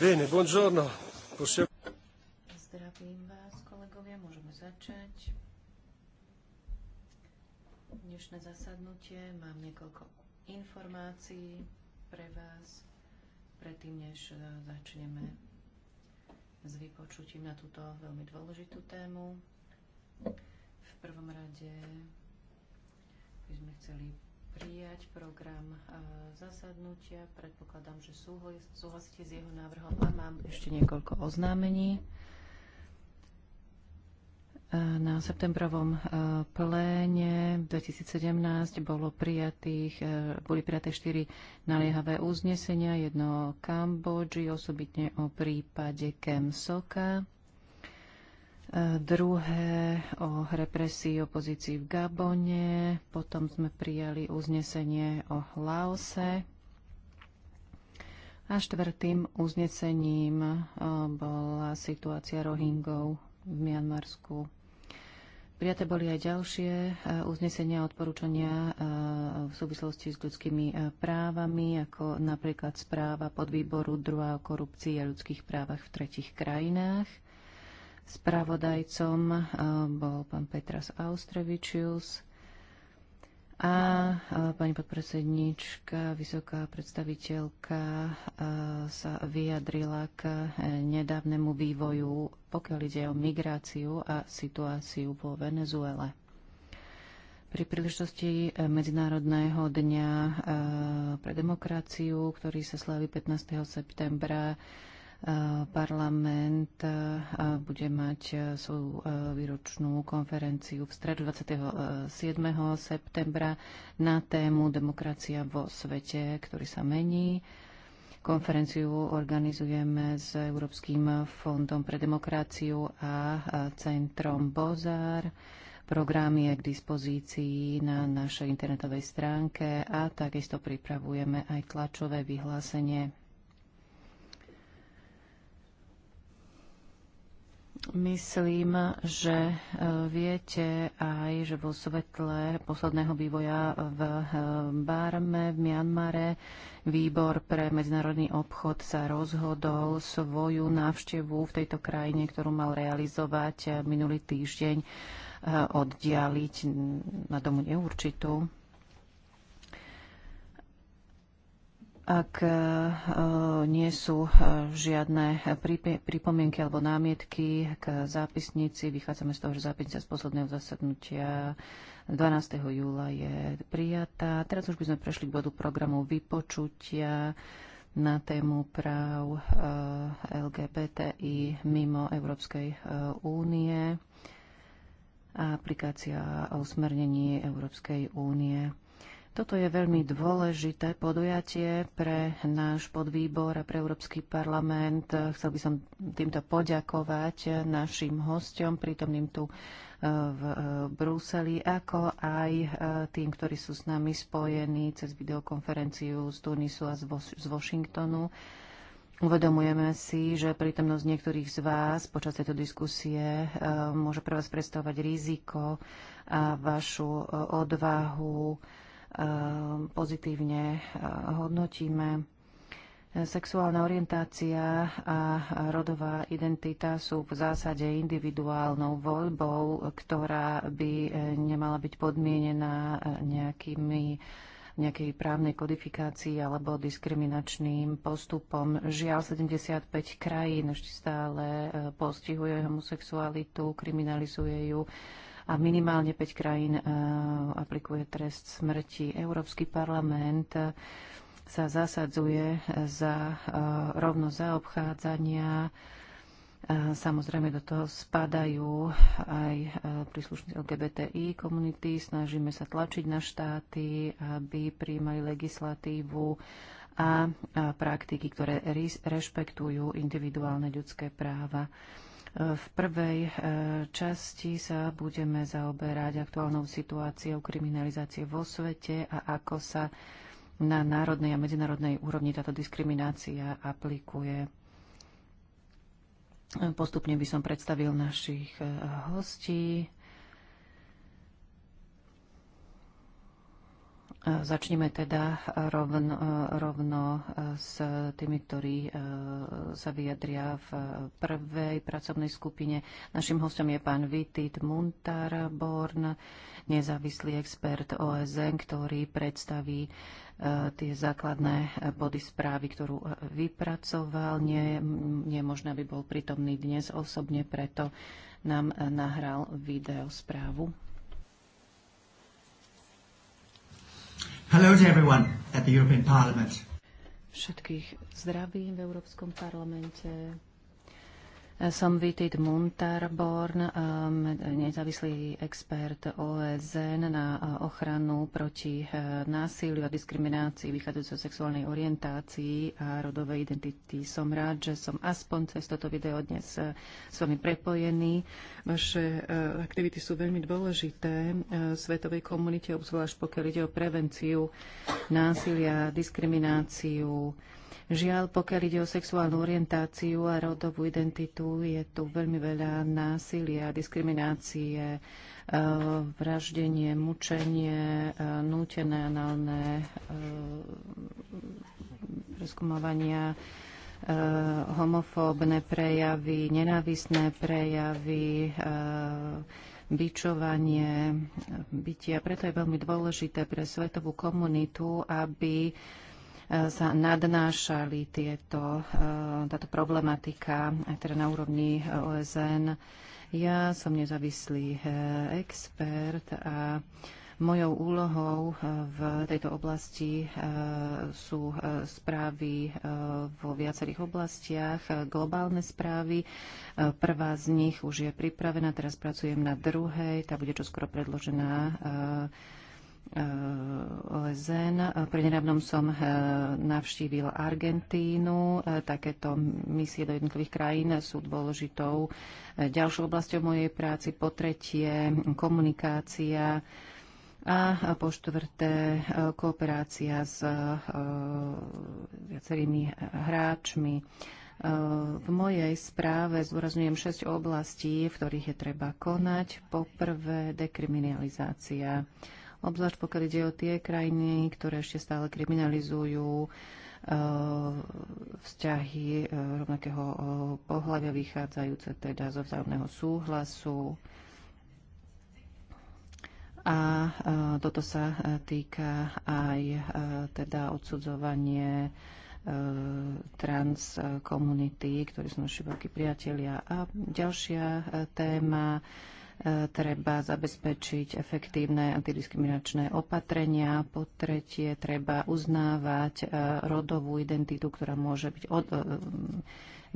Bene, buongiorno. Possiamo... Zdravím vás, kolegovia, môžeme začať. Dnešné zasadnutie mám niekoľko informácií pre vás, predtým než e, začneme s vypočutím na túto veľmi dôležitú tému. V prvom rade by sme chceli prijať program e, zasadnutia. Predpokladám, že súhlasíte s jeho návrhom a mám ešte niekoľko oznámení. E, na septembrovom e, pléne 2017 bolo prijatých, boli prijaté štyri naliehavé uznesenia, jedno o Kambodži, osobitne o prípade Kem Soka druhé o represii opozícii v Gabone, potom sme prijali uznesenie o Laose a štvrtým uznesením e, bola situácia Rohingov v Mianmarsku. Prijaté boli aj ďalšie e, uznesenia a odporúčania e, v súvislosti s ľudskými právami, ako napríklad správa podvýboru druhá o korupcii a ľudských právach v tretich krajinách. Spravodajcom eh, bol pán Petras Austrevičius a eh, pani podpredsednička, vysoká predstaviteľka eh, sa vyjadrila k nedávnemu vývoju, pokiaľ ide o migráciu a situáciu vo Venezuele. Pri príležitosti Medzinárodného dňa pre demokraciu, ktorý sa slaví 15. septembra, Parlament bude mať svoju výročnú konferenciu v stredu 27. septembra na tému Demokracia vo svete, ktorý sa mení. Konferenciu organizujeme s Európskym fondom pre demokraciu a centrom Bozár. Program je k dispozícii na našej internetovej stránke a takisto pripravujeme aj tlačové vyhlásenie Myslím, že e, viete aj, že vo svetle posledného vývoja v e, Barme, v Mianmare, výbor pre medzinárodný obchod sa rozhodol svoju návštevu v tejto krajine, ktorú mal realizovať minulý týždeň, e, oddialiť na domu neurčitú. Ak e, nie sú e, žiadne pripomienky alebo námietky k zápisnici, vychádzame z toho, že zápisnica z posledného zasadnutia 12. júla je prijatá. Teraz už by sme prešli k bodu programu vypočutia na tému práv e, LGBTI mimo Európskej únie a aplikácia o usmernení Európskej únie. Toto je veľmi dôležité podujatie pre náš podvýbor a pre Európsky parlament. Chcel by som týmto poďakovať našim hostom, prítomným tu e, v e, Bruseli, ako aj e, tým, ktorí sú s nami spojení cez videokonferenciu z Tunisu a z Washingtonu. Uvedomujeme si, že prítomnosť niektorých z vás počas tejto diskusie môže pre vás predstavovať riziko a vašu odvahu Ehm, pozitívne ehm, hodnotíme. Sexuálna orientácia a rodová identita sú v zásade individuálnou voľbou, ktorá by e, nemala byť podmienená e, nejakými nejakej právnej kodifikácii alebo diskriminačným postupom. Žiaľ, 75 krajín ešte stále e, postihuje homosexualitu, kriminalizuje ju a minimálne 5 krajín eh, aplikuje trest smrti. Európsky parlament eh, sa zasadzuje eh, za rovno zaobchádzania. Samozrejme do toho spadajú aj príslušníci LGBTI komunity. Snažíme sa tlačiť na štáty, aby príjmali legislatívu a praktiky, ktoré rešpektujú individuálne ľudské práva. V prvej e, časti sa budeme zaoberať aktuálnou situáciou kriminalizácie vo svete a ako sa na národnej a medzinárodnej úrovni táto diskriminácia aplikuje. Postupne by som predstavil našich e, hostí. Začneme teda e, rovno, rovno e, s tými, ktorí e, sa vyjadria v prvej pracovnej skupine. Našim hostom je pán Vitit Muntarborn, nezávislý expert OSN, ktorý predstaví tie základné body správy, ktorú vypracoval. Nie, nie je možné, aby bol prítomný dnes osobne, preto nám nahral videosprávu. správu. Hello to everyone at the European Parliament. Všetkých zdravím v Európskom parlamente. Som Vitit Muntarborn, um, nezávislý expert OSN e na uh, ochranu proti uh, násiliu a diskriminácii vychádzajúcej sexuálnej orientácii a rodovej identity. Som rád, že som aspoň cez toto video dnes uh, s vami prepojený. Vaše aktivity sú veľmi dôležité v svetovej komunite, obzvlášť pokiaľ ide o prevenciu násilia, diskrimináciu, Žiaľ, pokiaľ ide o sexuálnu orientáciu a rodovú identitu, je tu veľmi veľa násilia, diskriminácie, e, vraždenie, mučenie, e, nútené análne e, preskúmovania, homofóbne prejavy, nenávisné prejavy, bičovanie, bytia. Preto je veľmi dôležité pre svetovú komunitu, aby sa nadnášali tieto, eh, táto problematika aj teda na úrovni eh, OSN. Ja som nezávislý eh, expert a Mojou úlohou v tejto oblasti sú správy vo viacerých oblastiach, globálne správy. Prvá z nich už je pripravená, teraz pracujem na druhej, tá bude čoskoro predložená OSN. Prednedávnom som eh, navštívil Argentínu. Eh, takéto misie do jednotlivých krajín sú dôležitou eh, ďalšou oblasťou mojej práci. Po tretie, komunikácia a po štvrté kooperácia s viacerými hráčmi. V mojej správe zdôrazňujem 6 oblastí, v ktorých je treba konať. Po prvé, dekriminalizácia obzvlášť pokiaľ ide o tie krajiny, ktoré ešte stále kriminalizujú e, vzťahy e, rovnakého e, pohľavia vychádzajúce teda zo vzájomného súhlasu. A toto sa týka aj teda odsudzovanie trans komunity, ktorí sú naši veľkí priatelia. A ďalšia téma treba zabezpečiť efektívne antidiskriminačné opatrenia. Po tretie, treba uznávať e, rodovú identitu, ktorá môže byť od, e,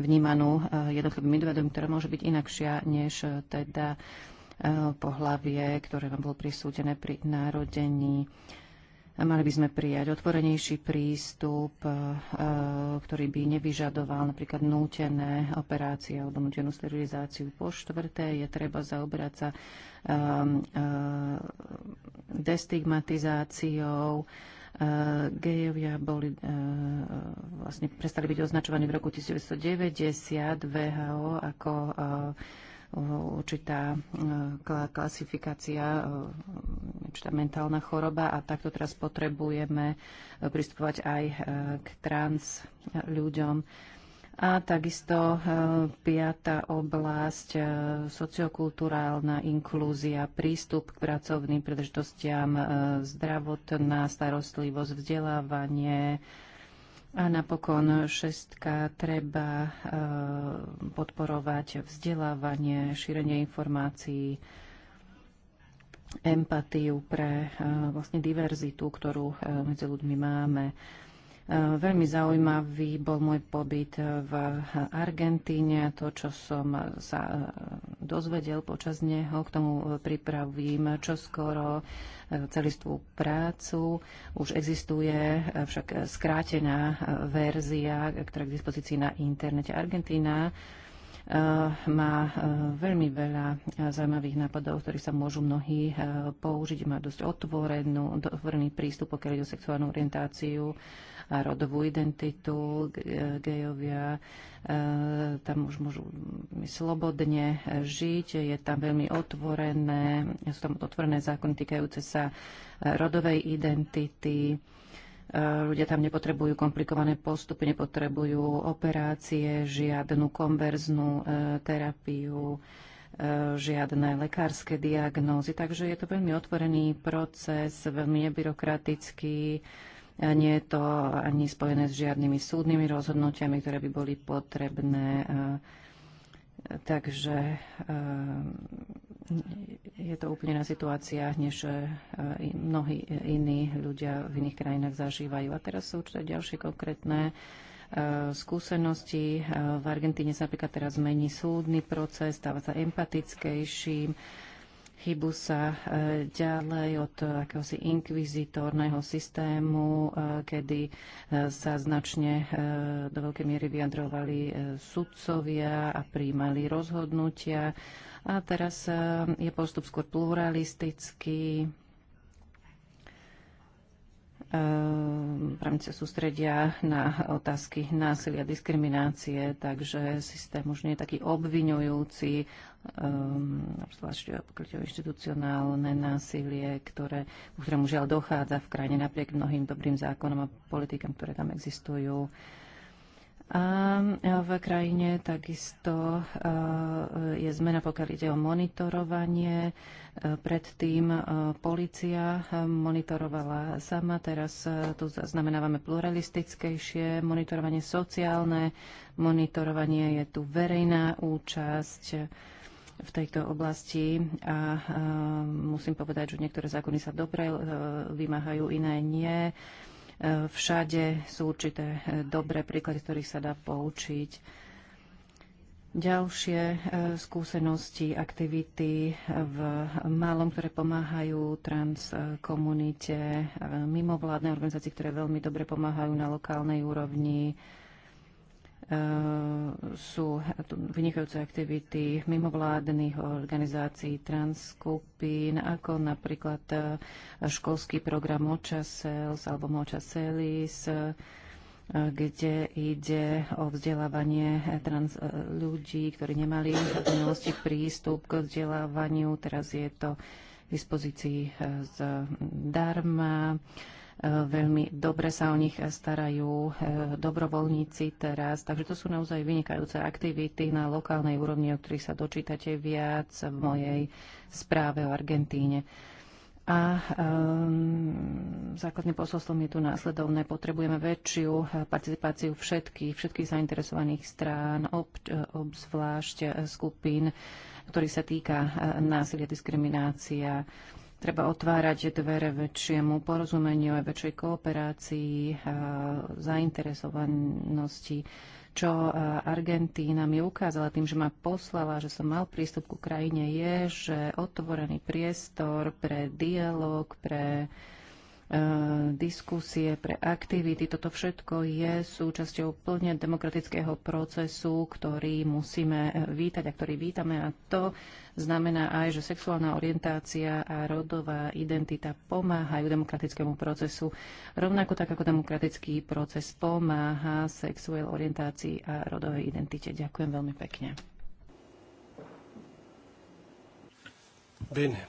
vnímanú e, jednotlivým individuom, ktorá môže byť inakšia než teda pohlavie, ktoré vám bolo prisúdené pri narodení. Mali by sme prijať otvorenejší prístup, e, ktorý by nevyžadoval napríklad nútené operácie alebo nútenú sterilizáciu. Po štvrté je treba zaobrať sa um, e, destigmatizáciou. E, gejovia boli, vlastne prestali byť označovaní v roku 1990 VHO ako určitá e, klasifikácia, e, určitá mentálna choroba a takto teraz potrebujeme e, pristupovať aj k trans ľuďom. A takisto piata oblasť, sociokulturálna inklúzia, prístup k pracovným príležitostiam, zdravotná starostlivosť, vzdelávanie, a napokon šestka, treba eh, podporovať vzdelávanie, šírenie informácií, empatiu pre eh, vlastne diverzitu, ktorú eh, medzi ľuďmi máme. Eh, veľmi zaujímavý bol môj pobyt eh, v Argentíne. To, čo som eh, sa dozvedel počas neho, k tomu pripravím čoskoro celistvú prácu. Už existuje však skrátená verzia, ktorá je k dispozícii na internete Argentína má veľmi veľa zaujímavých nápadov, ktorí sa môžu mnohí použiť. Má dosť otvorenú, otvorený prístup, pokiaľ ide o sexuálnu orientáciu a rodovú identitu. Gejovia e, tam už môžu slobodne žiť, je tam veľmi otvorené, sú tam otvorené zákony týkajúce sa e, rodovej identity. E, ľudia tam nepotrebujú komplikované postupy, nepotrebujú operácie, žiadnu konverznú terapiu, žiadne lekárske diagnózy. Takže je to veľmi otvorený proces, veľmi nebyrokratický nie je to ani spojené s žiadnymi súdnymi rozhodnutiami, ktoré by boli potrebné. E, takže e, je to úplne na situáciách, než e, mnohí iní ľudia v iných krajinách zažívajú. A teraz sú určite ďalšie konkrétne skúsenosti. V Argentíne sa napríklad teraz mení súdny proces, stáva sa empatickejším Chybu sa e, ďalej od akéhosi inkvizitorného systému, e, kedy e, sa značne do veľkej miery vyjadrovali sudcovia a príjmali rozhodnutia. A teraz je postup skôr pluralistický, v sa sústredia na otázky násilia, diskriminácie, takže systém už nie je taký obviňujúci, Ehm, zvlášť eh, pokrytie inštitucionálne násilie, ktoré, ku ktorému žiaľ dochádza v krajine napriek mnohým dobrým zákonom a politikám, ktoré tam existujú. A eh, v krajine takisto eh, je zmena, pokiaľ ide o monitorovanie. Predtým policia monitorovala sama, teraz tu zaznamenávame pluralistickejšie monitorovanie sociálne, monitorovanie je tu verejná účasť, v tejto oblasti a musím povedať, že niektoré zákony sa dobre e, vymáhajú, iné nie. E, všade sú určité e, dobré príklady, ktorých sa dá poučiť. Ďalšie skúsenosti, aktivity v malom, ktoré pomáhajú transkomunite, mimovládne organizácie, ktoré veľmi dobre pomáhajú na lokálnej úrovni, Eh, sú vynikajúce aktivity mimovládnych organizácií, transkupín, ako napríklad eh, školský program Močasels alebo Močaselis, eh, kde ide o vzdelávanie trans ľudí, ktorí nemali v minulosti prístup k vzdelávaniu. Teraz je to k dispozícii zdarma. darma E, veľmi dobre sa o nich starajú e, dobrovoľníci teraz. Takže to sú naozaj vynikajúce aktivity na lokálnej úrovni, o ktorých sa dočítate viac v mojej správe o Argentíne. A um, základným posolstvom je tu následovné. Potrebujeme väčšiu e, participáciu všetkých, všetkých zainteresovaných strán, ob, obzvlášť skupín, ktorý sa týka násilia, diskriminácia, Treba otvárať dvere väčšiemu porozumeniu aj väčšej kooperácii, zainteresovanosti, čo Argentína mi ukázala tým, že ma poslala, že som mal prístup ku krajine, je, že otvorený priestor pre dialog, pre uh, E, diskusie, pre aktivity. Toto všetko je súčasťou plne demokratického procesu, ktorý musíme vítať a ktorý vítame. A to znamená aj, že sexuálna orientácia a rodová identita pomáhajú demokratickému procesu, rovnako tak ako demokratický proces pomáha sexuálnej orientácii a rodovej identite. Ďakujem veľmi pekne. Bene.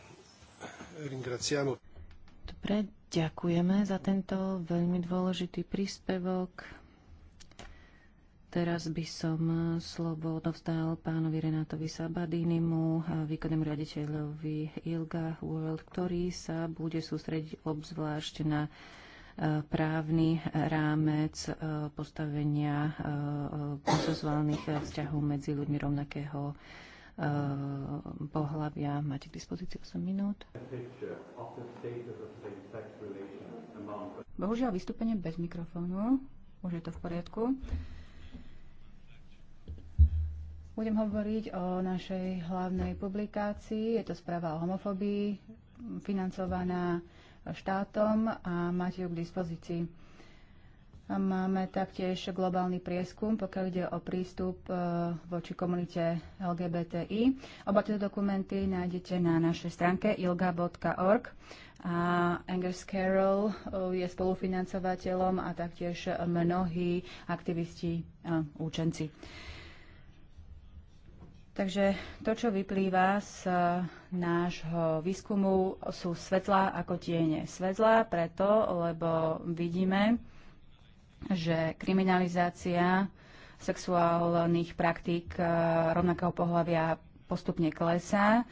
Ringraziamo. Dobre, Ďakujeme za tento veľmi dôležitý príspevok. Teraz by som slovo dostal pánovi Renátovi Sabadinimu, výkonnému riaditeľovi ILGA World, ktorý sa bude sústrediť obzvlášť na e, právny rámec e, postavenia konsenzuálnych e, vzťahov medzi ľuďmi rovnakého Eh, pohľavia. Máte k dispozícii 8 minút. Bohužiaľ vystúpenie bez mikrofónu. Už je to v poriadku. Budem hovoriť o našej hlavnej publikácii. Je to správa o homofóbii, financovaná štátom a máte ju k dispozícii. Máme taktiež globálny prieskum, pokiaľ ide o prístup e, voči komunite LGBTI. Oba tieto dokumenty nájdete na našej stránke ilga.org. A Angus Carroll e, je spolufinancovateľom a taktiež mnohí aktivisti a účenci. Takže to, čo vyplýva z e, nášho výskumu, sú svetla ako tiene. Svetla preto, lebo vidíme, že kriminalizácia sexuálnych praktík eh, rovnakého pohľavia postupne klesá.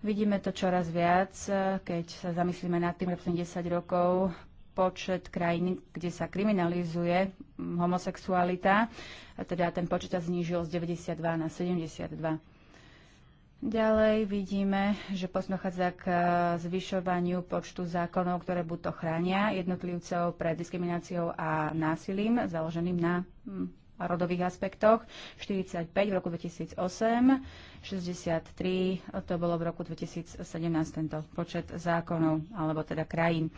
Vidíme to čoraz viac, eh, keď sa zamyslíme nad tým, že 10 rokov počet krajín, kde sa kriminalizuje homosexualita, eh, teda ten počet sa znížil z 92 na 72. Ďalej vidíme, že dochádza k e, zvyšovaniu počtu zákonov, ktoré buď to chránia jednotlivcov pred diskrimináciou a násilím založeným na hm, rodových aspektoch, 45 v roku 2008, 63 to bolo v roku 2017 tento počet zákonov alebo teda krajín.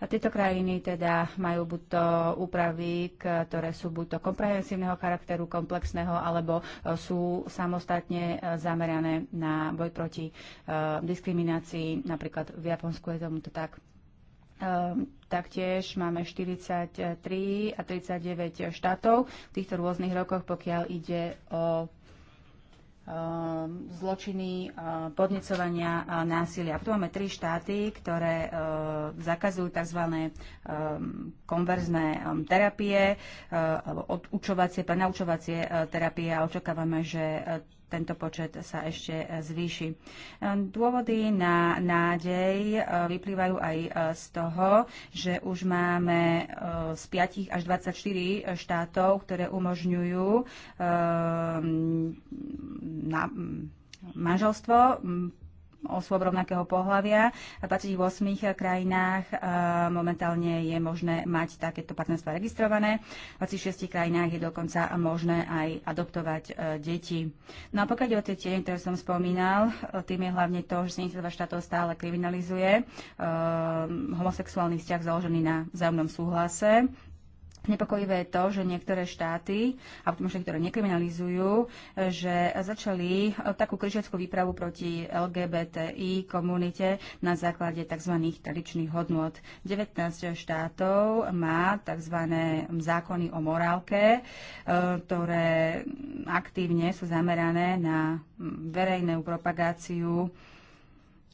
A tieto krajiny teda majú buď to úpravy, ktoré sú buď to komprehensívneho charakteru, komplexného, alebo e, sú samostatne e, zamerané na boj proti e, diskriminácii. Napríklad v Japonsku je tomu to tak. Ehm, taktiež máme 43 a 39 štátov v týchto rôznych rokoch, pokiaľ ide o ehm, zločiny podnecovania násilia. Tu máme tri štáty, ktoré ehm, zakazujú tzv. konverzné terapie alebo odučovacie, prenaučovacie terapie a očakávame, že tento počet sa ešte e, zvýši. E, dôvody na nádej e, vyplývajú aj z toho, že už máme z 5 až 24 štátov, ktoré umožňujú na manželstvo osôb rovnakého pohľavia. V 28 krajinách eh, momentálne je možné mať takéto partnerstva registrované. V 26 krajinách je dokonca možné aj adoptovať eh, deti. No a pokiaľ ide o tie tieň, ktoré som spomínal, eh, tým je hlavne to, že 72 štátov stále kriminalizuje homosexuálny vzťah založený na vzájomnom súhlase Nepokojivé je to, že niektoré štáty, a potom už niektoré nekriminalizujú, že začali eh, takú križiackú výpravu proti LGBTI komunite na základe tzv. tradičných hodnot. 19 štátov má tzv. zákony o morálke, eh, ktoré aktívne sú zamerané na mm, verejnú propagáciu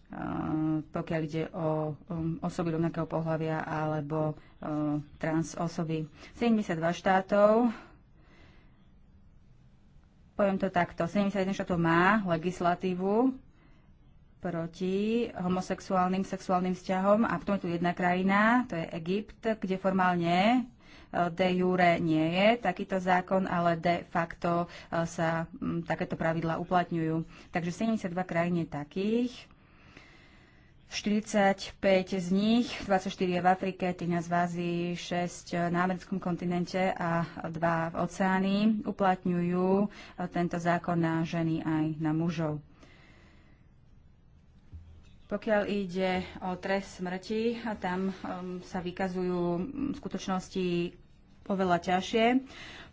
Eh, pokiaľ ide o um, osoby rovnakého pohľavia alebo eh, trans osoby. 72 štátov, poviem to takto, 71 štátov má legislatívu proti homosexuálnym sexuálnym vzťahom a v tom je tu jedna krajina, to je Egypt, kde formálne eh, de jure nie je takýto zákon, ale de facto sa mm, takéto pravidla uplatňujú. Takže 72 krajín je takých, 45 z nich, 24 je v Afrike, 13 v Ázii, 6 na americkom kontinente a 2 v oceáni, uplatňujú eh, tento zákon na ženy aj na mužov. Pokiaľ ide o trest smrti, tam um, sa vykazujú mm, skutočnosti oveľa ťažšie.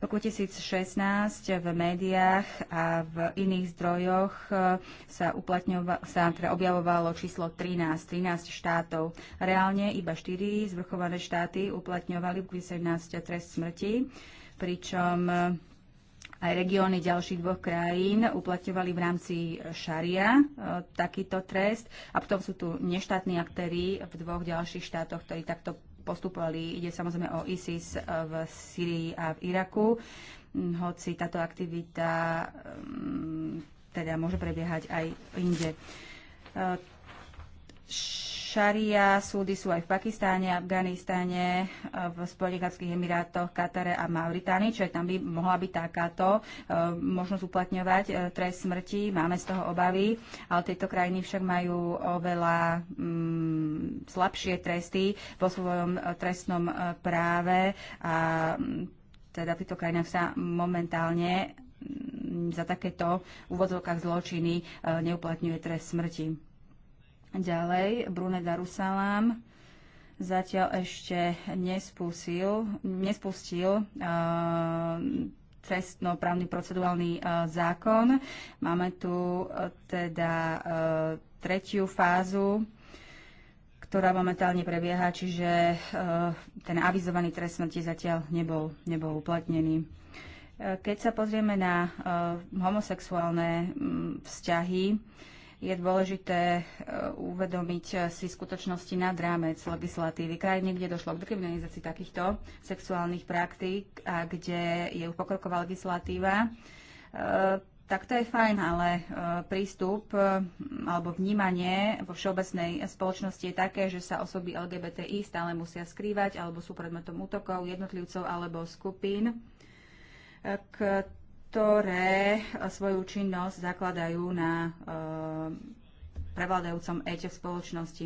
V roku 2016 v médiách a v iných zdrojoch e, sa, sa teda objavovalo číslo 13, 13 štátov. Reálne iba 4 zvrchované štáty uplatňovali v 17 trest smrti, pričom e, aj regióny ďalších dvoch krajín uplatňovali v rámci šaria e, takýto trest a potom sú tu neštátni aktéry v dvoch ďalších štátoch, ktorí takto postupovali. Ide samozrejme o ISIS e, v Syrii a v Iraku. Mm, hoci táto aktivita mm, teda môže prebiehať aj inde. E, šaria. Súdy sú aj v Pakistáne, Afganistáne, v Spojených Arabských Emirátoch, Katare a Mauritánii, je tam by mohla byť takáto e, možnosť uplatňovať e, trest smrti. Máme z toho obavy, ale tieto krajiny však majú oveľa mm, slabšie tresty vo svojom e, trestnom práve a mm, teda v týchto krajinách sa momentálne mm, za takéto v úvodzovkách zločiny neuplatňuje trest smrti. Ďalej, Brune Darussalam zatiaľ ešte nespustil, nespustil uh, trestnoprávny procedurálny uh, zákon. Máme tu uh, teda uh, tretiu fázu ktorá momentálne prebieha, čiže ten avizovaný trest smrti zatiaľ nebol, nebol uplatnený. Keď sa pozrieme na homosexuálne vzťahy, je dôležité e, uvedomiť si skutočnosti nad rámec legislatívy krajiny, kde došlo k dekriminalizácii takýchto sexuálnych praktík a kde je pokroková legislatíva. E, tak to je fajn, ale e, prístup alebo vnímanie vo všeobecnej spoločnosti je také, že sa osoby LGBTI stále musia skrývať alebo sú predmetom útokov jednotlivcov alebo skupín, ktoré eh, svoju činnosť zakladajú na eh, prevládajúcom ete v spoločnosti.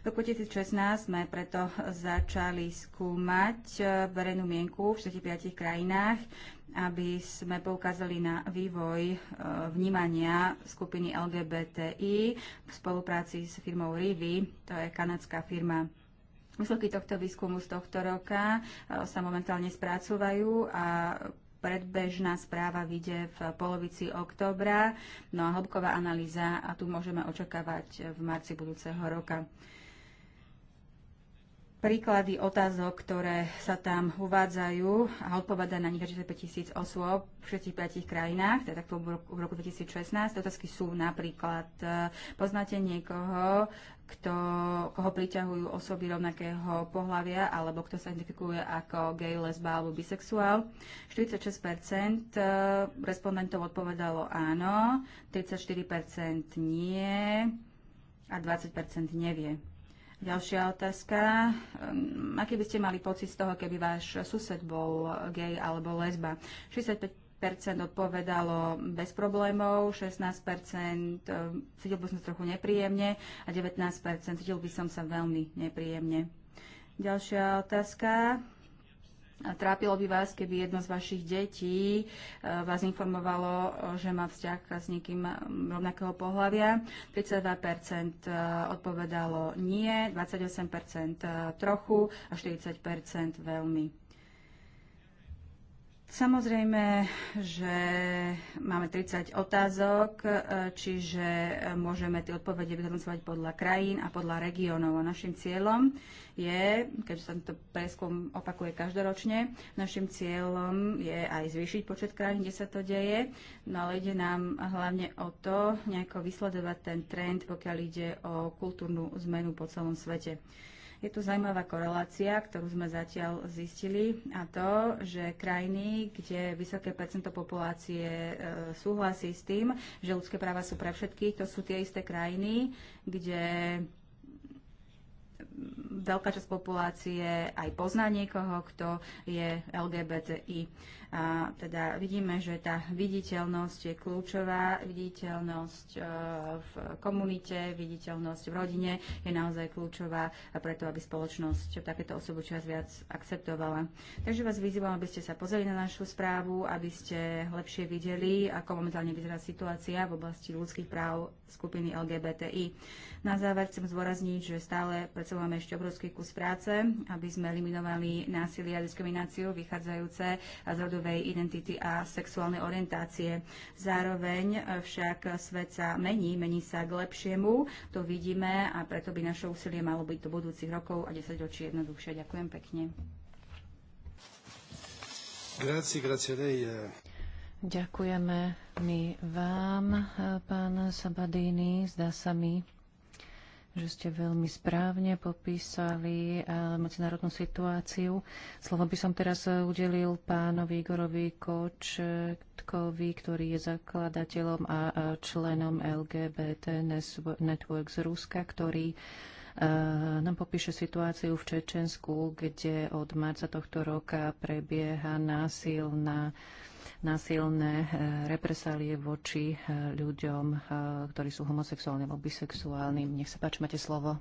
V roku 2016 sme preto začali skúmať eh, verejnú mienku v 45 krajinách, aby sme poukázali na vývoj vnímania skupiny LGBTI v spolupráci s firmou Rivi, to je kanadská firma Výsledky tohto výskumu z tohto roka sa momentálne spracúvajú a predbežná správa vyjde v polovici októbra, no a hĺbková analýza a tu môžeme očakávať v marci budúceho roka príklady otázok, ktoré sa tam uvádzajú a odpovedá na nich 45 tisíc osôb v 65 krajinách, teda to v roku 2016. Otázky sú napríklad, e, poznáte niekoho, kto, koho priťahujú osoby rovnakého pohľavia alebo kto sa identifikuje ako gay, lesba alebo bisexuál. 46% e, respondentov odpovedalo áno, 34% nie a 20% nevie. Ďalšia otázka. Um, aký by ste mali pocit z toho, keby váš sused bol gay alebo lesba? 65% odpovedalo bez problémov, 16% cítil by som sa trochu nepríjemne a 19% cítil by som sa veľmi nepríjemne. Ďalšia otázka. Trápilo by vás, keby jedno z vašich detí e, vás informovalo, e, že má vzťah s niekým rovnakého pohľavia. 32% e, odpovedalo nie, 28% trochu a 40% veľmi. Samozrejme, že máme 30 otázok, e, čiže e, môžeme tie odpovede vyhodnocovať podľa krajín a podľa regiónov. A našim cieľom je, keďže sa tento preskum opakuje každoročne, našim cieľom je aj zvýšiť počet krajín, kde sa to deje, no ale ide nám hlavne o to nejako vysledovať ten trend, pokiaľ ide o kultúrnu zmenu po celom svete. Je tu zaujímavá korelácia, ktorú sme zatiaľ zistili a to, že krajiny, kde vysoké percento populácie e, súhlasí s tým, že ľudské práva sú pre všetkých, to sú tie isté krajiny, kde veľká časť populácie aj pozná niekoho, kto je LGBTI. A teda vidíme, že tá viditeľnosť je kľúčová, viditeľnosť e, v komunite, viditeľnosť v rodine je naozaj kľúčová a preto, aby spoločnosť takéto osobu čas viac akceptovala. Takže vás vyzývam, aby ste sa pozreli na našu správu, aby ste lepšie videli, ako momentálne vyzerá situácia v oblasti ľudských práv skupiny LGBTI. Na záver chcem zvorazniť, že stále pred sebou máme ešte obrovský kus práce, aby sme eliminovali násilie a diskrimináciu vychádzajúce z rodovej identity a sexuálnej orientácie. Zároveň však svet sa mení, mení sa k lepšiemu, to vidíme a preto by naše úsilie malo byť do budúcich rokov a 10 ročí jednoduchšie. Ďakujem pekne. Grazie, grazie lei. Eh. Ďakujeme my vám, eh, pán Sabadini. Zdá sa mi, že ste veľmi správne popísali eh, medzinárodnú situáciu. Slovo by som teraz eh, udelil pánovi Igorovi Kočetkovi, ktorý je zakladateľom a eh, členom LGBT Network z Ruska, ktorý nám popíše situáciu v Čečensku, kde od marca tohto roka prebieha násilná na násilné eh, represálie voči eh, ľuďom, eh, ktorí sú homosexuálni alebo bisexuálni. Nech sa páči, máte slovo.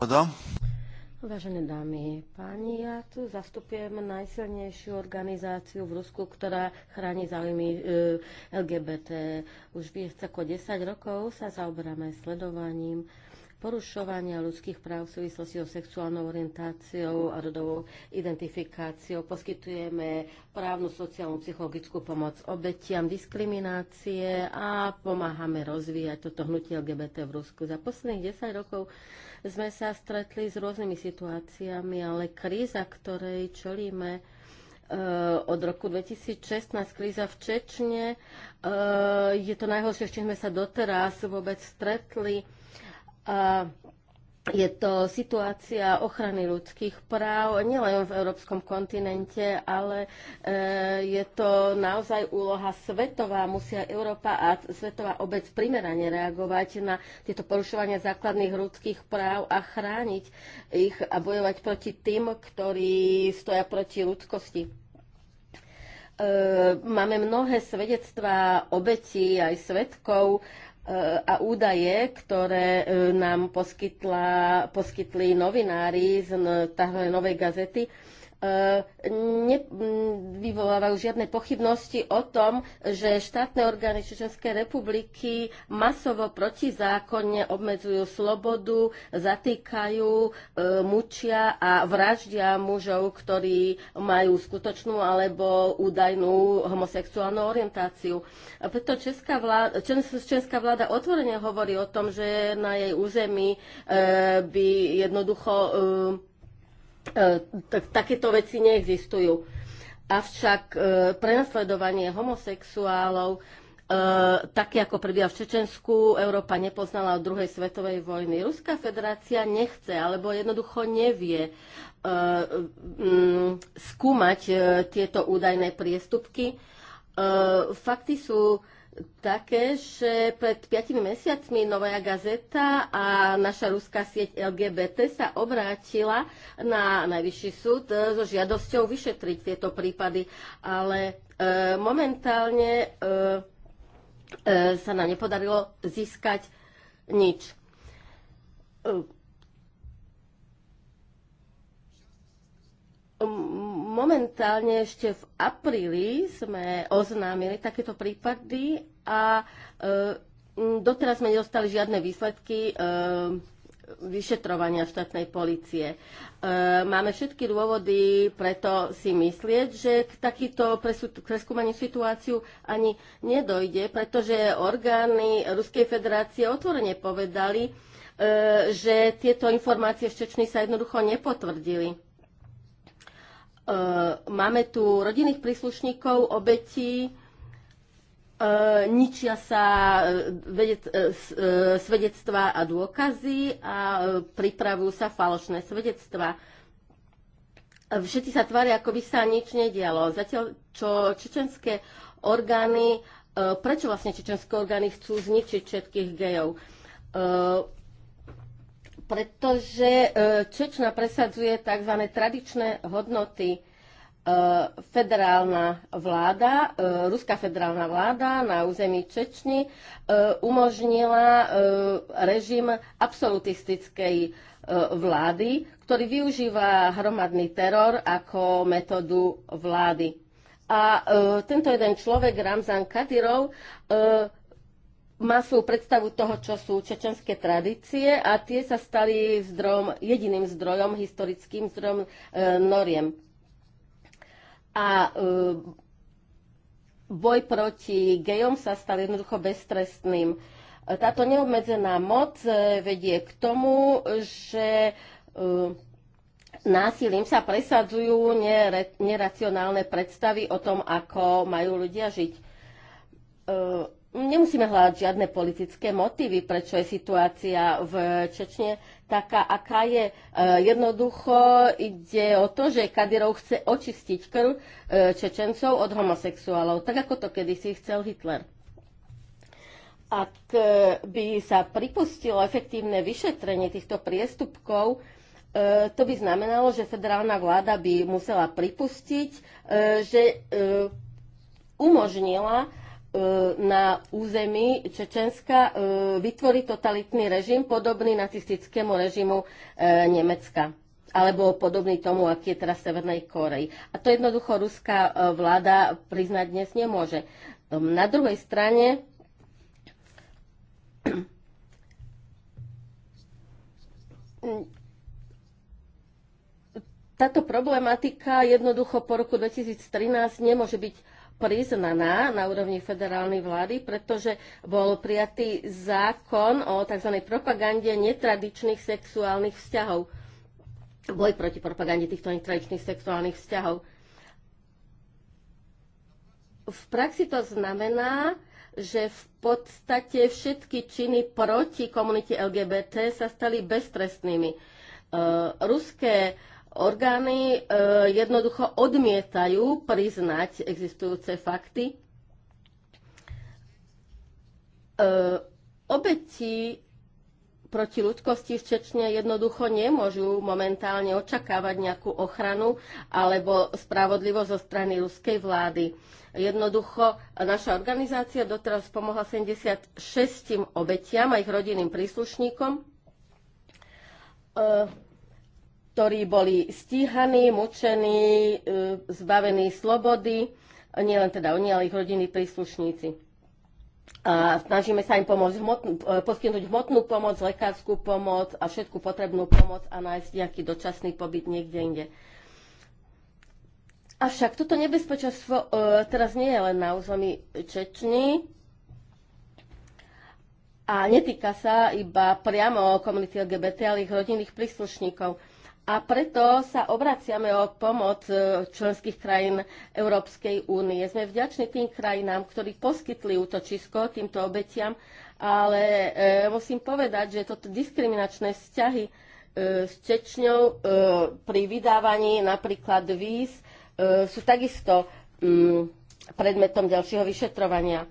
Vážené dámy, páni, ja tu zastupujem najsilnejšiu organizáciu v Rusku, ktorá chráni záujmy LGBT. Už viac ako 10 rokov sa zaoberáme sledovaním porušovania ľudských práv v súvislosti so sexuálnou orientáciou a rodovou identifikáciou. Poskytujeme právnu, sociálnu, psychologickú pomoc obetiam diskriminácie a pomáhame rozvíjať toto hnutie LGBT v Rusku. Za posledných 10 rokov sme sa stretli s rôznymi situáciami, ale kríza, ktorej čelíme, e, od roku 2016 kríza v Čečne. E, je to najhoršie, s čím sme sa doteraz vôbec stretli. A je to situácia ochrany ľudských práv nielen v európskom kontinente, ale e, je to naozaj úloha svetová. Musia Európa a svetová obec primerane reagovať na tieto porušovania základných ľudských práv a chrániť ich a bojovať proti tým, ktorí stoja proti ľudskosti e, máme mnohé svedectvá obetí aj svetkov a údaje, ktoré e, nám poskytla, poskytli novinári z tahle Novej gazety, E, nevyvolávajú žiadne pochybnosti o tom, že štátne orgány Čečenskej republiky masovo protizákonne obmedzujú slobodu, zatýkajú, e, mučia a vraždia mužov, ktorí majú skutočnú alebo údajnú homosexuálnu orientáciu. A preto česká vláda, česká vláda otvorene hovorí o tom, že na jej území e, by jednoducho E, tak takéto veci neexistujú. Avšak e, prenasledovanie homosexuálov tak e, také ako prebieha v Čečensku, Európa nepoznala od druhej svetovej vojny. Ruská federácia nechce, alebo jednoducho nevie skúmať tieto údajné priestupky. Fakty sú také, že pred 5 mesiacmi Novaja gazeta a naša ruská sieť LGBT sa obrátila na Najvyšší súd e, so žiadosťou vyšetriť tieto prípady, ale e, momentálne e, e, sa nám nepodarilo získať nič. E, Momentálne ešte v apríli sme oznámili takéto prípady a e, doteraz sme nedostali žiadne výsledky e, vyšetrovania štátnej policie. E, máme všetky dôvody preto si myslieť, že k takýto preskúmaniu situáciu ani nedojde, pretože orgány Ruskej federácie otvorene povedali, e, že tieto informácie v Čečni sa jednoducho nepotvrdili. E, máme tu rodinných príslušníkov, obetí, e, ničia sa e, vedec, svedectvá a dôkazy a pripravujú sa falošné svedectvá. Všetci sa tvária, ako by sa nič nedialo. Zatiaľ, čo čečenské orgány, prečo vlastne čečenské orgány chcú zničiť všetkých gejov? pretože e, Čečna presadzuje tzv. tradičné hodnoty. E, federálna vláda, e, ruská federálna vláda na území Čečny umožnila režim absolutistickej vlády, ktorý využíva hromadný teror ako metódu vlády. A tento jeden človek, Ramzan Kadyrov, má svoju predstavu toho, čo sú čečenské tradície a tie sa stali zdrojom, jediným zdrojom, historickým zdrojom e, noriem. A e, boj proti gejom sa stal jednoducho beztrestným. Táto neobmedzená moc e, vedie k tomu, že e, násilím sa presadzujú nere, neracionálne predstavy o tom, ako majú ľudia žiť. E, nemusíme hľadať žiadne politické motívy, prečo je situácia v Čečne taká, aká je. E, jednoducho ide o to, že Kadirov chce očistiť krv e, Čečencov od homosexuálov, tak ako to kedysi chcel Hitler. Ak e, by sa pripustilo efektívne vyšetrenie týchto priestupkov, to by znamenalo, že federálna vláda by musela pripustiť, že umožnila E, na území Čečenska e, vytvorí totalitný režim podobný nacistickému režimu e, Nemecka alebo podobný tomu, aký je teraz v Severnej Koreji. A to jednoducho ruská vláda priznať dnes nemôže. Na druhej strane táto problematika jednoducho po roku 2013 nemôže byť priznaná na úrovni federálnej vlády, pretože bol prijatý zákon o tzv. propagande netradičných sexuálnych vzťahov. Boj proti propagande týchto netradičných sexuálnych vzťahov. V praxi to znamená, že v podstate všetky činy proti komunite LGBT sa stali beztrestnými. E, ruské Orgány e, jednoducho odmietajú priznať existujúce fakty. E, obeti proti ľudskosti v Čečne jednoducho nemôžu momentálne očakávať nejakú ochranu alebo spravodlivosť zo strany ruskej vlády. Jednoducho naša organizácia doteraz pomohla 76 obetiam a ich rodinným príslušníkom. E, ktorí boli stíhaní, mučení, e, zbavení slobody, nielen teda oni, ale ich rodiny príslušníci. A snažíme sa im pomôcť, hmotnú, e, poskytnúť hmotnú pomoc, lekárskú pomoc a všetku potrebnú pomoc a nájsť nejaký dočasný pobyt niekde inde. Avšak toto nebezpečenstvo e, teraz nie je len na území Čečny, a netýka sa iba priamo komunity LGBT, ale ich rodinných príslušníkov. A preto sa obraciame o pomoc e, členských krajín Európskej únie. Sme vďační tým krajinám, ktorí poskytli útočisko týmto obetiam, ale e, musím povedať, že toto diskriminačné vzťahy e, s Čečňou pri vydávaní napríklad víz sú takisto mm, predmetom ďalšieho vyšetrovania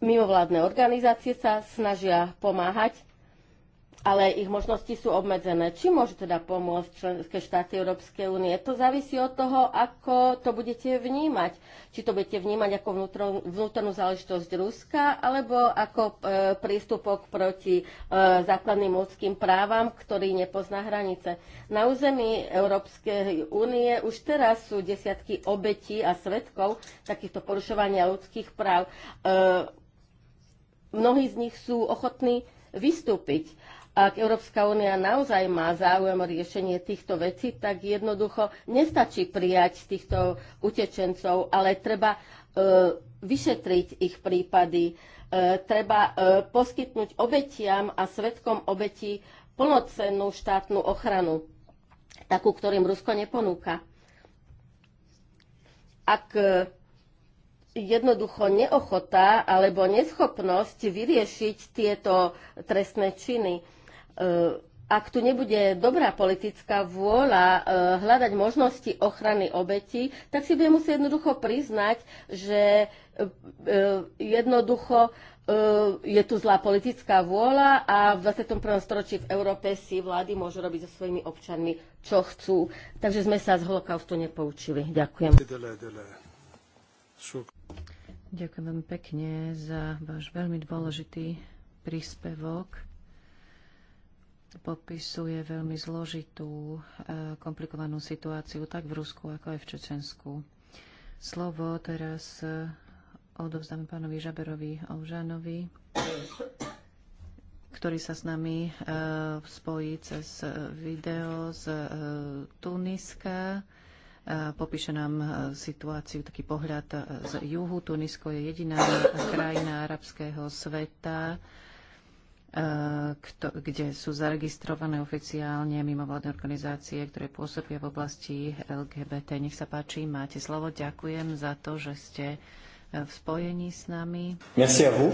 mimovládne organizácie sa snažia pomáhať, ale ich možnosti sú obmedzené. Či môžu teda pomôcť členské štáty Európskej únie? To závisí od toho, ako to budete vnímať. Či to budete vnímať ako vnútornú záležitosť Ruska, alebo ako e, prístupok proti e, základným ľudským právam, ktorý nepozná hranice. Na území Európskej únie už teraz sú desiatky obetí a svetkov takýchto porušovania ľudských práv. E, mnohí z nich sú ochotní vystúpiť. Ak Európska únia naozaj má záujem o riešenie týchto vecí, tak jednoducho nestačí prijať týchto utečencov, ale treba e, vyšetriť ich prípady, e, treba e, poskytnúť obetiam a svetkom obetí plnocennú štátnu ochranu, takú, ktorým Rusko neponúka. Ak e, jednoducho neochota alebo neschopnosť vyriešiť tieto trestné činy. E, ak tu nebude dobrá politická vôľa e, hľadať možnosti ochrany obeti, tak si bude musieť jednoducho priznať, že e, jednoducho je tu zlá politická vôľa a v 21. storočí v Európe si vlády môžu robiť so svojimi občanmi, čo chcú. Takže sme sa z holokaustu nepoučili. Ďakujem. Ďakujem veľmi pekne za váš veľmi dôležitý príspevok. Popisuje veľmi zložitú, e, komplikovanú situáciu tak v Rusku, ako aj v Čečensku. Slovo teraz e, odovzdáme pánovi Žaberovi Olžanovi, ktorý sa s nami e, spojí cez video z Tuniska. Popíše nám e, situáciu, taký pohľad e, z juhu. Tunisko je jediná krajina arabského sveta, e, kde sú zaregistrované oficiálne mimovládne organizácie, ktoré pôsobia v oblasti LGBT. Nech sa páči, máte slovo. Ďakujem za to, že ste v spojení s nami. Merci à vous.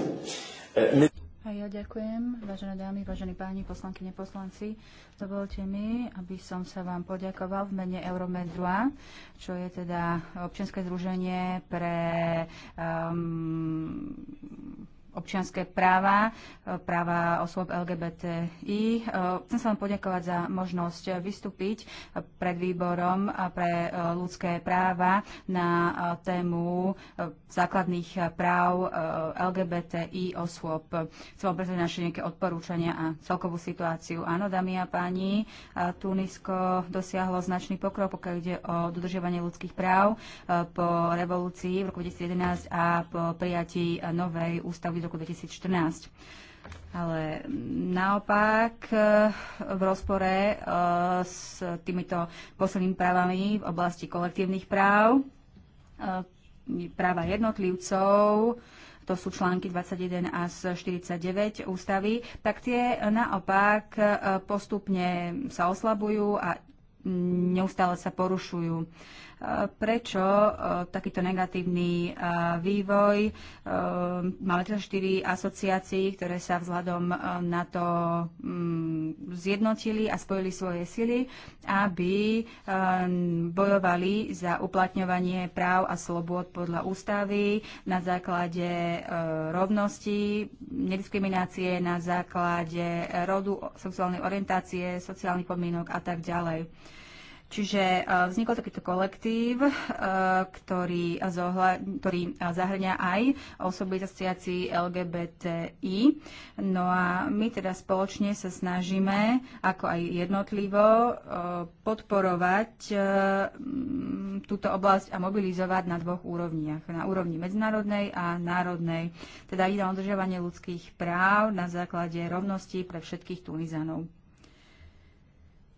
A ja ďakujem, vážené dámy, vážení páni, poslankyne, poslanci. Dovolte mi, aby som sa vám poďakoval v mene Euromed 2, čo je teda občianske združenie pre um, občianské práva, e, práva osôb LGBTI. E, chcem sa vám poďakovať za možnosť vystúpiť pred výborom pre e, ľudské práva na tému základných práv LGBTI osôb. Chcem vám predstaviť naše nejaké odporúčania a celkovú situáciu. Áno, dámy a páni, Tunisko dosiahlo značný pokrok, pokiaľ ide o dodržiavanie ľudských práv po revolúcii v roku 2011 a po prijatí novej ústavy roku 2014. Ale naopak e, v rozpore e, s týmito poslednými právami v oblasti kolektívnych práv, e, práva jednotlivcov, to sú články 21 a 49 ústavy, tak tie naopak postupne sa oslabujú a neustále sa porušujú prečo e, takýto negatívny e, vývoj. E, máme teda štyri asociácií, ktoré sa vzhľadom na to mm, zjednotili a spojili svoje sily, aby bojovali za uplatňovanie práv a slobôd podľa ústavy na základe rovnosti, nediskriminácie na základe rodu, sexuálnej orientácie, sociálnych podmienok a tak ďalej. Čiže e, vznikol takýto kolektív, e, ktorý, zohľa, ktorý e, zahrňa aj osoby asociácií LGBTI. No a my teda spoločne sa snažíme, ako aj jednotlivo, podporovať túto oblasť a mobilizovať na dvoch úrovniach. Na úrovni medzinárodnej a národnej. Teda ide o dodržiavanie ľudských práv na základe rovnosti pre všetkých Tunizanov.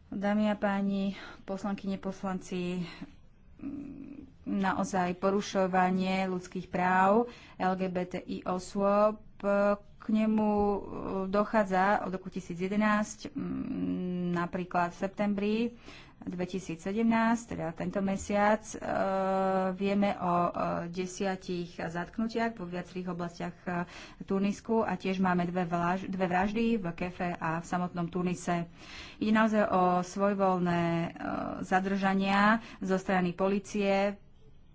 Dámy a páni, poslankyne, poslanci, naozaj porušovanie ľudských práv LGBTI osôb, k nemu e, dochádza od roku 2011, napríklad v septembri 2017, teda tento mesiac, e, vieme o e, desiatich zatknutiach vo viacerých oblastiach e, Tunisku a tiež máme dve, dve vraždy v Kefe a v samotnom Tunise. Ide naozaj o svojvoľné e, zadržania zo strany policie,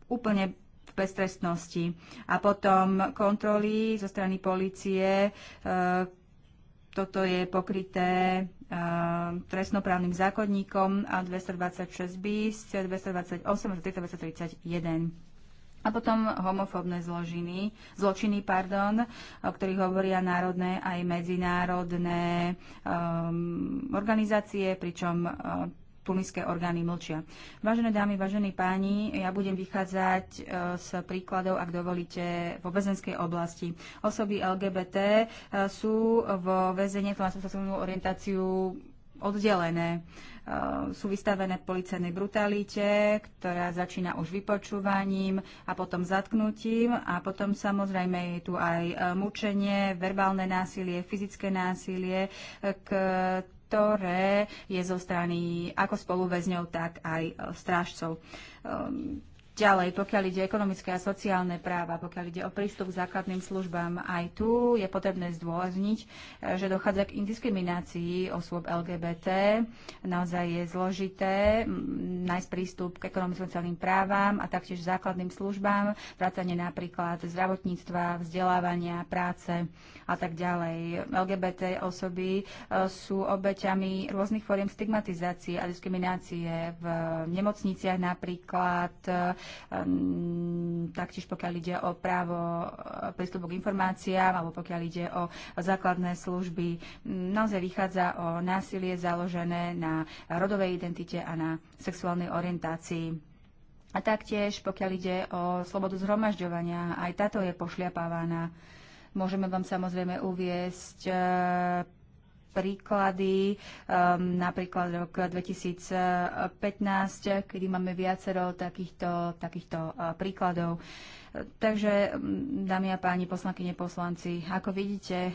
úplne beztrestnosti. A potom kontroly zo strany policie. E, toto je pokryté Eh, trestnoprávnym zákonníkom 226 bis, 228 a 331 a potom homofóbne zložiny, zločiny, pardon, o ktorých hovoria národné aj medzinárodné um, organizácie, pričom um, tuniské orgány mlčia. Vážené dámy, vážení páni, ja budem vychádzať e, z príkladov, ak dovolíte, vo väzenskej oblasti. Osoby LGBT e, sú vo väzenie, to má sexuálnu orientáciu oddelené. E, sú vystavené policajnej brutalite, ktorá začína už vypočúvaním a potom zatknutím a potom samozrejme je tu aj mučenie, verbálne násilie, fyzické násilie, k ktoré je zo strany ako spoluväzňov, tak aj e, strážcov. Ehm, ďalej, pokiaľ ide ekonomické a sociálne práva, pokiaľ ide o prístup k základným službám, aj tu je potrebné zdôrazniť, e, že dochádza k diskriminácii osôb LGBT. Naozaj je zložité nájsť prístup k ekonomickým sociálnym právam a taktiež základným službám, vrátane napríklad zdravotníctva, vzdelávania, práce a tak ďalej. LGBT osoby e, sú obeťami rôznych fóriem stigmatizácie a diskriminácie v nemocniciach napríklad, e, taktiež pokiaľ ide o právo e, prístupu k informáciám alebo pokiaľ ide o základné služby. Naozaj vychádza o násilie založené na rodovej identite a na sexuálnej orientácii. A taktiež, pokiaľ ide o slobodu zhromažďovania, aj táto je pošliapávaná. Môžeme vám samozrejme uviesť e, príklady, um, napríklad rok 2015, kedy máme viacero takýchto, takýchto e, príkladov. Takže, dámy a páni, poslankyne, poslanci, ako vidíte e,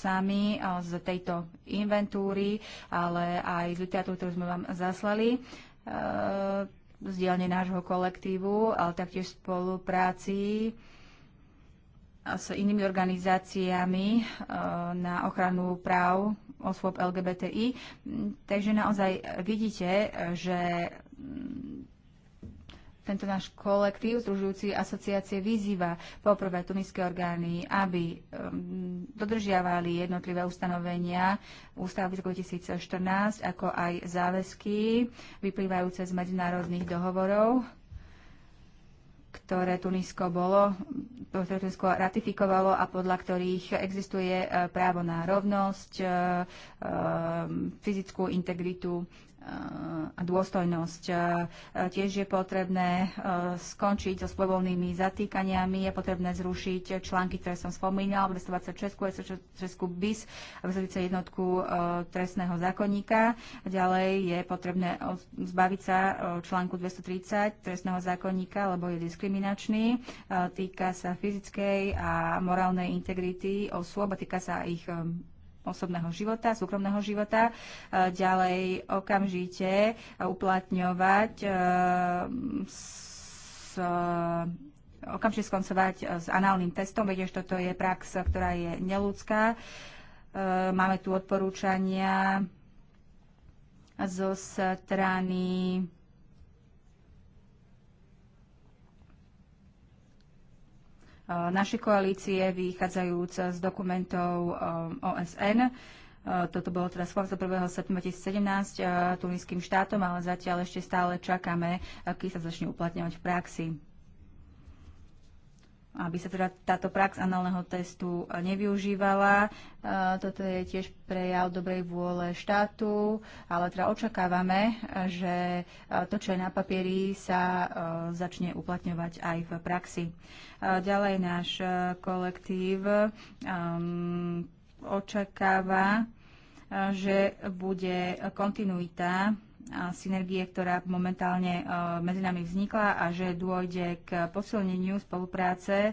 sami z tejto inventúry, ale aj z literatúry, ktorú sme vám zaslali, z dielne nášho kolektívu, ale taktiež spolupráci s inými organizáciami e, na ochranu práv osôb LGBTI. Takže naozaj vidíte, e, že mm, tento náš kolektív, združujúci asociácie, vyzýva poprvé tuniské orgány, aby e, mm, dodržiavali jednotlivé ustanovenia ústavy z 2014, ako aj záväzky vyplývajúce z medzinárodných dohovorov ktoré Tunisko bolo, ktoré Tunisko ratifikovalo a podľa ktorých existuje e, právo na rovnosť, e, e, fyzickú integritu a dôstojnosť. Tiež je potrebné skončiť so spojvolnými zatýkaniami, je potrebné zrušiť články, ktoré som spomínal, 226, 26 bis, 21 e, trestného zákonníka. Ďalej je potrebné zbaviť sa e, článku 230 trestného zákonníka, lebo je diskriminačný. E, týka sa fyzickej a morálnej integrity osôb a týka sa ich osobného života, súkromného života, e, ďalej okamžite uplatňovať e, s e, okamžite skoncovať s análnym testom, že toto je prax, ktorá je neludská. Máme tu odporúčania zo strany Naše koalície, vychádzajúc z dokumentov um, OSN. Uh, toto bolo teda schválené 1. septembra 2017 uh, turinským štátom, ale zatiaľ ešte stále čakáme, aký sa začne uplatňovať v praxi aby sa teda táto prax análneho testu nevyužívala. E, toto je tiež prejav dobrej vôle štátu, ale teda očakávame, že e, to, čo je na papieri, sa e, začne uplatňovať aj v praxi. Ďalej náš kolektív ehm, očakáva, že bude kontinuita synergie, ktorá momentálne e, medzi nami vznikla a že dôjde k posilneniu spolupráce e,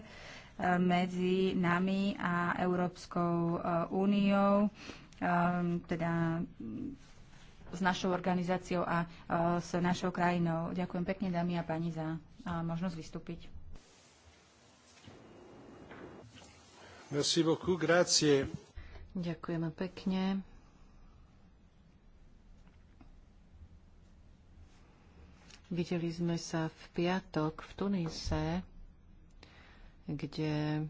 medzi nami a Európskou e, úniou, teda s našou organizáciou a s našou krajinou. Ďakujem pekne, dámy a pani, za možnosť vystúpiť. Merci beaucoup, grazie. Ďakujeme pekne. Videli sme sa v piatok v Tunise, kde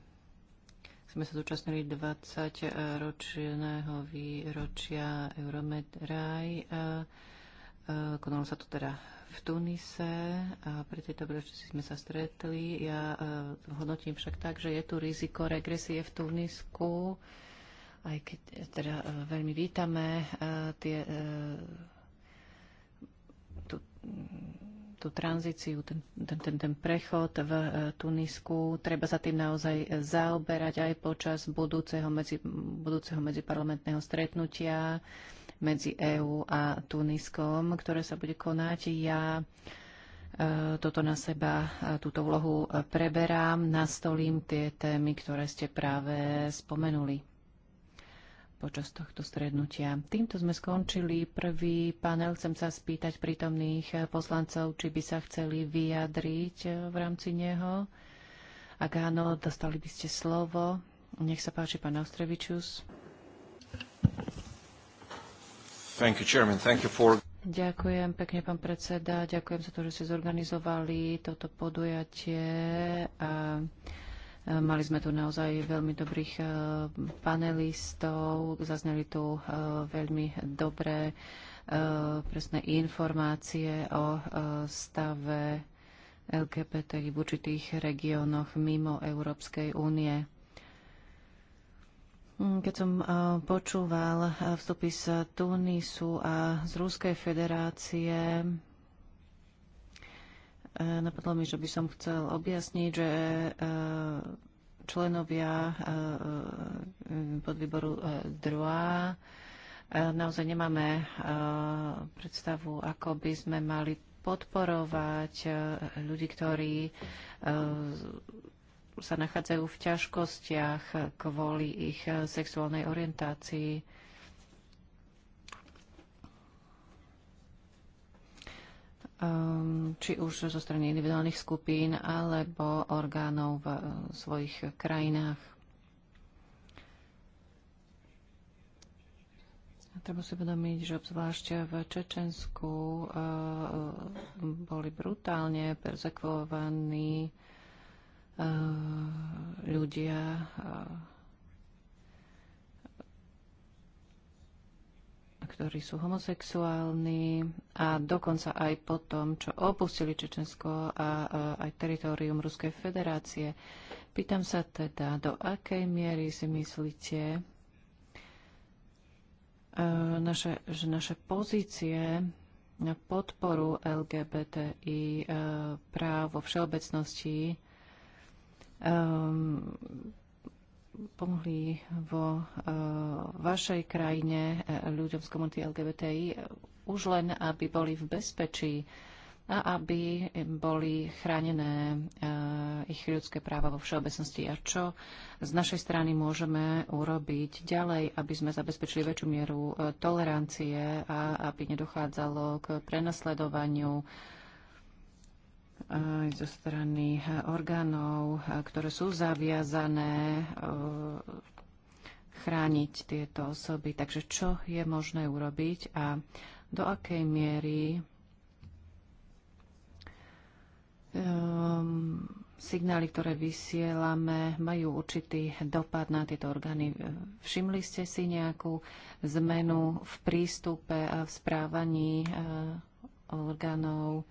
sme sa zúčastnili 20-ročného výročia Euromedraj. Konalo sa to teda v Tunise a pri tejto príležitosti sme sa stretli. Ja hodnotím však tak, že je tu riziko regresie v Tunisku aj keď e, teda e, veľmi vítame e, tie, tú tranzíciu, ten, ten, ten, ten prechod v e, Tunisku. Treba sa tým naozaj zaoberať aj počas budúceho, medzi, budúceho medziparlamentného stretnutia medzi EÚ a Tuniskom, ktoré sa bude konať. Ja e, toto na seba, e, túto vlohu preberám, nastolím tie témy, ktoré ste práve spomenuli počas tohto strednutia. Týmto sme skončili prvý panel. Chcem sa spýtať prítomných poslancov, či by sa chceli vyjadriť v rámci neho. Ak áno, dostali by ste slovo. Nech sa páči, pán Austrevičus. Thank you, Chairman. Thank you for... Ďakujem pekne, pán predseda. Ďakujem za to, že ste zorganizovali toto podujatie. A Mali sme tu naozaj veľmi dobrých eh, panelistov, zazneli tu eh, veľmi dobré eh, presné informácie o stave LGBT v určitých regiónoch mimo Európskej únie. Hm, keď som počúval vstupy z Tunisu a z Ruskej federácie, Eh, napadlo mi, že by som chcel objasniť, že eh, členovia eh, podvýboru DROA naozaj nemáme predstavu, ako by sme mali podporovať ľudí, ktorí sa nachádzajú v ťažkostiach kvôli ich sexuálnej orientácii. Ehm, či už zo strany individuálnych skupín alebo orgánov v eh, svojich krajinách. treba si uvedomiť, že obzvlášť v Čečensku eh, boli brutálne perzekvovaní eh, ľudia ktorí sú homosexuálni a dokonca aj po tom, čo opustili Čečensko a, a aj teritorium Ruskej federácie. Pýtam sa teda, do akej miery si myslíte, e, naše, že naše pozície na podporu LGBTI e, práv vo všeobecnosti e, pomohli vo e, vašej krajine e, ľuďom z komunity LGBTI e, už len, aby boli v bezpečí a aby boli chránené ich ľudské práva vo všeobecnosti. A čo z našej strany môžeme urobiť ďalej, aby sme zabezpečili väčšiu mieru tolerancie a aby nedochádzalo k prenasledovaniu aj zo strany eh, orgánov, eh, ktoré sú zaviazané eh, chrániť tieto osoby. Takže čo je možné urobiť a do akej miery um, signály, ktoré vysielame, majú určitý dopad na tieto orgány. Všimli ste si nejakú zmenu v prístupe a v správaní uh, orgánov?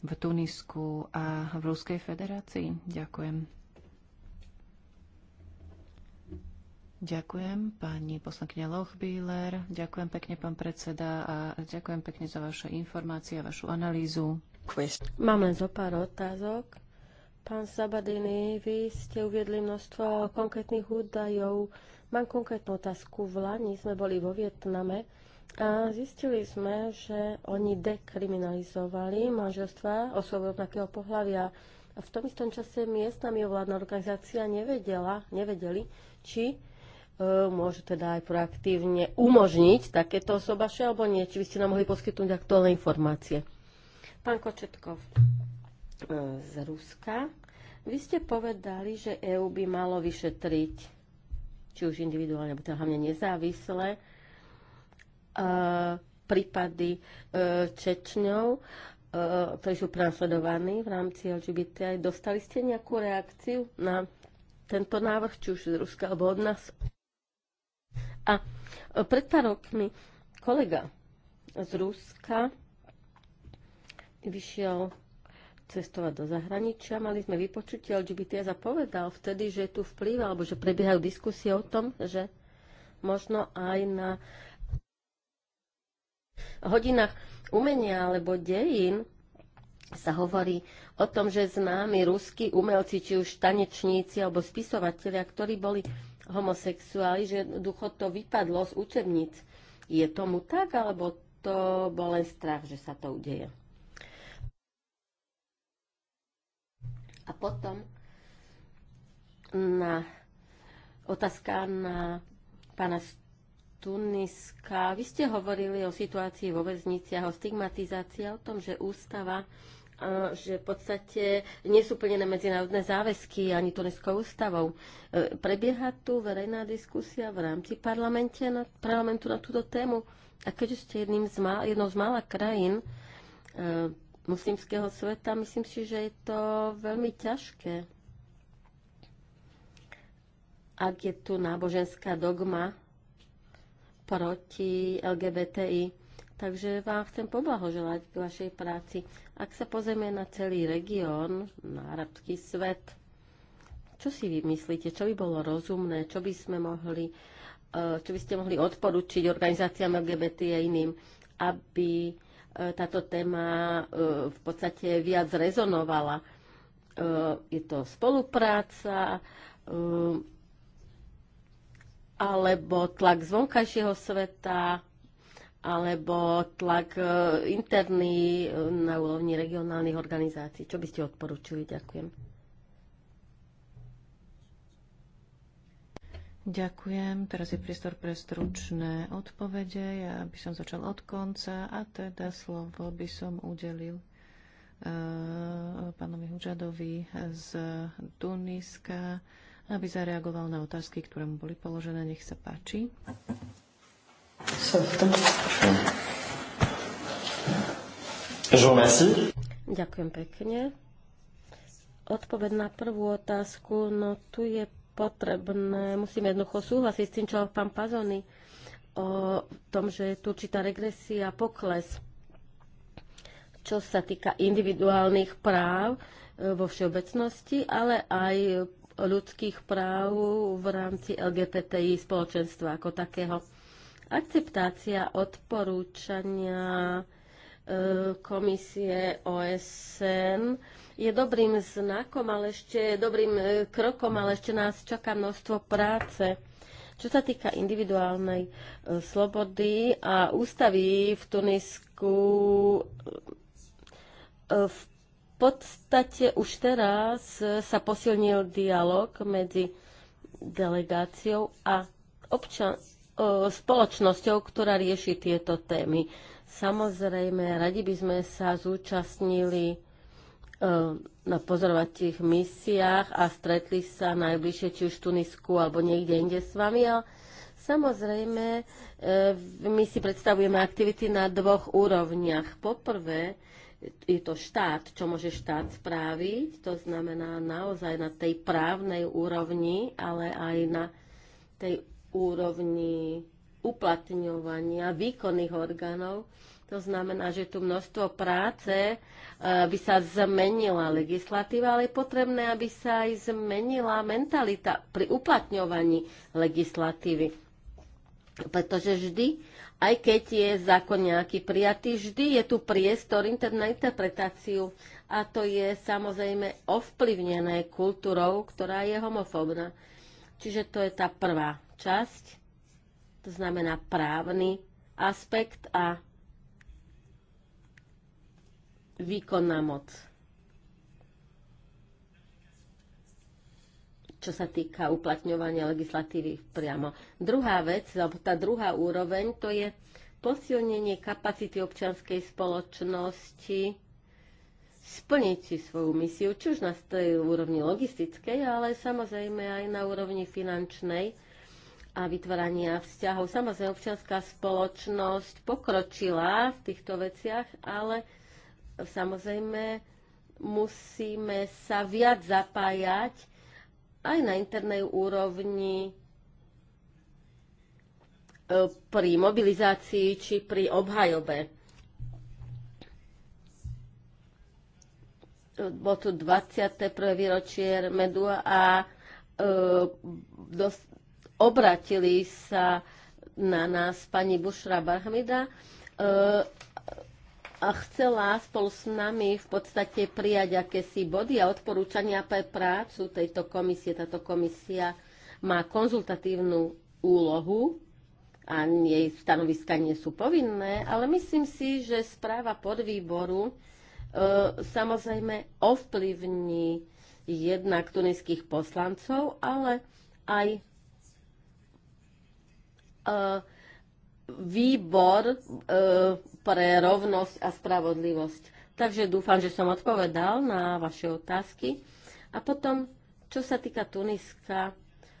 v Tunisku a v Ruskej federácii? Ďakujem. Ďakujem pani poslankyňa Lochbíler, ďakujem pekne pán predseda a ďakujem pekne za vaše informácie a vašu analýzu. Mám len zo pár otázok. Pán Sabadini, vy ste uviedli množstvo konkrétnych údajov. Mám konkrétnu otázku. V Lani sme boli vo Vietname a zistili sme, že oni dekriminalizovali manželstva osôb rovnakého pohľavia. A v tom istom čase miestna mimovládna organizácia nevedela, nevedeli, či e, môže teda aj proaktívne umožniť takéto osobaše alebo nie. Či by ste nám mohli poskytnúť aktuálne informácie. Pán Kočetkov e, z Ruska, vy ste povedali, že EÚ by malo vyšetriť či už individuálne, alebo teda hlavne nezávisle, E, prípady e, Čečňov, e, ktorí sú prenasledovaní v rámci LGBT. Dostali ste nejakú reakciu na tento návrh, či už z Ruska alebo od nás? A pred pár rokmi kolega z Ruska vyšiel cestovať do zahraničia. Mali sme vypočutie LGBT a povedal vtedy, že je tu vplyv, alebo že prebiehajú diskusie o tom, že možno aj na hodinách umenia alebo dejín sa hovorí o tom, že známi ruskí umelci, či už tanečníci alebo spisovatelia, ktorí boli homosexuáli, že ducho to vypadlo z učebníc. Je tomu tak, alebo to bol len strach, že sa to udeje? A potom na otázka na pána Tuniska. Vy ste hovorili o situácii vo väzniciach, o stigmatizácii, o tom, že ústava že v podstate nie sú plnené medzinárodné záväzky ani tuniskou ústavou. E, prebieha tu verejná diskusia v rámci na, parlamentu na túto tému. A keďže ste jedným z mal, jednou z mála krajín e, muslimského sveta, myslím si, že je to veľmi ťažké. Ak je tu náboženská dogma, proti LGBTI. Takže vám chcem poblahoželať k vašej práci. Ak sa pozrieme na celý región, na arabský svet, čo si vy myslíte, čo by bolo rozumné, čo by sme mohli, eh, čo by ste mohli odporučiť organizáciám LGBT a iným, aby eh, táto téma eh, v podstate viac rezonovala. Je to spolupráca, alebo tlak z vonkajšieho sveta, alebo tlak e, interný e, na úrovni regionálnych organizácií. Čo by ste odporúčili? Ďakujem. Ďakujem. Teraz je priestor pre stručné odpovede. Ja by som začal od konca a teda slovo by som udelil uh, pánovi Hudžadovi z Tuniska. Uh, aby zareagoval na otázky, ktoré mu boli položené. Nech sa páči. Ďakujem pekne. Odpoved na prvú otázku, no tu je potrebné, musím jednoducho súhlasiť s tým, čo pán Pazony o tom, že je tu určitá regresia, pokles, čo sa týka individuálnych práv e, vo všeobecnosti, ale aj ľudských práv v rámci LGBTI spoločenstva ako takého. Akceptácia odporúčania e, komisie OSN je dobrým znakom, ale ešte dobrým e, krokom, ale ešte nás čaká množstvo práce. Čo sa týka individuálnej e, slobody a ústavy v Tunisku v podstate už teraz e, sa posilnil dialog medzi delegáciou a občan, e, spoločnosťou, ktorá rieši tieto témy. Samozrejme, radi by sme sa zúčastnili e, na pozorovacích misiách a stretli sa najbližšie či už v Tunisku alebo niekde inde s vami. Ale samozrejme, my si predstavujeme aktivity na dvoch úrovniach. Poprvé, je to štát, čo môže štát správiť, to znamená naozaj na tej právnej úrovni, ale aj na tej úrovni uplatňovania výkonných orgánov. To znamená, že tu množstvo práce eh, by sa zmenila legislatíva, ale je potrebné, aby sa aj zmenila mentalita pri uplatňovaní legislatívy. Pretože vždy aj keď je zákon nejaký prijatý, vždy je tu priestor na interpretáciu a to je samozrejme ovplyvnené kultúrou, ktorá je homofóbna. Čiže to je tá prvá časť, to znamená právny aspekt a výkonná moc. čo sa týka uplatňovania legislatívy priamo. Druhá vec, alebo tá druhá úroveň, to je posilnenie kapacity občianskej spoločnosti splniť si svoju misiu, či už na tej úrovni logistickej, ale samozrejme aj na úrovni finančnej a vytvárania vzťahov. Samozrejme, občianská spoločnosť pokročila v týchto veciach, ale samozrejme musíme sa viac zapájať aj na internej úrovni e, pri mobilizácii či pri obhajobe. E, bolo tu 21. výročie Remedu a e, dos, obratili sa na nás pani Bušra Barhamida e, chcela spolu s nami v podstate prijať akési body a odporúčania pre prácu tejto komisie. Táto komisia má konzultatívnu úlohu a jej stanoviska nie sú povinné, ale myslím si, že správa podvýboru e, samozrejme ovplyvní jednak tuniských poslancov, ale aj e, výbor e, pre rovnosť a spravodlivosť. Takže dúfam, že som odpovedal na vaše otázky. A potom, čo sa týka Tuniska,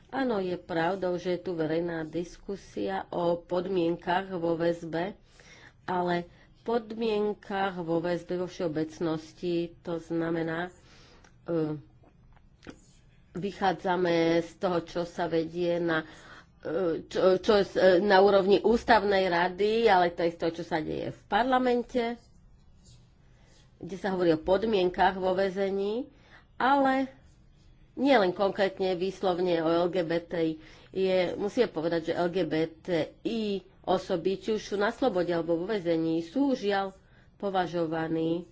áno, je pravdou, že je tu verejná diskusia o podmienkach vo väzbe, ale podmienkach vo väzbe vo všeobecnosti, to znamená, e, vychádzame z toho, čo sa vedie na čo, čo e, na úrovni ústavnej rady, ale to je to, čo sa deje v parlamente, kde sa hovorí o podmienkach vo vezení, ale nie len konkrétne výslovne o LGBT, Je, musíme povedať, že LGBTI osoby, či už sú na slobode alebo vo vezení, sú žiaľ považovaní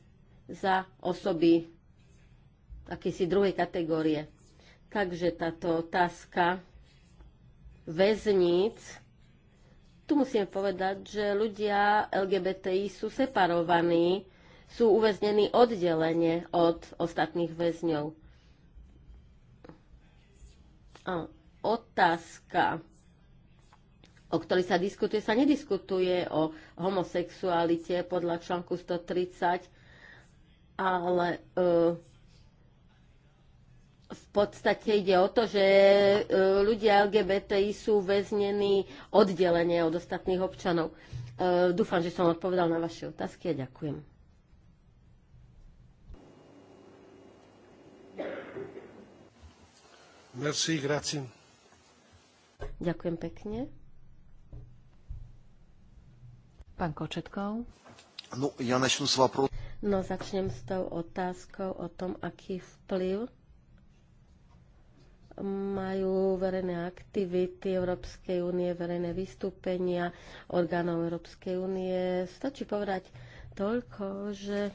za osoby akýsi druhej kategórie. Takže táto otázka väzníc, tu musím povedať, že ľudia LGBTI sú separovaní, sú uväznení oddelenie od ostatných väzňov. A otázka, o ktorej sa diskutuje, sa nediskutuje o homosexualite podľa článku 130, ale Uh, v podstate ide o to, že e, ľudia LGBTI sú väznení oddelenie od ostatných občanov. E, dúfam, že som odpovedal na vaše otázky a ďakujem. Merci, grazie. Ďakujem pekne. Pán Kočetkov. No, ja začnem s No, začnem s tou otázkou o tom, aký vplyv majú verejné aktivity Európskej únie, verejné vystúpenia orgánov Európskej únie. Stačí povedať toľko, že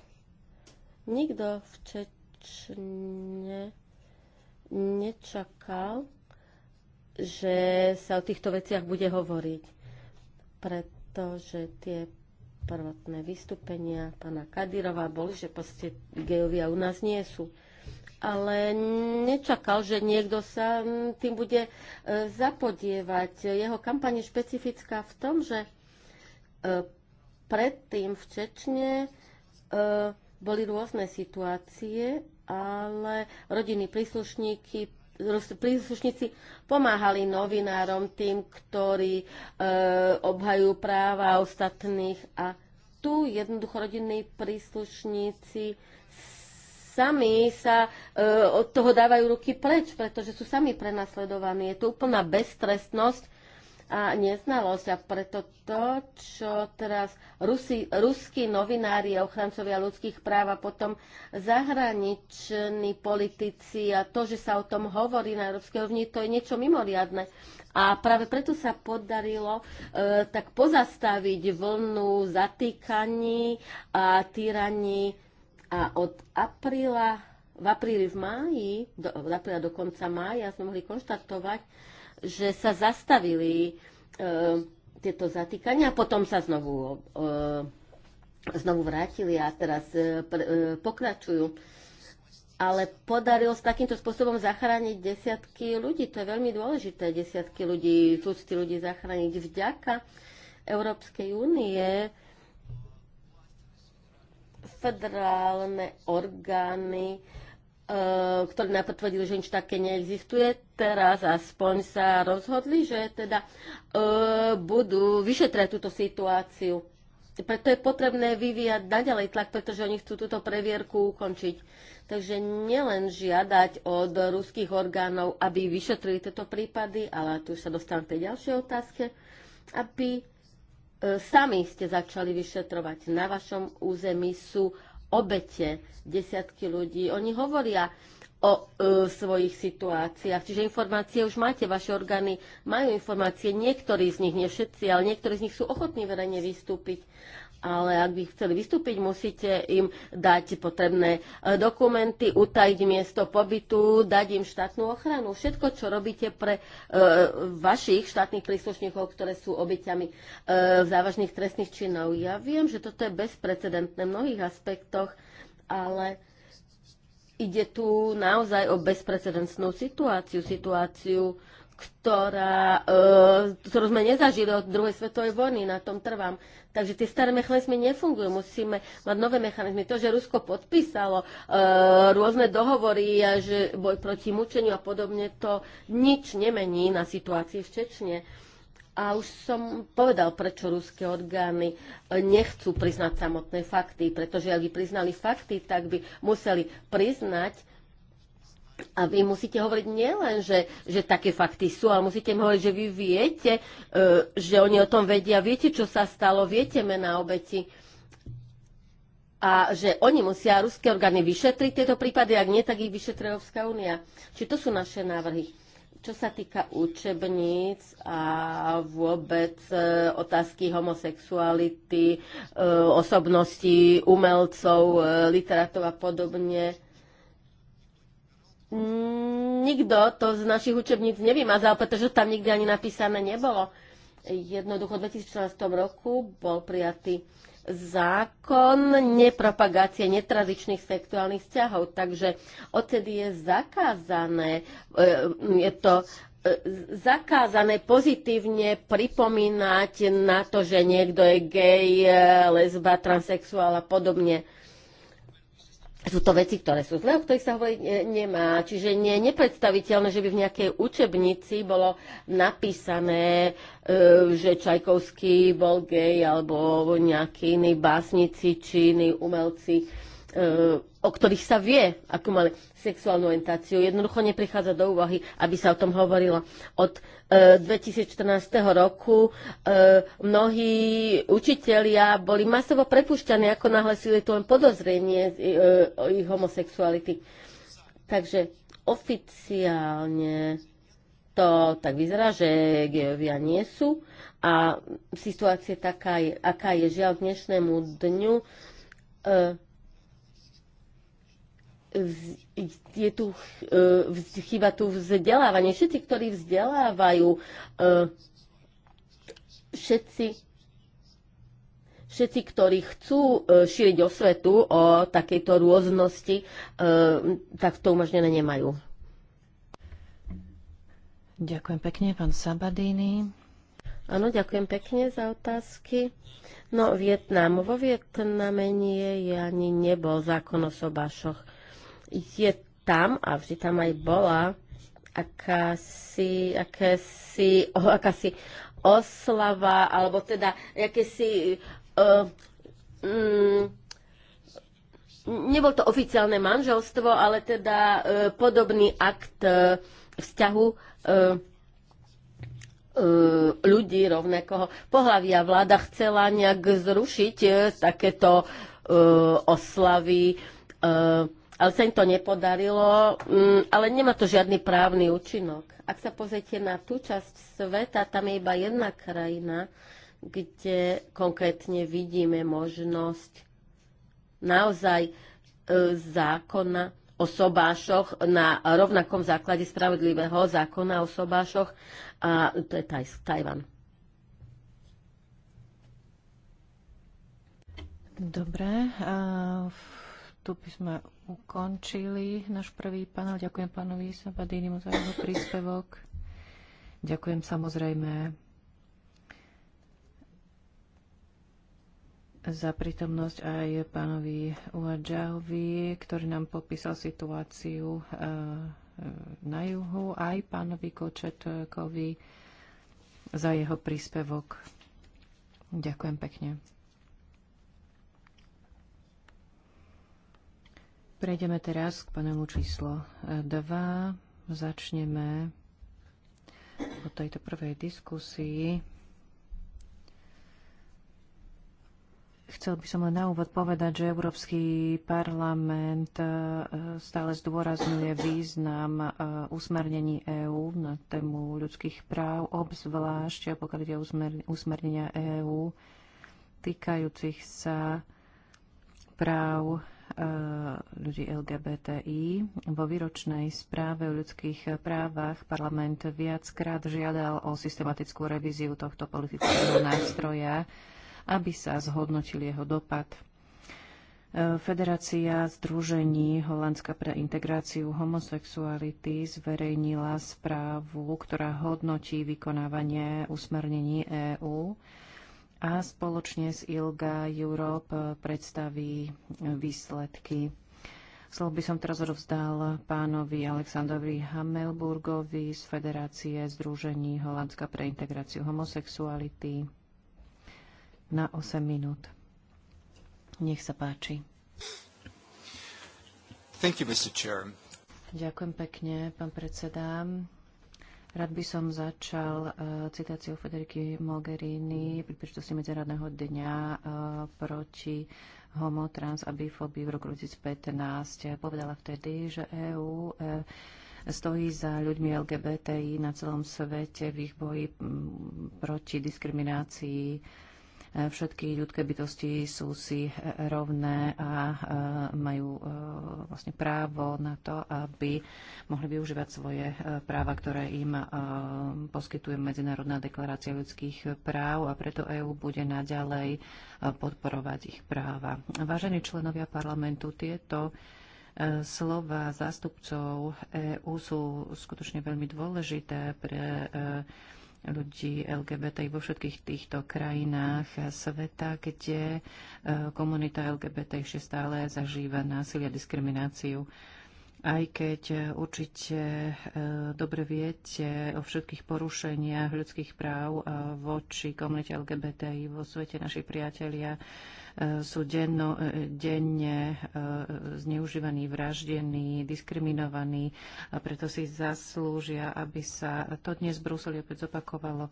nikto v Čečne nečakal, že sa o týchto veciach bude hovoriť, pretože tie prvotné vystúpenia pána Kadirova boli, že proste gejovia u nás nie sú ale nečakal, že niekto sa tým bude e, zapodievať. Jeho kampaň je špecifická v tom, že e, predtým v Čečne e, boli rôzne situácie, ale rodiny príslušníky príslušníci pomáhali novinárom, tým, ktorí e, obhajú práva ostatných. A tu jednoducho rodinní príslušníci sami sa e, od toho dávajú ruky preč, pretože sú sami prenasledovaní. Je tu úplná beztrestnosť a neznalosť. A preto to, čo teraz Rusi, ruskí novinári a ochrancovia ľudských práv a potom zahraniční politici a to, že sa o tom hovorí na európskej úrovni, to je niečo mimoriadne. A práve preto sa podarilo e, tak pozastaviť vlnu zatýkaní a týraní a od apríla, v apríli v máji, do, od apríla do konca mája sme mohli konštatovať, že sa zastavili e, tieto zatýkania a potom sa znovu, e, znovu vrátili a teraz e, pre, e, pokračujú. Ale podarilo sa takýmto spôsobom zachrániť desiatky ľudí. To je veľmi dôležité, desiatky ľudí, tlustí ľudí zachrániť vďaka Európskej únie federálne orgány, e, ktoré napotvrdili, že nič také neexistuje, teraz aspoň sa rozhodli, že teda e, budú vyšetrať túto situáciu. Preto je potrebné vyvíjať naďalej tlak, pretože oni chcú túto previerku ukončiť. Takže nielen žiadať od ruských orgánov, aby vyšetrili tieto prípady, ale tu sa dostávam k tej ďalšej otázke, aby E, sami ste začali vyšetrovať. Na vašom území sú obete, desiatky ľudí. Oni hovoria o e, svojich situáciách. Čiže informácie už máte, vaše orgány majú informácie, niektorí z nich, nie všetci, ale niektorí z nich sú ochotní verejne vystúpiť ale ak by chceli vystúpiť, musíte im dať potrebné e, dokumenty, utajiť miesto pobytu, dať im štátnu ochranu. Všetko, čo robíte pre e, vašich štátnych príslušníkov, ktoré sú obyťami e, závažných trestných činov. Ja viem, že toto je bezprecedentné v mnohých aspektoch, ale ide tu naozaj o bezprecedentnú situáciu, situáciu, ktorá, uh, ktorú sme nezažili od druhej svetovej vojny, na tom trvám. Takže tie staré mechanizmy nefungujú, musíme mať nové mechanizmy. To, že Rusko podpísalo uh, rôzne dohovory, a že boj proti mučeniu a podobne, to nič nemení na situácii v Čečne. A už som povedal, prečo ruské orgány e, nechcú priznať samotné fakty, pretože ak by priznali fakty, tak by museli priznať, a vy musíte hovoriť nielen, že, že také fakty sú, ale musíte im hovoriť, že vy viete, e, že oni o tom vedia, viete, čo sa stalo, viete mená obeti. A že oni musia ruské orgány vyšetriť tieto prípady, ak nie, tak ich vyšetri Európska únia. Či to sú naše návrhy. Čo sa týka učebníc a vôbec e, otázky homosexuality, e, osobnosti umelcov, literátov a podobne, Mm, nikto to z našich učebníc nevymazal, pretože tam nikdy ani napísané nebolo. Jednoducho v 2014 roku bol prijatý zákon nepropagácie netradičných sexuálnych vzťahov. Takže odtedy je zakázané, e, je to e, zakázané pozitívne pripomínať na to, že niekto je gej, e, lesba, transexuál a podobne sú to veci, ktoré sú zlé, o ktorých sa hovoriť nemá. Čiže nie je nepredstaviteľné, že by v nejakej učebnici bolo napísané, e, že Čajkovský bol gej alebo nejakí iní básnici či iní umelci E, o ktorých sa vie, ako mali sexuálnu orientáciu. Jednoducho neprichádza do úvahy, aby sa o tom hovorilo. Od 2014 e, roku e, mnohí učitelia boli masovo prepušťaní, ako náhle si tu len podozrenie o ich homosexuality. Takže oficiálne to tak vyzerá, že gejovia nie sú a situácia taká aká je žiaľ dnešnému dňu. E, je tu, chýba e, tu vzdelávanie. Všetci, ktorí vzdelávajú, e, všetci, všetci, ktorí chcú e, šíriť osvetu o takejto rôznosti, tak to umožnené nemajú. Ďakujem pekne, pán Sabadini. Áno, ďakujem pekne za otázky. No, Vietnam. Vo Vietname nie je ani nebol zákon o sobášoch je tam a vždy tam aj bola akási, akási, oh, akási oslava, alebo teda akési uh, eh, mm, nebol to oficiálne manželstvo, ale teda uh, podobný akt uh, vzťahu uh, e, ľudí rovnakého pohľavia. Vláda chcela nejak zrušiť takéto oslavy ale sa im to nepodarilo, mm, ale nemá to žiadny právny účinok. Ak sa pozrite na tú časť sveta, tam je iba jedna krajina, kde konkrétne vidíme možnosť naozaj e, zákona o sobášoch na rovnakom základe spravodlivého zákona o sobášoch a to je taj, Tajvan. Dobre, tu by sme ukončili náš prvý panel. Ďakujem pánovi Sabadínimu za jeho príspevok. Ďakujem samozrejme za prítomnosť aj pánovi Uadžahovi, ktorý nám popísal situáciu eh, na juhu, aj pánovi Kočetkovi za jeho príspevok. Ďakujem pekne. Prejdeme teraz k panelu číslo 2. E, Začneme o tejto prvej diskusii. Chcel by som len na úvod povedať, že Európsky parlament e, stále zdôrazňuje význam e, usmernení EÚ na tému ľudských práv, obzvlášť pokiaľ ide usmernenia EÚ týkajúcich sa práv Eh, ľudí LGBTI. Vo výročnej správe o ľudských právach parlament viackrát žiadal o systematickú revíziu tohto politického nástroja, aby sa zhodnotil jeho dopad. Eh, Federácia Združení Holandska pre integráciu homosexuality zverejnila správu, ktorá hodnotí vykonávanie usmernení EÚ a spoločne s ILGA Europe predstaví eh, výsledky. Slovo by som teraz rozdal pánovi Aleksandrovi Hamelburgovi z Federácie Združení Holandska pre integráciu homosexuality na 8 minút. Nech sa páči. Thank you, Mr. Chair. Ďakujem pekne, pán predseda. Rád by som začal e, citáciou Federiky Mogherini pri príležitosti Medzinárodného dňa e, proti homo, trans a bifóbii v roku 2015. Povedala vtedy, že EÚ e, stojí za ľuďmi LGBTI na celom svete v ich boji proti diskriminácii Všetky ľudské bytosti sú si rovné a majú e, vlastne právo na to, aby mohli využívať svoje e, práva, ktoré im e, poskytuje Medzinárodná deklarácia ľudských práv a preto EÚ bude naďalej podporovať ich práva. Vážení členovia parlamentu, tieto slova zástupcov EÚ sú skutočne veľmi dôležité pre ľudí LGBT vo všetkých týchto krajinách sveta, kde e, komunita LGBT ešte stále zažíva násilie a diskrimináciu aj keď e, určite e, dobre viete o všetkých porušeniach ľudských práv voči komunite LGBTI vo svete naši priatelia e, sú denno, denne zneužívaní, vraždení, diskriminovaní a preto si zaslúžia, aby sa to dnes v Bruseli opäť zopakovalo.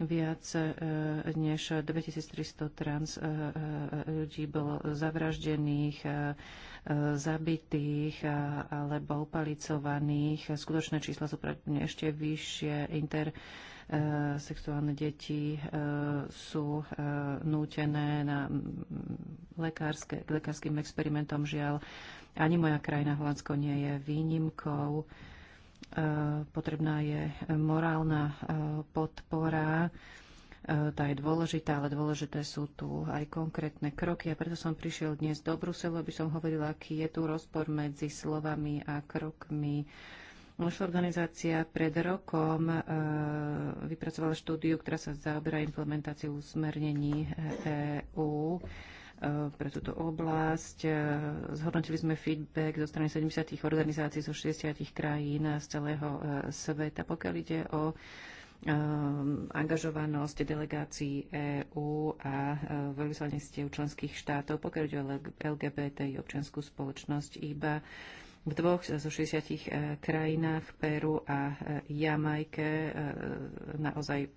Viac e, než 2300 trans e, e, ľudí bolo zavraždených, zabitých alebo upalicovaných. Skutočné čísla sú ešte vyššie. Inter sexuálne deti sú nútené na lekárske, lekárskym experimentom. Žiaľ, ani moja krajina Holandsko nie je výnimkou. E, potrebná je morálna e, podpora. E, tá je dôležitá, ale dôležité sú tu aj konkrétne kroky. A preto som prišiel dnes do Bruselu, aby som hovorila, aký je tu rozpor medzi slovami a krokmi. Už organizácia pred rokom vypracovala štúdiu, ktorá sa zaoberá implementáciou usmernení EÚ. EU Eh, pre túto oblasť. Eh, zhodnotili sme feedback zo strany 70 organizácií zo 60 krajín z celého eh, sveta. Pokiaľ ide o angažovanosť delegácií EÚ a veľvyslanectiev členských štátov, pokiaľ ide o LGBT i občianskú spoločnosť, iba v dvoch zo 60 e, krajinách Peru a e, Jamajke e, naozaj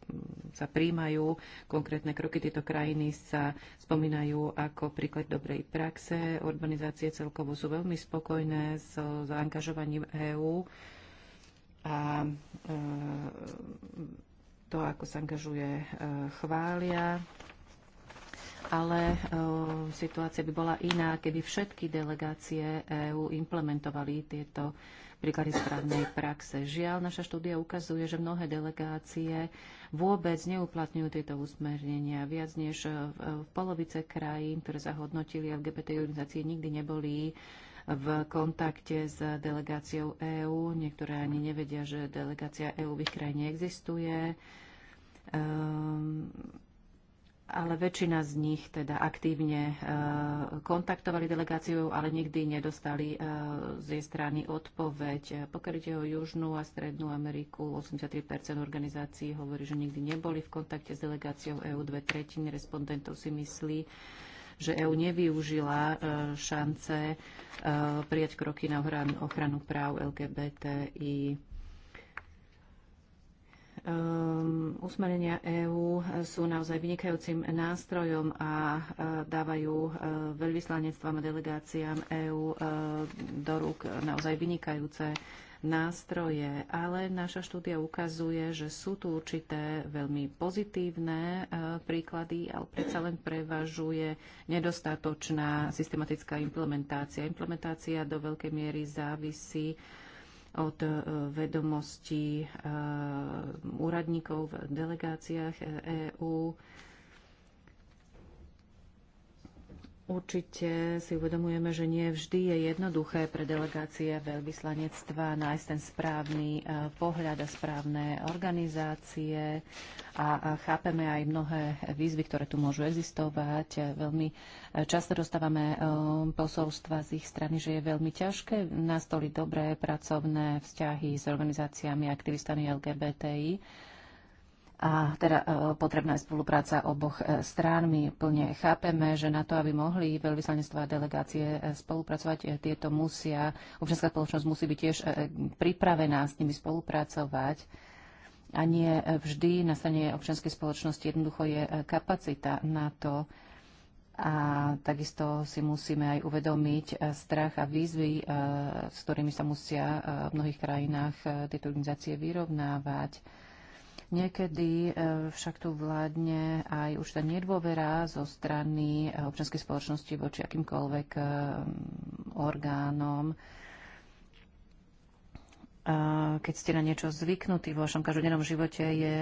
sa príjmajú konkrétne kroky. Tieto krajiny sa spomínajú ako príklad dobrej praxe. Urbanizácie celkovo sú veľmi spokojné so zaangažovaním EÚ a to, ako sa angažuje, chvália ale e, situácia by bola iná, keby všetky delegácie EÚ implementovali tieto príklady správnej praxe. Žiaľ, naša štúdia ukazuje, že mnohé delegácie vôbec neuplatňujú tieto usmernenia. Viac než e, v polovice krajín, ktoré zahodnotili LGBT organizácie, nikdy neboli v kontakte s delegáciou EÚ. Niektoré ani nevedia, že delegácia EÚ v ich krajine existuje. Um, ale väčšina z nich teda aktívne e, kontaktovali delegáciu, ale nikdy nedostali e, z jej strany odpoveď. Pokiaľ ide o Južnú a Strednú Ameriku, 83% organizácií hovorí, že nikdy neboli v kontakte s delegáciou EÚ. Dve tretiny respondentov si myslí, že EÚ nevyužila e, šance prijať kroky na ochranu práv LGBTI Um, usmerenia EÚ sú naozaj vynikajúcim nástrojom a uh, dávajú uh, e, veľvyslanectvám a delegáciám EÚ uh, e, do rúk naozaj vynikajúce nástroje, ale naša štúdia ukazuje, že sú tu určité veľmi pozitívne príklady, ale predsa len prevažuje nedostatočná systematická implementácia. Implementácia do veľkej miery závisí od e, vedomostí e, úradníkov v delegáciách EÚ. E Určite si uvedomujeme, že nie vždy je jednoduché pre delegácie veľvyslanectva nájsť ten správny eh, pohľad a správne organizácie a, chápeme aj mnohé výzvy, ktoré tu môžu existovať. Eh, veľmi eh, často dostávame posolstva z ich strany, že je veľmi ťažké nastoliť dobré pracovné vzťahy s organizáciami a aktivistami LGBTI a teda e, potrebná je spolupráca oboch e, strán. My plne chápeme, že na to, aby mohli veľvyslanectvá a delegácie e, spolupracovať, tieto musia, občianská spoločnosť musí byť tiež pripravená s nimi spolupracovať. A nie vždy na strane občianskej spoločnosti jednoducho je kapacita na to. A takisto si musíme aj uvedomiť strach a výzvy, s ktorými sa musia v mnohých krajinách tieto organizácie vyrovnávať Niekedy e, však tu vládne aj už tá nedôvera zo strany e, občianskej spoločnosti voči akýmkoľvek e, orgánom. Keď ste na niečo zvyknutí vo vašom každodennom živote, je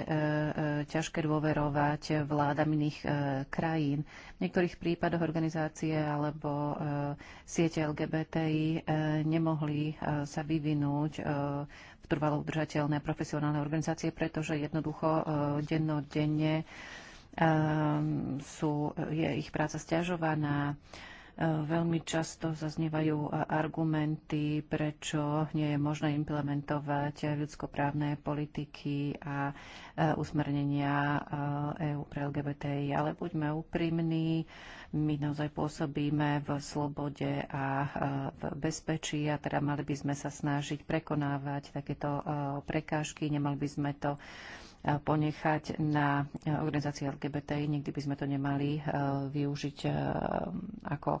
ťažké dôverovať vládam iných krajín. V niektorých prípadoch organizácie alebo siete LGBTI nemohli sa vyvinúť trvalo udržateľné profesionálne organizácie, pretože jednoducho e, dennodenne e, sú, je ich práca stiažovaná Veľmi často zaznievajú argumenty, prečo nie je možné implementovať ľudskoprávne politiky a e, usmernenia EÚ e pre LGBTI. Ale buďme úprimní, my naozaj pôsobíme v slobode a e, v bezpečí a teda mali by sme sa snažiť prekonávať takéto prekážky, nemali by sme to Eh, ponechať na eh, organizácii LGBTI. Nikdy by sme to nemali eh, využiť ako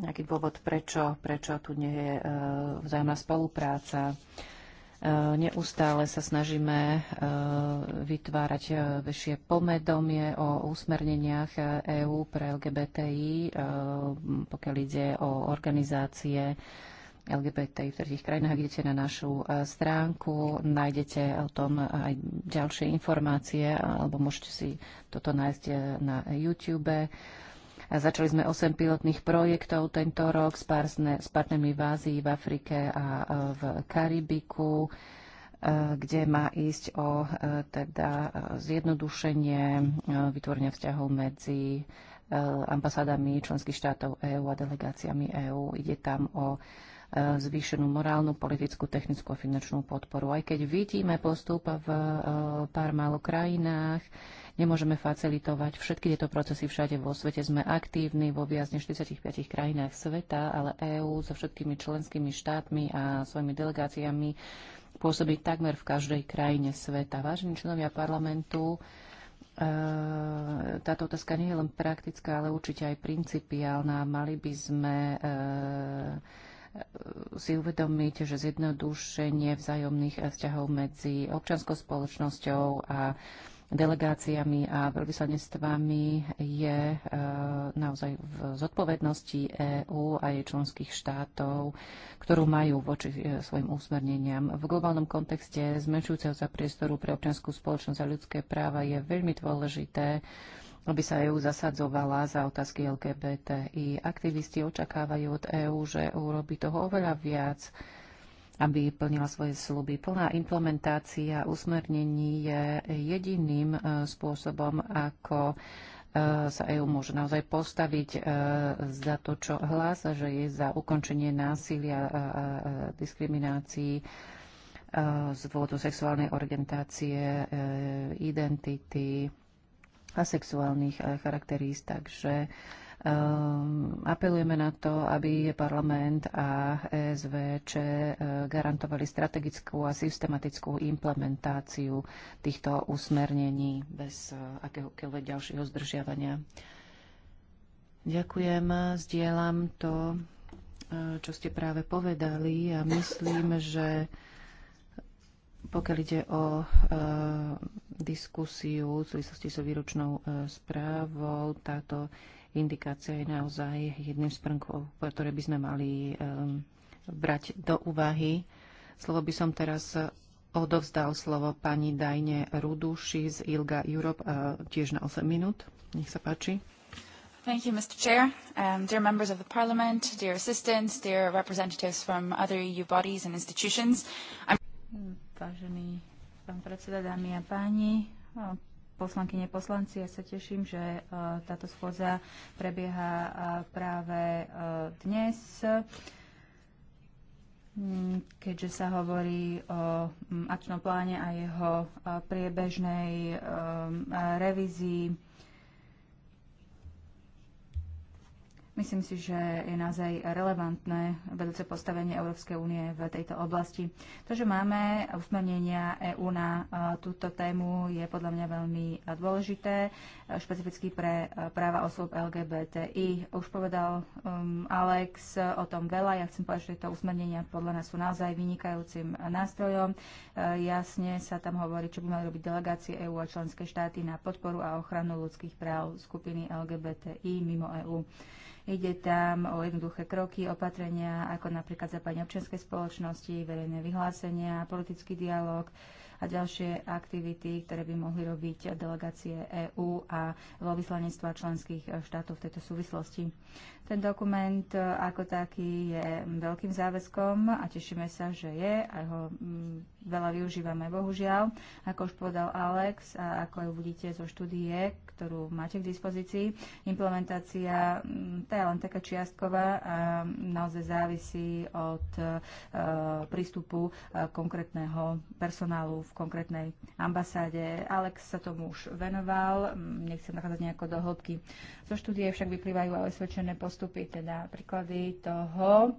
nejaký dôvod, prečo, prečo tu nie je vzájomná spolupráca. Neustále sa snažíme vytvárať väčšie pomedomie o usmerneniach EÚ e pre LGBTI, pokiaľ ide o organizácie LGBT v tretich krajinách. Idete na našu e, stránku, nájdete o tom aj ďalšie informácie, alebo môžete si toto nájsť e, na YouTube. Začali sme 8 pilotných projektov tento rok s, partner, s partnermi v Ázii, v Afrike a e, v Karibiku, kde má ísť o teda zjednodušenie vytvorenia vzťahov medzi ambasádami členských štátov EÚ a delegáciami EÚ. Ide tam o zvýšenú morálnu, politickú, technickú a finančnú podporu. Aj keď vidíme postup v e, pár málo krajinách, nemôžeme facilitovať všetky tieto procesy všade vo svete. Sme aktívni vo viac než 45 krajinách sveta, ale EÚ so všetkými členskými štátmi a svojimi delegáciami pôsobí takmer v každej krajine sveta. Vážení členovia parlamentu, e, táto otázka nie je len praktická, ale určite aj principiálna. Mali by sme e, si uvedomiť, že zjednodušenie vzájomných vzťahov medzi občanskou spoločnosťou a delegáciami a veľvyslanectvami je e, naozaj v zodpovednosti EÚ a jej členských štátov, ktorú majú voči e, svojim úsmerneniam. V globálnom kontexte zmenšujúceho sa priestoru pre občianskú spoločnosť a ľudské práva je veľmi dôležité, aby sa EÚ zasadzovala za otázky LGBTI. Aktivisti očakávajú od EÚ, že urobí toho oveľa viac, aby plnila svoje sluby. Plná implementácia usmernení je jediným e, spôsobom, ako e, sa EÚ môže naozaj postaviť e, za to, čo hlása, že je za ukončenie násilia a diskriminácií z dôvodu sexuálnej orientácie, identity, a sexuálnych eh, charakteríst. Takže um, apelujeme na to, aby parlament a ESVČ eh, garantovali strategickú a systematickú implementáciu týchto usmernení bez eh, akéhokoľvek ďalšieho zdržiavania. Ďakujem, zdieľam to, čo ste práve povedali a myslím, že pokiaľ ide o e, diskusiu v súvislosti so výročnou e, správou, táto indikácia je naozaj jedným z prvkov, ktoré by sme mali e, brať do úvahy. Slovo by som teraz odovzdal slovo pani Dajne Ruduši z ILGA Europe e, tiež na 8 minút. Nech sa páči. Thank you, Mr. Chair. Um, dear members of the Parliament, dear assistants, dear representatives from other EU bodies and institutions. I'm Vážený pán predseda, dámy a páni, poslankyne, poslanci. Ja sa teším, že e, táto schôdza prebieha e, práve e, dnes, mm, keďže sa hovorí o mm, akčnom pláne a jeho priebežnej revízii Myslím si, že je naozaj relevantné vedúce postavenie Európskej únie v tejto oblasti. To, že máme usmernenia EÚ na e, túto tému, je podľa mňa veľmi e, dôležité, e, špecificky pre práva osôb LGBTI. Už povedal um, Alex o tom veľa. Ja chcem povedať, že tieto usmernenia podľa nás sú naozaj vynikajúcim nástrojom. E, jasne sa tam hovorí, čo by mali robiť delegácie EÚ a členské štáty na podporu a ochranu ľudských práv skupiny LGBTI mimo EÚ. Ide tam o jednoduché kroky, opatrenia, ako napríklad zapájanie občianskej spoločnosti, verejné vyhlásenia, politický dialog a ďalšie aktivity, ktoré by mohli robiť delegácie EÚ a veľvyslanectva členských štátov v tejto súvislosti. Ten dokument e, ako taký je veľkým záväzkom a tešíme sa, že je a ho mm, veľa využívame. Bohužiaľ, ako už povedal Alex a ako ju vidíte zo štúdie, ktorú máte k dispozícii, implementácia mm, tá je len taká čiastková a naozaj závisí od e, prístupu e, konkrétneho personálu v konkrétnej ambasáde. Alex sa tomu už venoval, mm, nechcem nachádzať nejako do hĺbky. Zo štúdie však vyplývajú aj osvedčené postupy, teda príklady toho,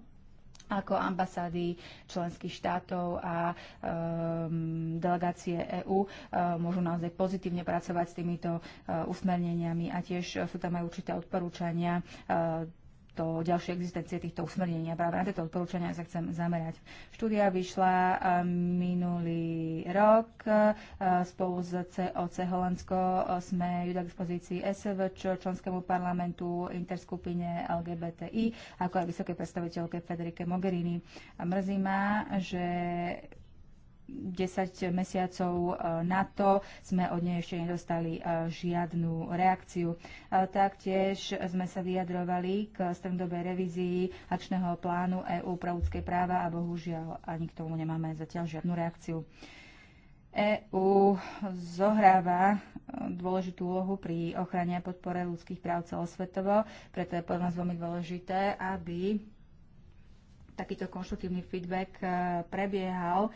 ako ambasády členských štátov a um, delegácie EÚ um, ehm, môžu naozaj pozitívne pracovať s týmito uh, usmerneniami a tiež sú tam aj určité odporúčania uh, to ďalšie existencie týchto usmernení. A práve na tieto odporúčania sa chcem zamerať. Štúdia vyšla eh, minulý rok. Eh, spolu s COC Holandsko eh, sme ju k dispozícii SV členskému parlamentu, interskupine LGBTI, ako aj vysokej predstaviteľke Federike Mogherini. A mrzí ma, že 10 mesiacov e, na to sme od nej ešte nedostali e, žiadnu reakciu. E, taktiež sme sa vyjadrovali k strednodobej revízii akčného plánu EÚ pre ľudské práva a bohužiaľ ani k tomu nemáme zatiaľ žiadnu reakciu. EÚ zohráva dôležitú úlohu pri ochrane a podpore ľudských práv celosvetovo, preto je pre nás veľmi dôležité, aby takýto konštruktívny feedback e, prebiehal, e,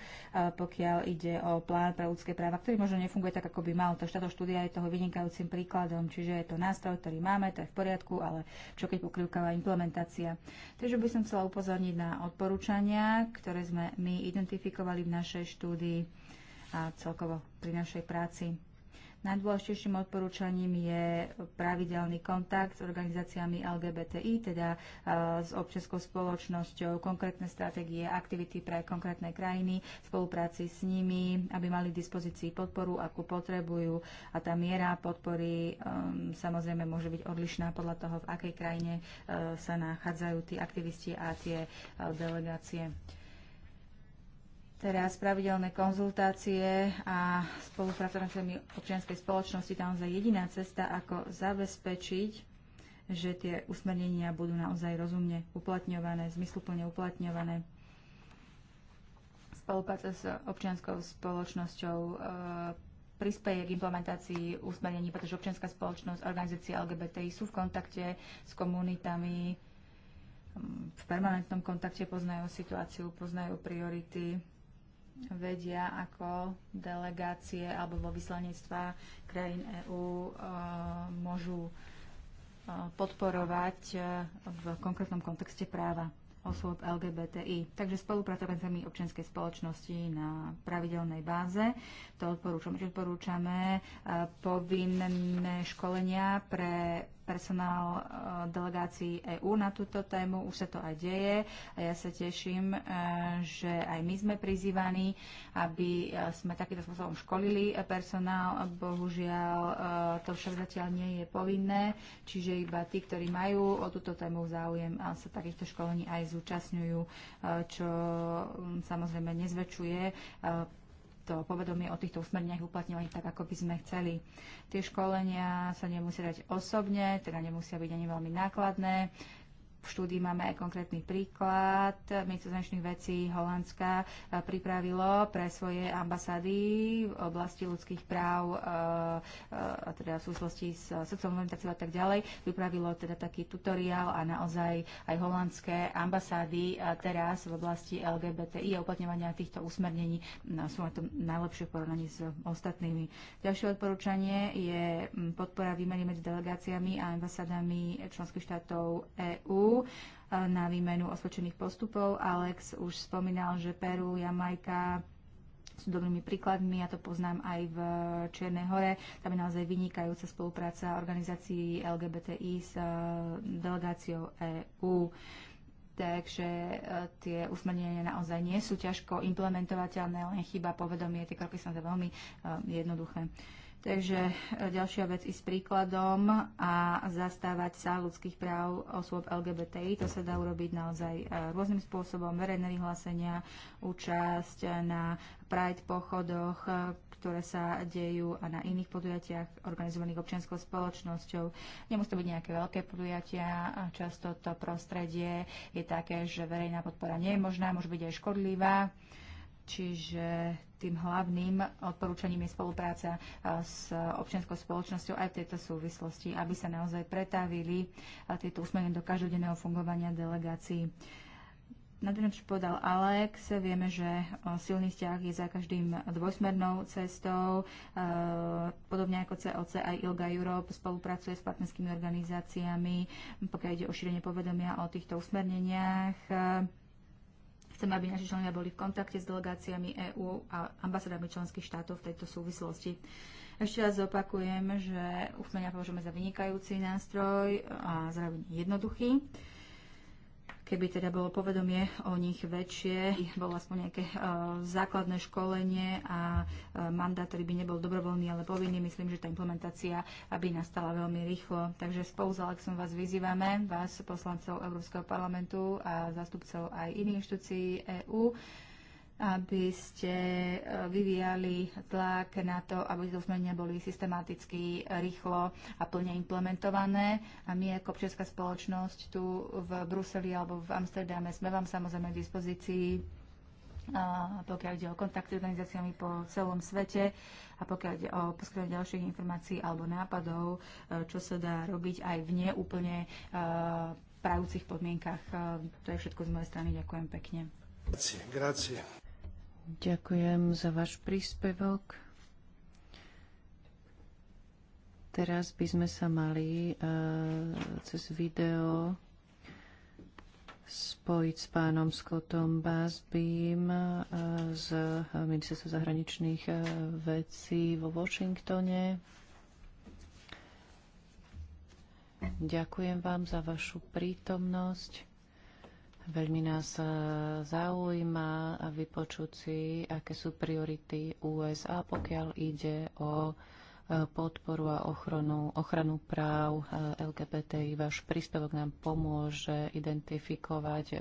pokiaľ ide o plán pre ľudské práva, ktorý možno nefunguje tak, ako by mal. Takže táto štúdia je toho vynikajúcim príkladom, čiže je to nástroj, ktorý máme, to je v poriadku, ale čo keď pokrývkáva implementácia. Takže by som chcela upozorniť na odporúčania, ktoré sme my identifikovali v našej štúdii a celkovo pri našej práci. Najdôležitejším odporúčaním je pravidelný kontakt s organizáciami LGBTI, teda e, s občianskou spoločnosťou, konkrétne stratégie, aktivity pre konkrétne krajiny, spolupráci s nimi, aby mali k dispozícii podporu, akú potrebujú. A tá miera podpory um, samozrejme môže byť odlišná podľa toho, v akej krajine uh, sa nachádzajú tí aktivisti a tie uh, delegácie teraz pravidelné konzultácie a spolupráca občianskej spoločnosti, tam za jediná cesta, ako zabezpečiť, že tie usmernenia budú naozaj rozumne uplatňované, zmysluplne uplatňované. Spolupráca s občianskou spoločnosťou e, prispieje k implementácii usmernení, pretože občianská spoločnosť, organizácie LGBTI sú v kontakte s komunitami, v permanentnom kontakte poznajú situáciu, poznajú priority vedia, ako delegácie alebo vo vyslanectvá krajín EÚ e, môžu e, podporovať e, v konkrétnom kontexte práva osôb LGBTI. Takže spolupráca nami občianskej spoločnosti na pravidelnej báze. To odporúčame. Čo odporúčame? Povinné školenia pre personál eh, delegácií EÚ na túto tému. Už sa to aj deje a ja sa teším, eh, že aj my sme prizývaní, aby eh, sme takýmto spôsobom školili personál. Bohužiaľ, to však zatiaľ nie je povinné, čiže iba tí, ktorí majú o túto tému záujem, a sa takýchto školení aj zúčastňujú, čo mm, samozrejme nezväčšuje to povedomie o týchto usmerniach uplatňovať tak, ako by sme chceli. Tie školenia sa nemusia dať osobne, teda nemusia byť ani veľmi nákladné. V štúdii máme aj konkrétny príklad. Ministerstvo zahraničných vecí Holandska eh, pripravilo pre svoje ambasády v oblasti ľudských práv, eh, eh, teda v súvislosti s sexuálnou orientáciou a tak ďalej, pripravilo teda taký tutoriál a naozaj aj holandské ambasády teraz v oblasti LGBTI a uplatňovania týchto usmernení no, sú na tom najlepšie v porovnaní s ostatnými. Ďalšie odporúčanie je mm, podpora výmeny medzi delegáciami a ambasádami členských štátov EÚ Eh, na výmenu osvedčených postupov. Alex už spomínal, že Peru, Jamajka sú dobrými príkladmi, ja to poznám aj v Čiernej hore. Tam je naozaj vynikajúca spolupráca organizácií LGBTI s eh, delegáciou EÚ. Takže eh, tie usmernenia naozaj nie sú ťažko implementovateľné, len chyba povedomie, tie kroky sú naozaj veľmi jednoduché. Takže e, ďalšia vec ísť príkladom a zastávať sa ľudských práv osôb LGBTI. To sa dá urobiť naozaj e, rôznym spôsobom. Verejné vyhlásenia, účasť na Pride pochodoch, e, ktoré sa dejú a na iných podujatiach organizovaných občianskou spoločnosťou. Nemusí to byť nejaké veľké podujatia, často to prostredie je také, že verejná podpora nie je možná, môže byť aj škodlivá Čiže tým hlavným odporúčaním je spolupráca e, s občianskou spoločnosťou aj v tejto súvislosti, aby sa naozaj pretavili e, tieto usmernenia do každodenného fungovania delegácií. Na to, čo povedal Alex, vieme, že e, silný vzťah je za každým dvojsmernou cestou. Podobne ako COC, aj ILGA Europe spolupracuje s partnerskými organizáciami, pokiaľ ide o šírenie povedomia o týchto usmerneniach Chcem, aby naši členia boli v kontakte s delegáciami EÚ a ambasadami členských štátov v tejto súvislosti. Ešte raz opakujem, že usmenia považujeme za vynikajúci nástroj a zároveň jednoduchý keby teda bolo povedomie o nich väčšie, bolo aspoň nejaké uh, základné školenie a uh, mandát, ktorý by nebol dobrovoľný, ale povinný, myslím, že tá implementácia aby nastala veľmi rýchlo. Takže spolu s Alexom vás vyzývame, vás poslancov Európskeho parlamentu a zástupcov aj iných inštitúcií EÚ, aby ste e, vyvíjali tlak na to, aby zmenia boli systematicky, e, rýchlo a plne implementované. A my ako občianská spoločnosť tu v Bruseli alebo v Amsterdame sme vám samozrejme k dispozícii e, pokiaľ ide o kontakty s organizáciami po celom svete a pokiaľ ide o poskytovanie ďalších informácií alebo nápadov, čo sa dá robiť aj v neúplne prajúcich podmienkach. To je všetko z mojej strany. Ďakujem pekne. Grazie, grazie. Ďakujem za váš príspevok. Teraz by sme sa mali e, cez video spojiť s pánom Scottom Basbym e, z e, Ministerstva zahraničných vecí vo Washingtone. Ďakujem vám za vašu prítomnosť. Veľmi nás e, zaujíma vypočuť si, aké sú priority USA, pokiaľ ide o e, podporu a ochranu, ochranu práv e, LGBTI. Váš príspevok nám pomôže identifikovať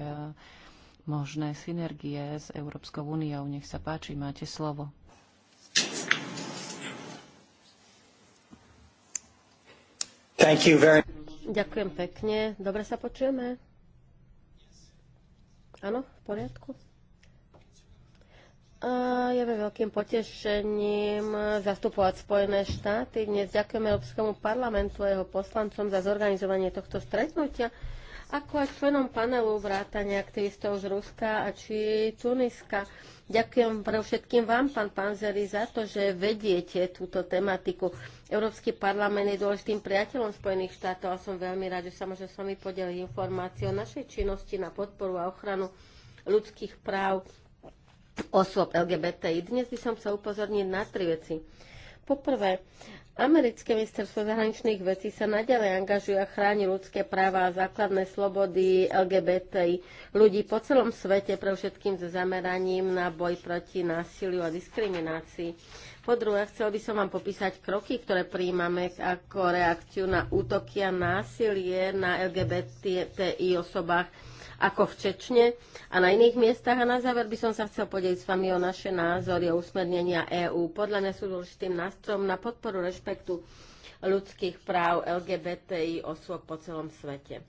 možné synergie s Európskou úniou. Nech sa páči, máte slovo. Ďakujem pekne. Dobre sa počujeme? Áno, v poriadku. A je mi veľkým potešením zastupovať Spojené štáty. Dnes ďakujeme Európskemu parlamentu a jeho poslancom za zorganizovanie tohto stretnutia ako aj členom panelu vrátania aktivistov z Ruska a či Tuniska. Ďakujem pre všetkým vám, pán Panzeri, za to, že vediete túto tematiku. Európsky parlament je dôležitým priateľom Spojených štátov a som veľmi rád, že sa môžem s vami podeliť informácie o našej činnosti na podporu a ochranu ľudských práv osôb LGBTI. Dnes by som chcel upozorniť na tri veci. Poprvé, Americké ministerstvo zahraničných vecí sa naďalej angažuje a chráni ľudské práva a základné slobody LGBTI ľudí po celom svete, pre všetkým so zameraním na boj proti násiliu a diskriminácii. Po druhé, chcel by som vám popísať kroky, ktoré príjmame ako reakciu na útoky a násilie na LGBTI osobách ako v Čečne a na iných miestach. A na záver by som sa chcel podeliť s vami o naše názory, o usmernenia EÚ. Podľa mňa sú dôležitým nástrojom na podporu rešpektu ľudských práv LGBTI osôb po celom svete.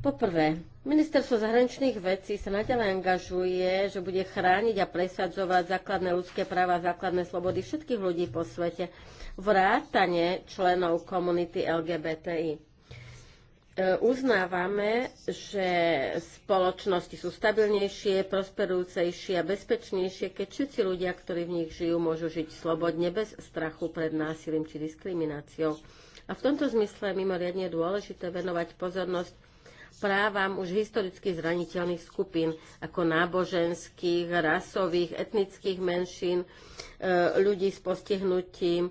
Poprvé, ministerstvo zahraničných vecí sa naďalej angažuje, že bude chrániť a presadzovať základné ľudské práva a základné slobody všetkých ľudí po svete, vrátane členov komunity LGBTI. E, uznávame, že spoločnosti sú stabilnejšie, prosperujúcejšie a bezpečnejšie, keď všetci ľudia, ktorí v nich žijú, môžu žiť slobodne, bez strachu pred násilím či diskrimináciou. A v tomto zmysle je mimoriadne dôležité venovať pozornosť právam už historicky zraniteľných skupín, ako náboženských, rasových, etnických menšín, e, ľudí s postihnutím,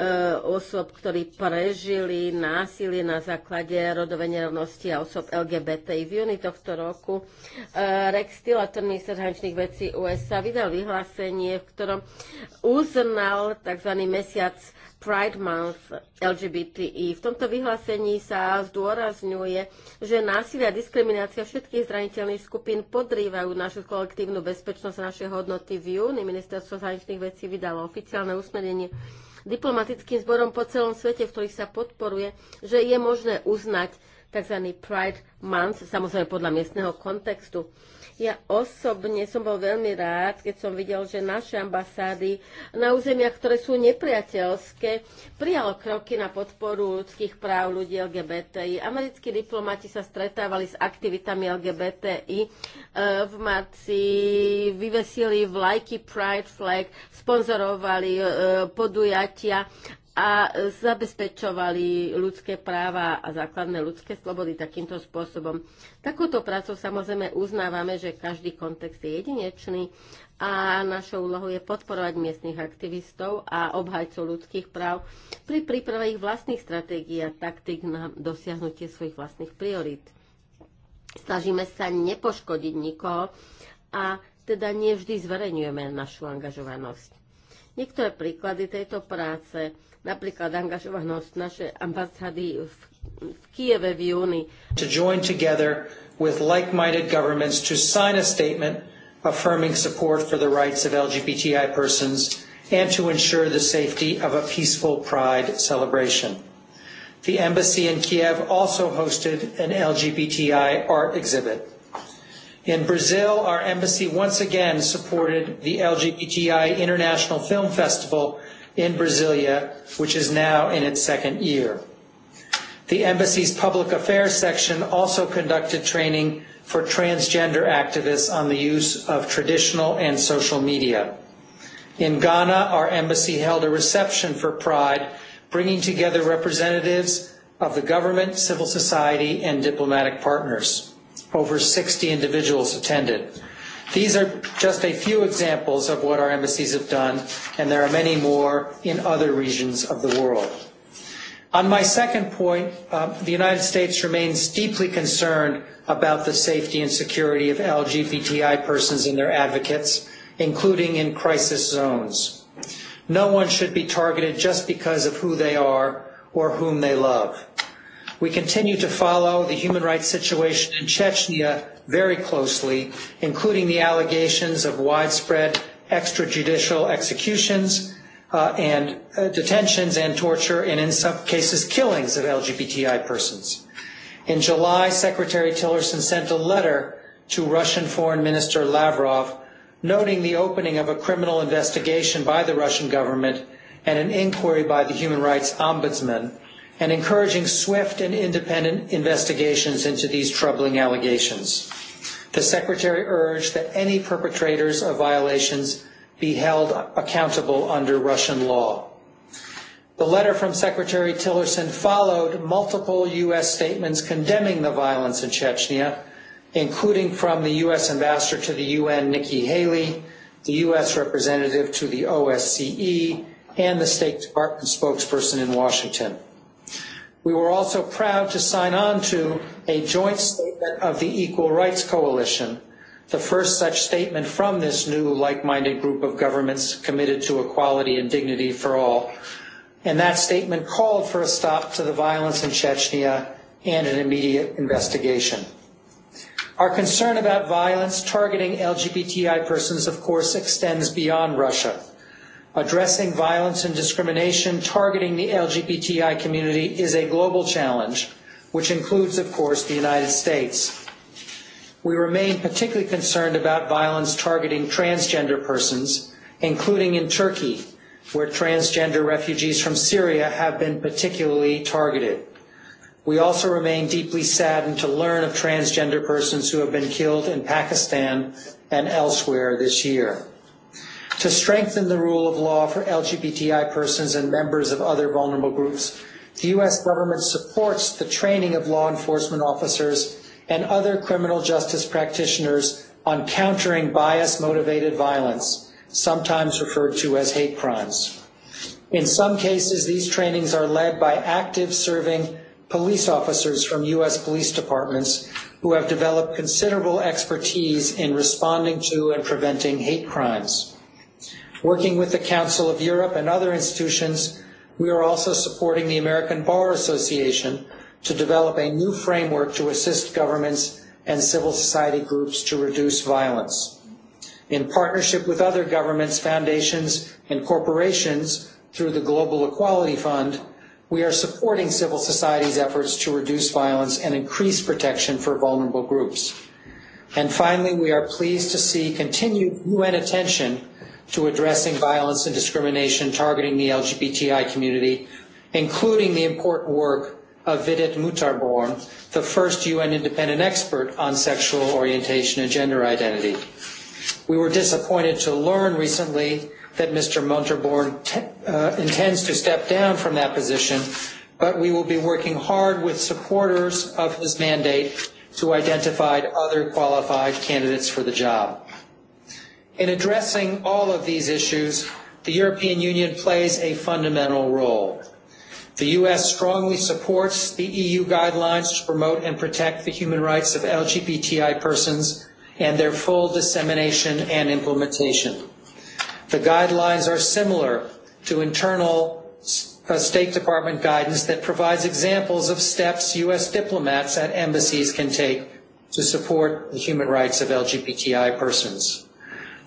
E, osob, ktorí prežili násilie na základe rodovej nerovnosti a osob LGBTI. V júni tohto roku e, Rex Tillerson, minister zahraničných vecí USA, vydal vyhlásenie, v ktorom uznal tzv. mesiac Pride Month LGBTI. V tomto vyhlásení sa zdôrazňuje, že násilie a diskriminácia všetkých zraniteľných skupín podrývajú našu kolektívnu bezpečnosť a naše hodnoty. V júni ministerstvo zahraničných vecí vydalo oficiálne usmerenie diplomatickým zborom po celom svete, v ktorých sa podporuje, že je možné uznať tzv. Pride Month, samozrejme podľa miestneho kontextu. Ja osobne som bol veľmi rád, keď som videl, že naše ambasády na územiach, ktoré sú nepriateľské, prijalo kroky na podporu ľudských práv ľudí LGBTI. Americkí diplomati sa stretávali s aktivitami LGBTI. E, v marci vyvesili vlajky Pride Flag, sponzorovali e, podujatia a zabezpečovali ľudské práva a základné ľudské slobody takýmto spôsobom. Takúto prácu samozrejme uznávame, že každý kontext je jedinečný a našou úlohou je podporovať miestnych aktivistov a obhajcov ľudských práv pri príprave ich vlastných stratégií a taktik na dosiahnutie svojich vlastných priorít. Snažíme sa nepoškodiť nikoho a teda nevždy zverejňujeme našu angažovanosť. Niektoré príklady tejto práce napríklad angažovanosť našej ambasády v, v Kieve v júni. To join together with like-minded governments to sign a statement affirming support for the rights of LGBTI persons and to ensure the safety of a peaceful pride celebration. The embassy in Kiev also hosted an LGBTI art exhibit. In Brazil, our embassy once again supported the LGBTI International Film Festival in Brasilia, which is now in its second year. The embassy's public affairs section also conducted training for transgender activists on the use of traditional and social media. In Ghana, our embassy held a reception for Pride, bringing together representatives of the government, civil society, and diplomatic partners. Over 60 individuals attended. These are just a few examples of what our embassies have done, and there are many more in other regions of the world. On my second point, uh, the United States remains deeply concerned about the safety and security of LGBTI persons and their advocates, including in crisis zones. No one should be targeted just because of who they are or whom they love. We continue to follow the human rights situation in Chechnya very closely, including the allegations of widespread extrajudicial executions uh, and uh, detentions and torture, and in some cases, killings of LGBTI persons. In July, Secretary Tillerson sent a letter to Russian Foreign Minister Lavrov noting the opening of a criminal investigation by the Russian government and an inquiry by the Human Rights Ombudsman and encouraging swift and independent investigations into these troubling allegations. The Secretary urged that any perpetrators of violations be held accountable under Russian law. The letter from Secretary Tillerson followed multiple U.S. statements condemning the violence in Chechnya, including from the U.S. Ambassador to the UN, Nikki Haley, the U.S. Representative to the OSCE, and the State Department spokesperson in Washington. We were also proud to sign on to a joint statement of the Equal Rights Coalition, the first such statement from this new like-minded group of governments committed to equality and dignity for all. And that statement called for a stop to the violence in Chechnya and an immediate investigation. Our concern about violence targeting LGBTI persons, of course, extends beyond Russia. Addressing violence and discrimination targeting the LGBTI community is a global challenge, which includes, of course, the United States. We remain particularly concerned about violence targeting transgender persons, including in Turkey, where transgender refugees from Syria have been particularly targeted. We also remain deeply saddened to learn of transgender persons who have been killed in Pakistan and elsewhere this year to strengthen the rule of law for LGBTI persons and members of other vulnerable groups. The U.S. government supports the training of law enforcement officers and other criminal justice practitioners on countering bias-motivated violence, sometimes referred to as hate crimes. In some cases, these trainings are led by active serving police officers from U.S. police departments who have developed considerable expertise in responding to and preventing hate crimes. Working with the Council of Europe and other institutions, we are also supporting the American Bar Association to develop a new framework to assist governments and civil society groups to reduce violence. In partnership with other governments, foundations, and corporations through the Global Equality Fund, we are supporting civil society's efforts to reduce violence and increase protection for vulnerable groups. And finally, we are pleased to see continued UN attention to addressing violence and discrimination targeting the LGBTI community, including the important work of Vidit Mutarborn, the first UN independent expert on sexual orientation and gender identity. We were disappointed to learn recently that Mr. Mutarborn t- uh, intends to step down from that position, but we will be working hard with supporters of his mandate to identify other qualified candidates for the job. In addressing all of these issues, the European Union plays a fundamental role. The U.S. strongly supports the EU guidelines to promote and protect the human rights of LGBTI persons and their full dissemination and implementation. The guidelines are similar to internal uh, State Department guidance that provides examples of steps U.S. diplomats at embassies can take to support the human rights of LGBTI persons.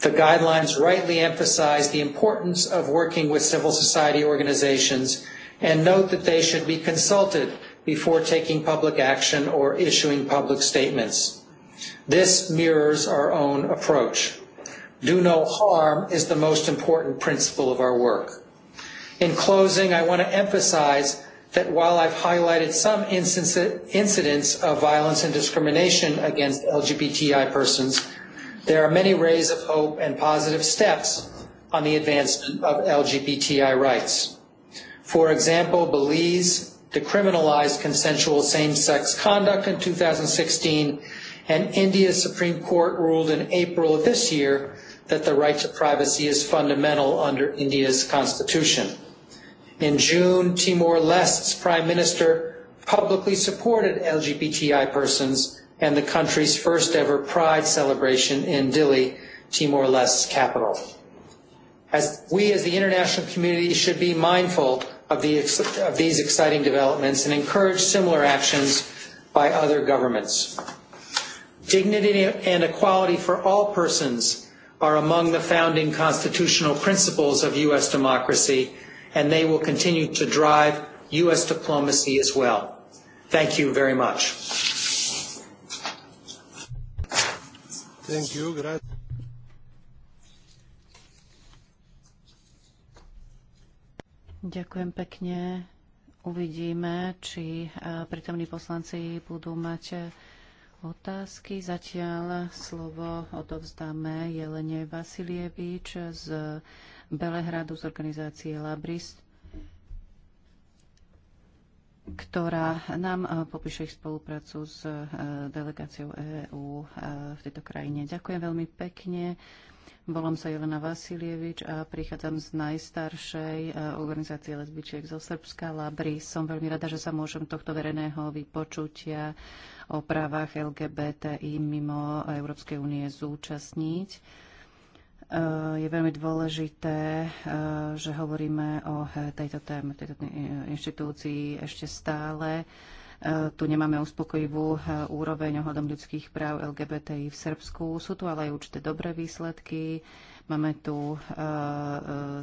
The guidelines rightly emphasize the importance of working with civil society organizations and note that they should be consulted before taking public action or issuing public statements. This mirrors our own approach. Do no harm is the most important principle of our work. In closing, I want to emphasize that while I've highlighted some incidents of violence and discrimination against LGBTI persons, There are many rays of hope and positive steps on the advancement of LGBTI rights. For example, Belize decriminalized consensual same-sex conduct in 2016, and India's Supreme Court ruled in April of this year that the right to privacy is fundamental under India's constitution. In June, Timor-Leste's prime minister publicly supported LGBTI persons and the country's first ever Pride celebration in Dili, Timor-Leste's capital. As we as the international community should be mindful of, the, of these exciting developments and encourage similar actions by other governments. Dignity and equality for all persons are among the founding constitutional principles of U.S. democracy, and they will continue to drive U.S. diplomacy as well. Thank you very much. Ďakujem pekne. Uvidíme, či e, prítomní poslanci budú mať e, otázky. Zatiaľ slovo odovzdáme Jelene Vasilievič z Belehradu z organizácie Labrist ktorá nám e, popíše ich spoluprácu s e, delegáciou EÚ e, v tejto krajine. Ďakujem veľmi pekne. Volám sa Jelena Vasilievič a prichádzam z najstaršej organizácie lesbičiek zo Srbska, Labry. Som veľmi rada, že sa môžem tohto verejného vypočutia o právach LGBTI mimo Európskej únie zúčastniť Eh, je veľmi dôležité, eh, že hovoríme o eh, tejto téme, tejto inštitúcii ešte stále. Tu nemáme uspokojivú úroveň ohľadom ľudských práv LGBTI v Srbsku. Sú tu ale aj určité dobré výsledky. Máme tu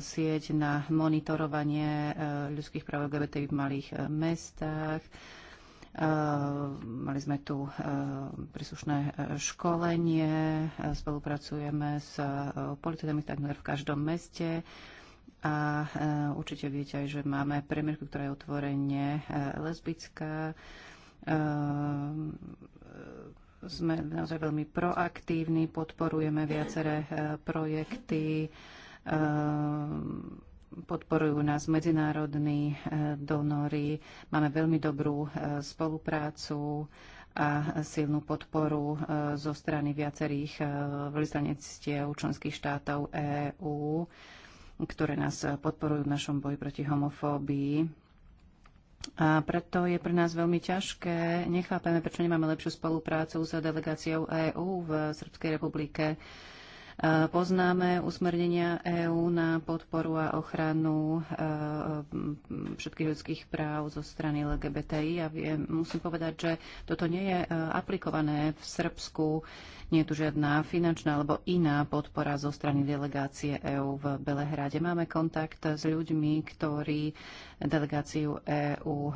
sieť na monitorovanie ľudských práv LGBTI v malých mestách Eh, mali sme tu eh, príslušné eh, školenie, spolupracujeme s policajtami takmer v každom meste a určite viete aj, že máme premiérku, ktorá je otvorene lesbická sme naozaj veľmi proaktívni, podporujeme viaceré projekty, podporujú nás medzinárodní e, donory, máme veľmi dobrú e, spoluprácu a silnú podporu e, zo strany viacerých vlistanectiev členských štátov EÚ, ktoré nás podporujú v našom boji proti homofóbii. A preto je pre nás veľmi ťažké, nechápeme, prečo nemáme lepšiu spoluprácu s delegáciou EÚ v Srbskej republike Poznáme usmernenia EÚ na podporu a ochranu eh, všetkých ľudských práv zo strany LGBTI a viem, musím povedať, že toto nie je eh, aplikované v Srbsku. Nie je tu žiadna finančná alebo iná podpora zo strany delegácie EÚ v Belehrade. Máme kontakt s ľuďmi, ktorí delegáciu EÚ eh,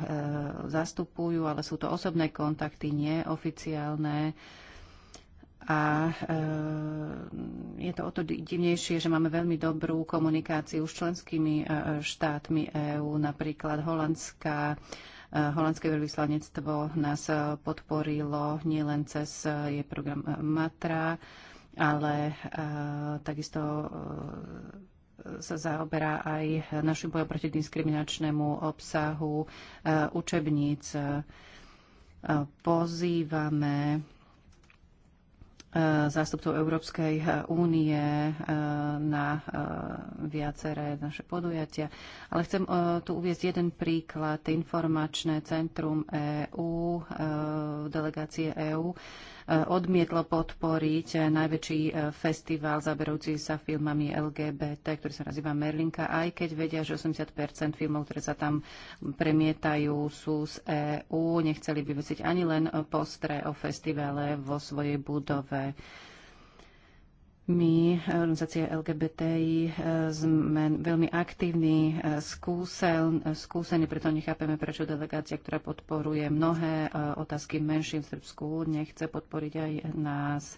zastupujú, ale sú to osobné kontakty, neoficiálne. oficiálne a e, je to o to divnejšie, že máme veľmi dobrú komunikáciu s členskými e, štátmi EÚ, napríklad Holandská, e, Holandské veľvyslanectvo nás podporilo nielen cez jej program Matra, ale takisto sa zaoberá aj našim bojom proti diskriminačnému obsahu učebníc. Pozývame zástupcov Európskej únie eh, na eh, viaceré naše podujatia. Ale chcem eh, tu uviezť jeden príklad. Informačné centrum EÚ, delegácie EÚ Eh, odmietlo podporiť eh, najväčší eh, festival zaberúci sa filmami LGBT, ktorý sa nazýva Merlinka, aj keď vedia, že 80 filmov, ktoré sa tam premietajú, sú z EÚ. Nechceli vyvesiť ani len postre o festivale vo svojej budove. My, organizácia LGBTI, sme veľmi aktívni, skúsení, preto nechápeme, prečo delegácia, ktorá podporuje mnohé e, otázky menším v Srbsku, nechce podporiť aj nás. E,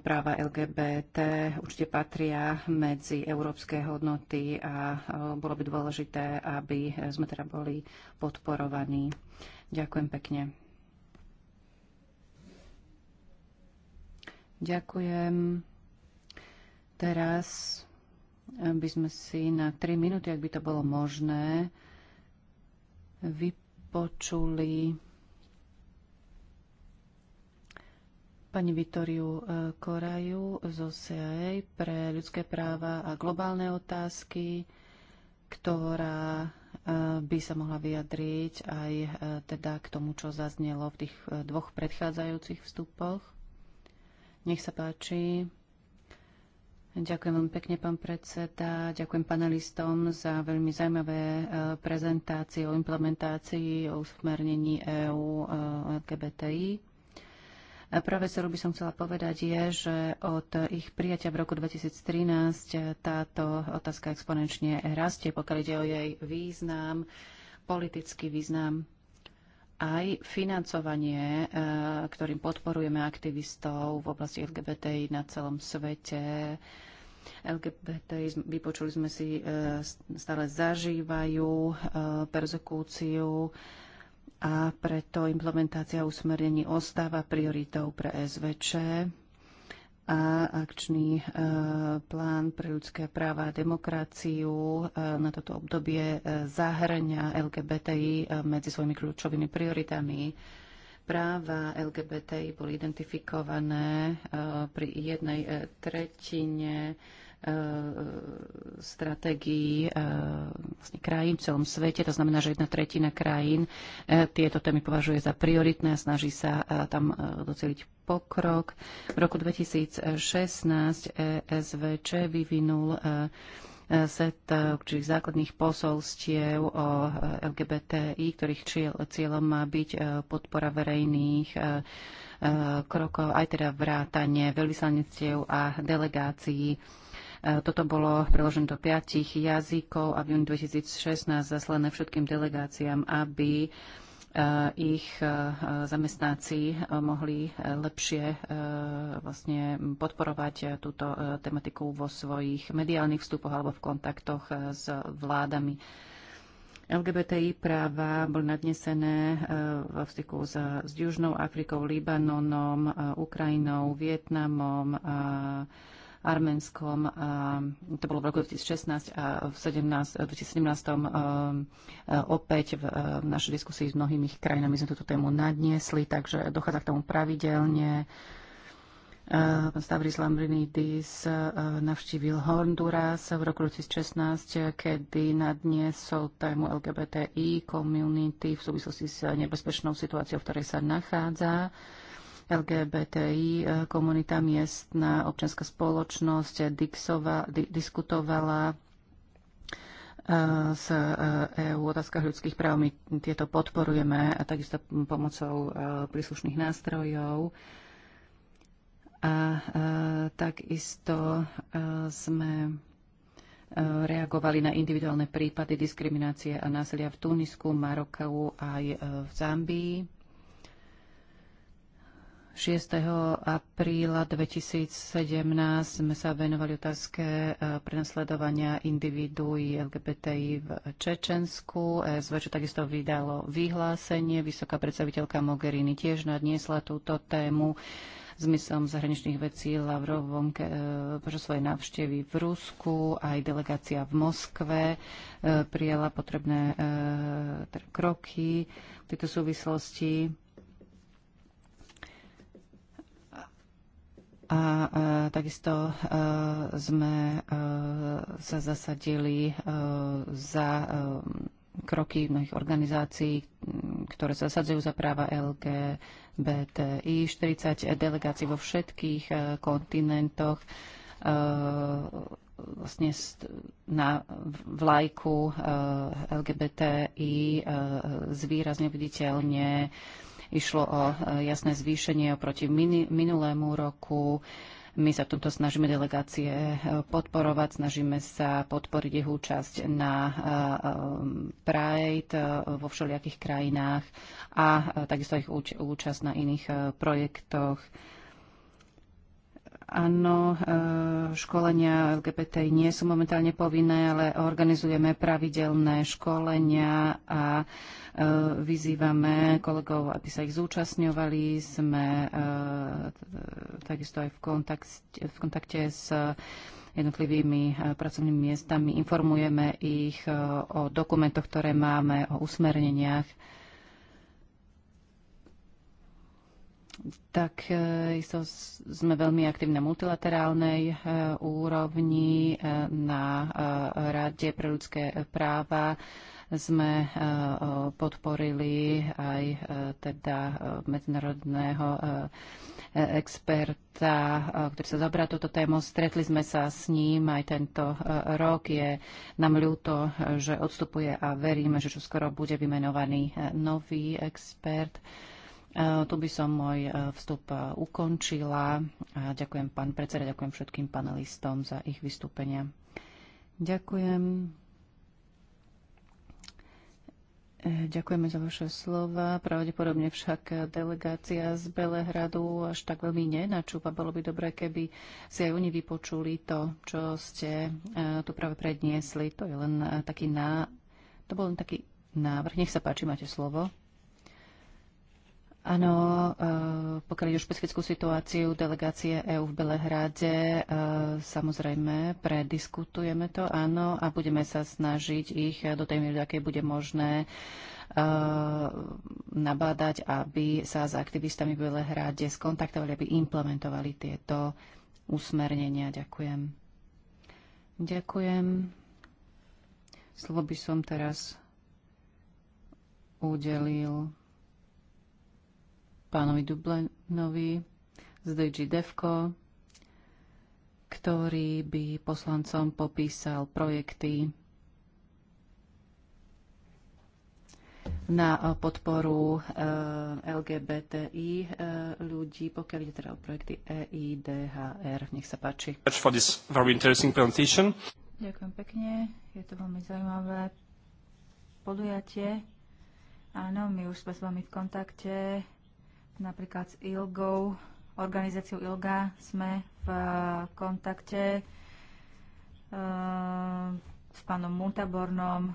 práva LGBT určite patria medzi európske hodnoty a e, bolo by dôležité, aby sme teda boli podporovaní. Ďakujem pekne. Ďakujem. Teraz eh, by sme si na 3 minúty, ak by to bolo možné, vypočuli pani Vitoriu eh, Koraju z OCA pre ľudské práva a globálne otázky, ktorá eh, by sa mohla vyjadriť aj teda k tomu, čo zaznelo v tých dvoch predchádzajúcich vstupoch. Nech sa páči. Ďakujem veľmi pekne, pán predseda. Ďakujem panelistom za veľmi zaujímavé e, prezentácie o implementácii, o usmernení EÚ e, LGBTI. E, profesoru by som chcela povedať je, že od ich prijatia v roku 2013 táto otázka exponenčne rastie, pokiaľ ide o jej význam, politický význam aj financovanie, e, ktorým podporujeme aktivistov v oblasti LGBTI na celom svete. LGBTI, vypočuli sme si, e, stále zažívajú e, persekúciu a preto implementácia usmernení ostáva prioritou pre SVČ a akčný e, plán pre ľudské práva a demokraciu e, na toto obdobie e, zahrania LGBTI medzi svojimi kľúčovými prioritami. Práva LGBTI boli identifikované pri jednej tretine Eh, stratégií eh, vlastne krajín v celom svete. To znamená, že jedna tretina krajín eh, tieto témy považuje za prioritné a snaží sa tam doceliť pokrok. V roku 2016 ESVČ vyvinul set určitých základných posolstiev o LGBTI, ktorých cieľom má byť podpora verejných krokov, aj teda vrátanie veľvyslanectiev a delegácií E, toto bolo preložené do piatich jazykov a v júni 2016 zaslané všetkým delegáciám, aby e, ich e, zamestnáci mohli lepšie vlastne podporovať túto tematiku vo svojich mediálnych vstupoch alebo v kontaktoch s vládami. LGBTI práva boli nadnesené vo styku s, s Južnou Afrikou, Libanonom, Ukrajinou, Vietnamom, Arménskom. To bolo v roku 2016 a v 17, 2017 um, uh, opäť uh, v našej diskusii s mnohými krajinami sme túto tému nadniesli, takže dochádza k tomu pravidelne. Uh, pán Stavris Lambrinidis navštívil Honduras v roku 2016, kedy nadniesol tému LGBTI komunity v súvislosti s nebezpečnou situáciou, v ktorej sa nachádza. LGBTI eh, komunita miestna, občianská spoločnosť eh, diksova, di, diskutovala eh, s EU e otázkach ľudských práv. My tieto podporujeme a takisto pomocou príslušných nástrojov. A takisto sme reagovali na individuálne prípady diskriminácie a násilia v Tunisku, Maroku aj v Zambii. 6. apríla 2017 sme sa venovali otázke e, prenasledovania individuí LGBTI v Čečensku. SV, čo takisto vydalo vyhlásenie, vysoká predstaviteľka Mogherini tiež nadniesla túto tému zmyslom zahraničných vecí Lavrovom e, počas svojej návštevy v Rusku, aj delegácia v Moskve e, prijala potrebné teda kroky v tejto súvislosti. a e, takisto e, sme e, sa zasadili za kroky mnohých organizácií, ktoré sa zasadzujú za práva LGBTI, 40 delegácií vo všetkých kontinentoch vlastne na vlajku LGBTI zvýrazne viditeľne Išlo o e, jasné zvýšenie oproti minulému roku. My sa tuto snažíme delegácie e, podporovať, snažíme sa podporiť ich účasť na e, Pride vo všelijakých krajinách a takisto ich účasť na iných projektoch. Áno, e, školenia LGBT nie sú momentálne povinné, ale organizujeme pravidelné školenia a e, vyzývame kolegov, aby sa ich zúčastňovali. Sme e, takisto aj v kontakte, v kontakte s jednotlivými pracovnými miestami. Informujeme ich o dokumentoch, ktoré máme, o usmerneniach tak e, isto sme veľmi aktívne na multilaterálnej e, úrovni, e, na Rade pre ľudské práva sme podporili aj teda medzinárodného experta, ktorý sa zabral túto tému. Stretli sme sa s ním aj tento rok. Je nám ľúto, že odstupuje a veríme, že čo skoro bude vymenovaný nový expert. Eh, tu by som môj eh, vstup eh, ukončila. Ďakujem pán predseda, ďakujem všetkým panelistom za ich vystúpenia. Ďakujem. Ďakujeme za vaše slova. Pravdepodobne však delegácia z Belehradu až tak veľmi nenačúpa. Bolo by dobré, keby si aj oni vypočuli to, čo ste tu práve predniesli. To je len taký ná... To bol len taký návrh. Nech sa páči, máte slovo. Áno, eh, pokiaľ ide o špecifickú situáciu delegácie EÚ v Belehrade, eh, samozrejme prediskutujeme to, áno, a budeme sa snažiť ich do tej miery, aké bude možné, eh, nabádať, aby sa s aktivistami v Belehrade skontaktovali, aby implementovali tieto usmernenia. Ďakujem. Ďakujem. Slovo by som teraz udelil pánovi Dublenovi z DG Devco, ktorý by poslancom popísal projekty na podporu eh, LGBTI eh, ľudí, pokiaľ ide teda o projekty EIDHR. Nech sa páči. Ďakujem pekne. Je to veľmi zaujímavé podujatie. Áno, my už sme s vami v kontakte napríklad s ILGou, organizáciou ILGA sme v eh, kontakte eh, s pánom Muntabornom, eh,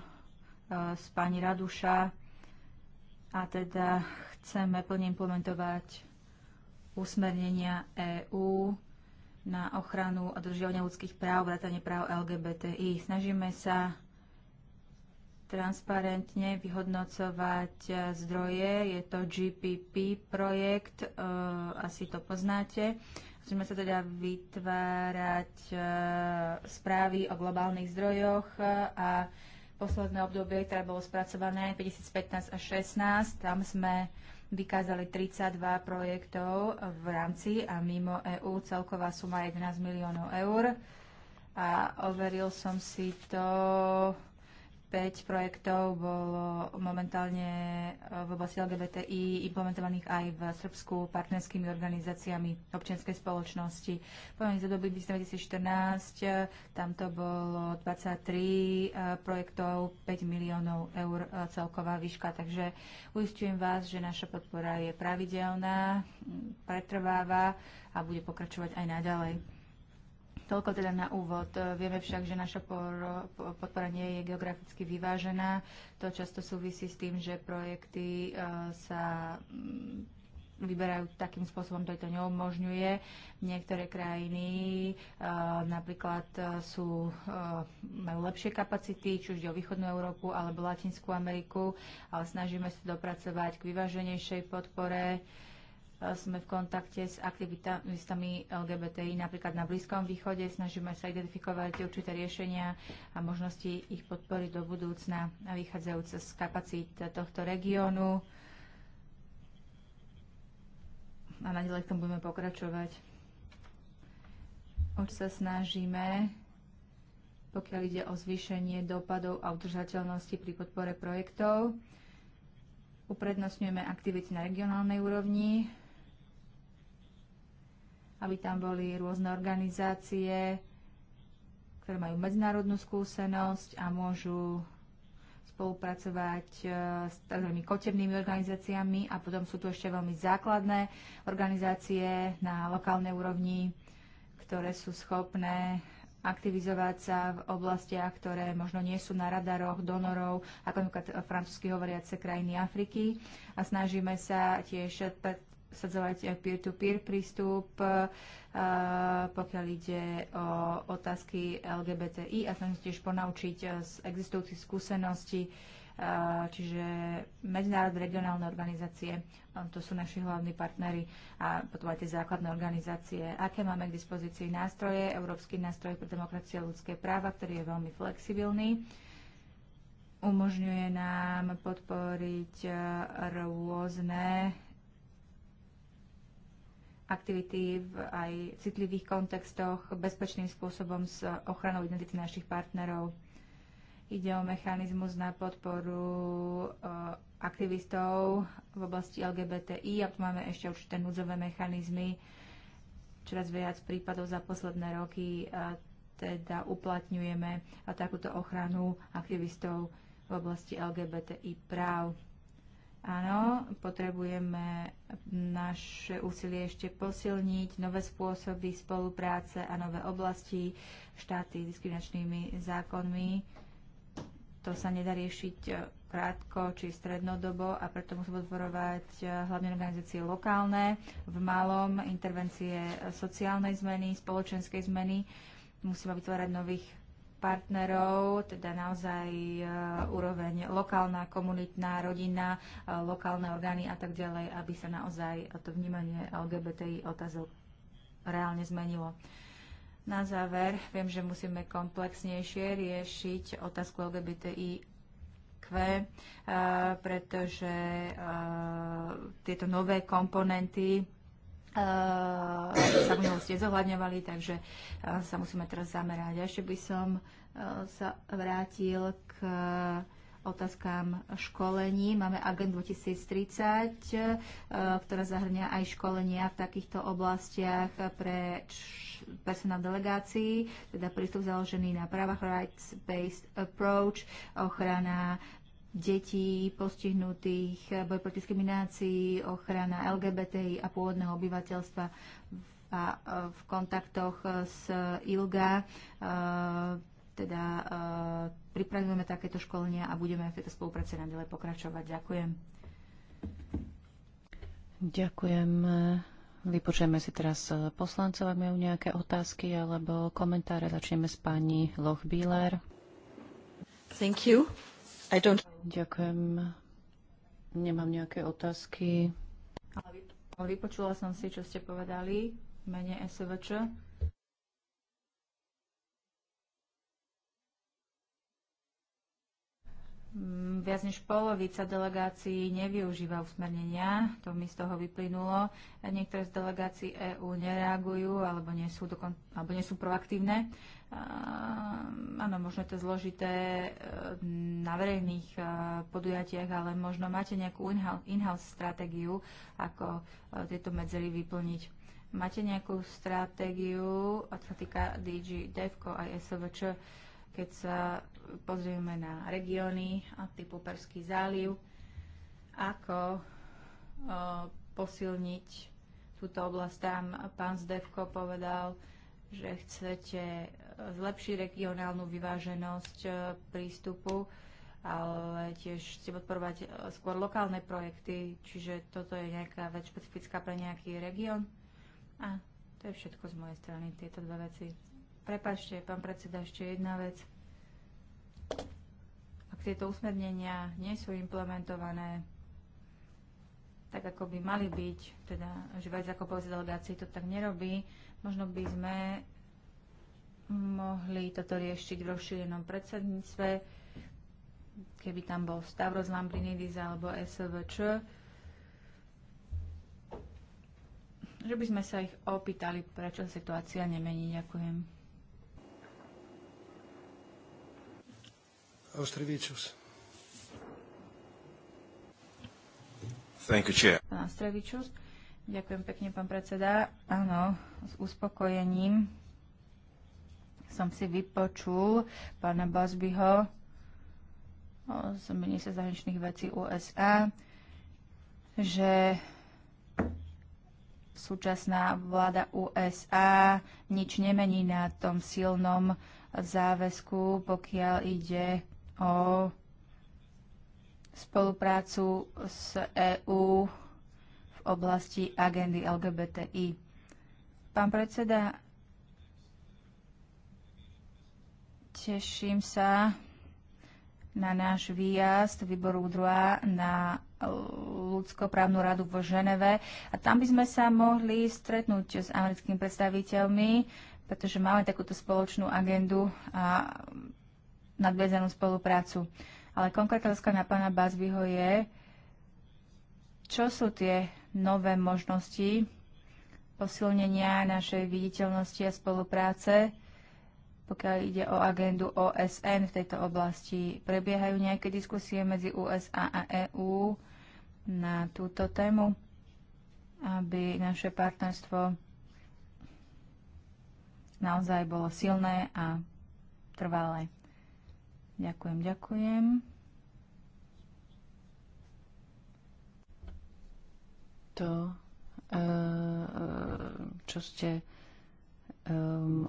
s pani Raduša a teda chceme plne implementovať usmernenia EÚ na ochranu a dodržiavania ľudských práv, vrátane práv LGBTI. Snažíme sa transparentne vyhodnocovať eh, zdroje. Je to GPP projekt, eh, asi to poznáte. Musíme sa teda vytvárať eh, správy o globálnych zdrojoch a posledné obdobie, ktoré bolo spracované 2015 až 2016, tam sme vykázali 32 projektov v rámci a mimo EÚ, celková suma 11 miliónov eur. A overil som si to 5 projektov bolo momentálne eh, v oblasti LGBTI implementovaných aj v Srbsku partnerskými organizáciami občianskej spoločnosti. Poviem, za doby 2014 eh, tam to bolo 23 eh, projektov, 5 miliónov eur celková výška, takže uistujem vás, že naša podpora je pravidelná, mm, pretrváva a bude pokračovať aj naďalej. Toľko teda na úvod. E, vieme však, že naša podpora nie je geograficky vyvážená. To často súvisí s tým, že projekty e, sa mm, vyberajú takým spôsobom, ktorý to neumožňuje. Niektoré krajiny e, napríklad sú, majú lepšie kapacity, či už ide o východnú Európu alebo Latinskú Ameriku, ale snažíme sa dopracovať k vyváženejšej podpore sme v kontakte s aktivistami LGBTI napríklad na Blízkom východe. Snažíme sa identifikovať určité riešenia a možnosti ich podporiť do budúcna, a vychádzajúce z kapacít tohto regiónu. A naďalej k tomu budeme pokračovať. Oč sa snažíme, pokiaľ ide o zvýšenie dopadov a udržateľnosti pri podpore projektov, uprednostňujeme aktivity na regionálnej úrovni, aby tam boli rôzne organizácie, ktoré majú medzinárodnú skúsenosť a môžu spolupracovať e, s tzv. kotevnými organizáciami a potom sú tu ešte veľmi základné organizácie na lokálnej úrovni, ktoré sú schopné aktivizovať sa v oblastiach, ktoré možno nie sú na radaroch donorov, ako napríklad francúzsky hovoriace krajiny Afriky. A snažíme sa tiež Sadzovať eh, peer-to-peer prístup, eh, eh, pokiaľ ide o otázky LGBTI a snažím tiež ponaučiť z existujúcich skúseností, čiže medzinárodné regionálne organizácie, to sú naši hlavní partnery a potom aj tie základné organizácie. Aké máme k dispozícii nástroje? Európsky nástroj pre demokracie a ľudské práva, ktorý je veľmi flexibilný umožňuje nám podporiť rôzne aktivity v aj citlivých kontextoch bezpečným spôsobom s ochranou identity našich partnerov. Ide o mechanizmus na podporu eh, aktivistov v oblasti LGBTI a tu máme ešte určité núdzové mechanizmy. Čoraz viac prípadov za posledné roky eh, teda uplatňujeme takúto ochranu aktivistov v oblasti LGBTI práv. Áno, potrebujeme naše úsilie ešte posilniť, nové spôsoby spolupráce a nové oblasti, štáty s diskriminačnými zákonmi. To sa nedá riešiť eh, krátko či strednodobo a preto musíme podporovať eh, hlavne organizácie lokálne, v malom intervencie sociálnej zmeny, spoločenskej zmeny. Musíme vytvárať nových partnerov, teda naozaj e, úroveň lokálna, komunitná, rodina, e, lokálne orgány a tak ďalej, aby sa naozaj to vnímanie LGBTI otázok reálne zmenilo. Na záver, viem, že musíme komplexnejšie riešiť otázku LGBTI e, pretože tieto nové komponenty Ehm, sa v minulosti zohľadňovali, takže ehm, sa musíme teraz zamerať. A ešte by som ehm, sa vrátil k otázkám školení. Máme Agent 2030, ktorá zahrňa aj školenia v takýchto oblastiach pre personál delegácií, teda prístup založený na právach rights-based approach, ochrana detí postihnutých, eh, boj proti diskriminácii, ochrana LGBTI a pôvodného obyvateľstva a eh, v kontaktoch eh, s ILGA. Teda pripravujeme takéto školenia a budeme v tejto spolupráci naďalej pokračovať. Ďakujem. Ďakujem. Vypočujeme si teraz poslancov, ak majú nejaké otázky alebo komentáre. Začneme s pani Lochbíler. Thank you. I don't... Ďakujem. Nemám nejaké otázky. Ale vypočula som si, čo ste povedali v mene SVČ. Mm, viac než polovica delegácií nevyužíva usmernenia, to mi z toho vyplynulo. Niektoré z delegácií EÚ nereagujú alebo nie sú, dokon, alebo nie sú proaktívne. Áno, možno to zložité e, na verejných e, podujatiach, ale možno máte nejakú in-house stratégiu, ako e, tieto medzery vyplniť. Máte nejakú stratégiu, a to sa týka DG, DEVCO aj SVČ, keď sa pozrieme na regióny typu Perský záliv, ako posilniť túto oblasť. Tam pán Zdevko povedal, že chcete zlepšiť regionálnu vyváženosť e, prístupu, ale tiež chcete podporovať e, skôr lokálne projekty, čiže toto je nejaká vec špecifická pre nejaký región. A to je všetko z mojej strany, tieto dve veci. Prepačte, pán predseda, ešte jedna vec tieto usmernenia nie sú implementované tak, ako by mali byť, teda, že viac ako povedzí delegácií to tak nerobí, možno by sme mohli toto riešiť v rozšírenom predsedníctve, keby tam bol Stavros Lambrinidis alebo SVČ, že by sme sa ich opýtali, prečo situácia nemení. Ďakujem. Austrevičius. Thank you, Chair. Pán Ďakujem pekne, pán predseda. Áno, s uspokojením som si vypočul pána Bazbyho z ministra zahraničných vecí USA, že súčasná vláda USA nič nemení na tom silnom záväzku, pokiaľ ide o spoluprácu s EÚ v oblasti agendy LGBTI. Pán predseda, teším sa na náš výjazd výboru 2 na ľudskoprávnu radu v Ženeve a tam by sme sa mohli stretnúť s americkými predstaviteľmi, pretože máme takúto spoločnú agendu a nadviezanú spoluprácu. Ale konkrétna otázka na pána Bazbyho je, čo sú tie nové možnosti posilnenia našej viditeľnosti a spolupráce, pokiaľ ide o agendu OSN v tejto oblasti. Prebiehajú nejaké diskusie medzi USA a EÚ na túto tému, aby naše partnerstvo naozaj bolo silné a trvalé. Ďakujem, ďakujem. To, e, e, čo ste e,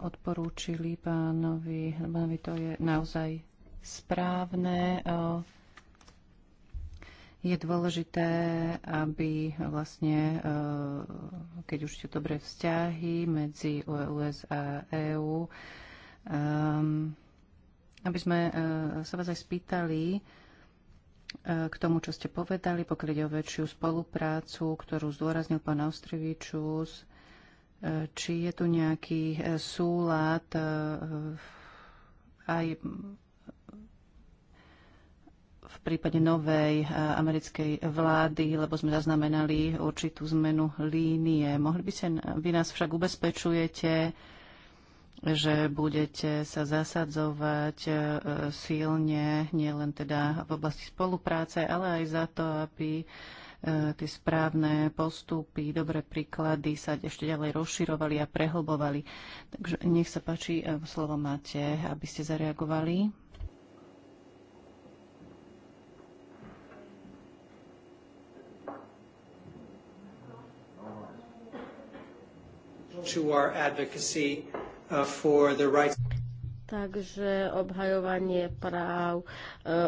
odporúčili pánovi, pánovi to je naozaj správne. Je dôležité, aby vlastne, keď už sú dobré vzťahy medzi US a EÚ, aby sme e, sa vás aj spýtali e, k tomu, čo ste povedali, pokiaľ ide o väčšiu spoluprácu, ktorú zdôraznil pán Austrivičus, e, či je tu nejaký súlad aj v prípade novej americkej vlády, lebo sme zaznamenali určitú zmenu línie. Mohli by ste, vy nás však ubezpečujete, že budete sa zasadzovať e, silne, nielen teda v oblasti spolupráce, ale aj za to, aby e, tie správne postupy, dobré príklady sa ešte ďalej rozširovali a prehlbovali. Takže nech sa páči, e, slovo máte, aby ste zareagovali. To our advocacy Uh, for the rights Takže obhajovanie práv e,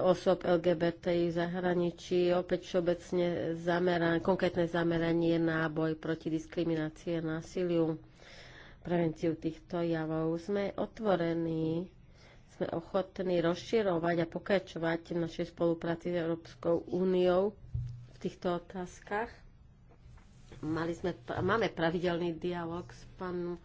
osob LGBTI v zahraničí, opäť všeobecne zameran- konkrétne zameranie na boj proti diskriminácii a násiliu, prevenciu týchto javov. Sme otvorení, sme ochotní rozširovať a pokračovať v našej spolupráci s Európskou úniou v týchto otázkach. Mali sme, máme pravidelný dialog s pánom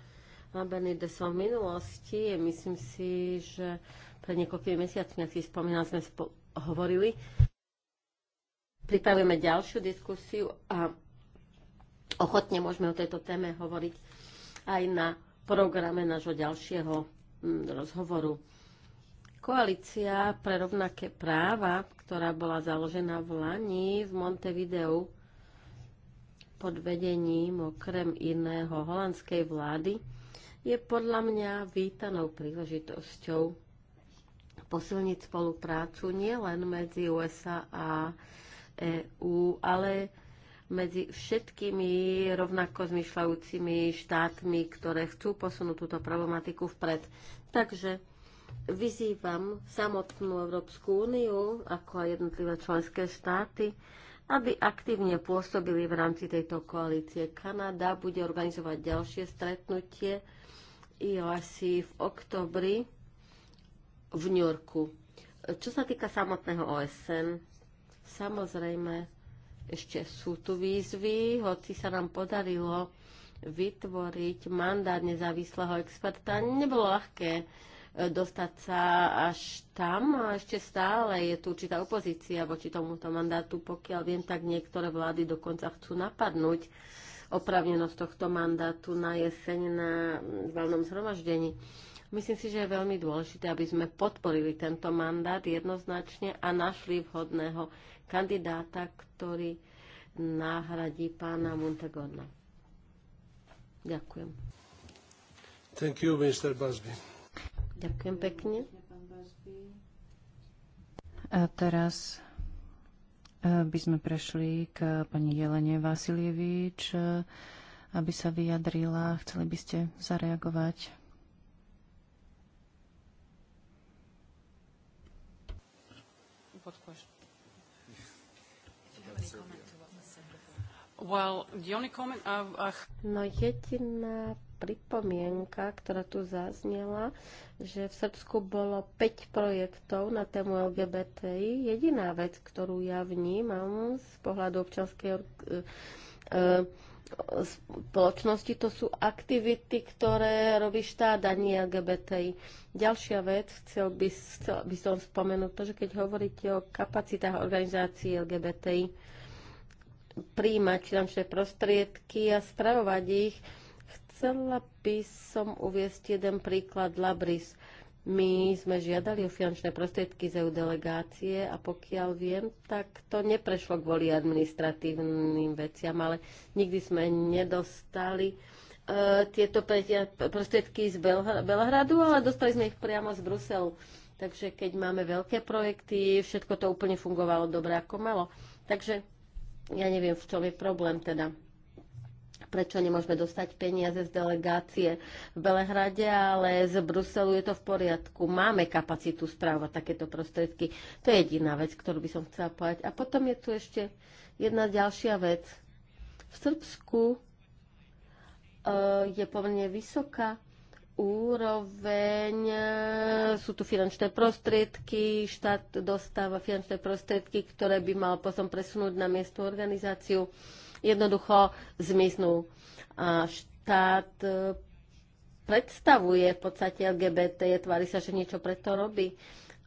som v minulosti. Myslím si, že pred niekoľkými mesiacmi, ak si spomínal, sme spo- hovorili. Pripravujeme ďalšiu diskusiu a ochotne môžeme o tejto téme hovoriť aj na programe nášho ďalšieho mm, rozhovoru. Koalícia pre rovnaké práva, ktorá bola založená v Lani v Montevideu pod vedením okrem iného holandskej vlády, je podľa mňa vítanou príležitosťou posilniť spoluprácu nielen medzi USA a EÚ, ale medzi všetkými rovnako zmyšľajúcimi štátmi, ktoré chcú posunúť túto problematiku vpred. Takže vyzývam samotnú Európsku úniu, ako aj jednotlivé členské štáty, aby aktívne pôsobili v rámci tejto koalície. Kanada bude organizovať ďalšie stretnutie Jo asi v oktobri v New Yorku. Čo sa týka samotného OSN, samozrejme ešte sú tu výzvy, hoci sa nám podarilo vytvoriť mandát nezávislého experta. Nebolo ľahké e, dostať sa až tam a ešte stále je tu určitá opozícia voči tomuto mandátu, pokiaľ viem, tak niektoré vlády dokonca chcú napadnúť oprávnenosť tohto mandátu na jeseň na valnom zhromaždení. Myslím si, že je veľmi dôležité, aby sme podporili tento mandát jednoznačne a našli vhodného kandidáta, ktorý náhradí pána Montagona. Ďakujem. Thank you, Mr. Busby. Ďakujem pekne. A teraz by sme prešli k pani Jelene Vasilievič, aby sa vyjadrila. Chceli by ste zareagovať? No jediná pripomienka, ktorá tu zaznela, že v Srbsku bolo 5 projektov na tému LGBTI. Jediná vec, ktorú ja vnímam z pohľadu občanskej e, e, spoločnosti, to sú aktivity, ktoré robí štát a nie LGBTI. Ďalšia vec, chcel by, chcel by som spomenúť to, že keď hovoríte o kapacitách organizácií LGBTI, príjmať finančné prostriedky a spravovať ich, Chcela by som uviesť jeden príklad Labris. My sme žiadali o finančné prostriedky z EU delegácie a pokiaľ viem, tak to neprešlo kvôli administratívnym veciam, ale nikdy sme nedostali e, tieto prostriedky z Belhradu, ale dostali sme ich priamo z Bruselu. Takže keď máme veľké projekty, všetko to úplne fungovalo dobre, ako malo. Takže ja neviem, v čom je problém teda prečo nemôžeme dostať peniaze z delegácie v Belehrade, ale z Bruselu je to v poriadku. Máme kapacitu správať takéto prostriedky. To je jediná vec, ktorú by som chcela povedať. A potom je tu ešte jedna ďalšia vec. V Srbsku eh, je pomerne vysoká úroveň, eh, sú tu finančné prostriedky, štát dostáva finančné prostriedky, ktoré by mal potom presunúť na miestnú organizáciu jednoducho zmiznú. A štát e, predstavuje v podstate LGBT, je tvári sa, že niečo preto robí.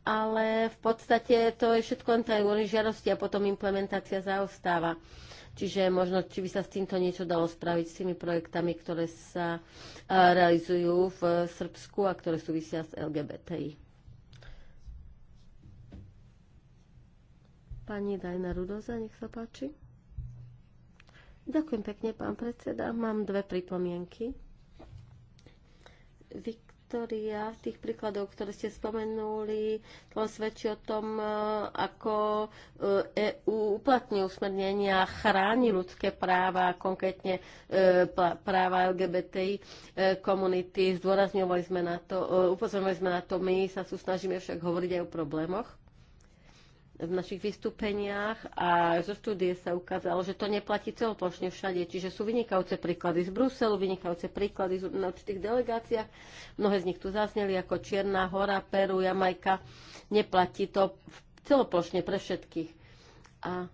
Ale v podstate to je všetko len tej žiadosti a potom implementácia zaostáva. Čiže možno, či by sa s týmto niečo dalo spraviť, s tými projektami, ktoré sa e, realizujú v Srbsku a ktoré súvisia s LGBTI. Pani Dajna Rudoza, nech sa páči. Ďakujem pekne, pán predseda. Mám dve pripomienky. Viktoria, tých príkladov, ktoré ste spomenuli, to svedčí o tom, e, ako EU e uplatňuje usmernenia a chráni ľudské práva, konkrétne e, práva LGBTI komunity. Zdôrazňovali sme na to, upozorňovali sme na to, my sa tu snažíme však hovoriť aj o problémoch v našich vystúpeniach a zo štúdie sa ukázalo, že to neplatí celoplošne všade. Čiže sú vynikajúce príklady z Bruselu, vynikajúce príklady na určitých delegáciách. Mnohé z nich tu zazneli, ako Čierna hora, Peru, Jamajka. Neplatí to celoplošne pre všetkých. A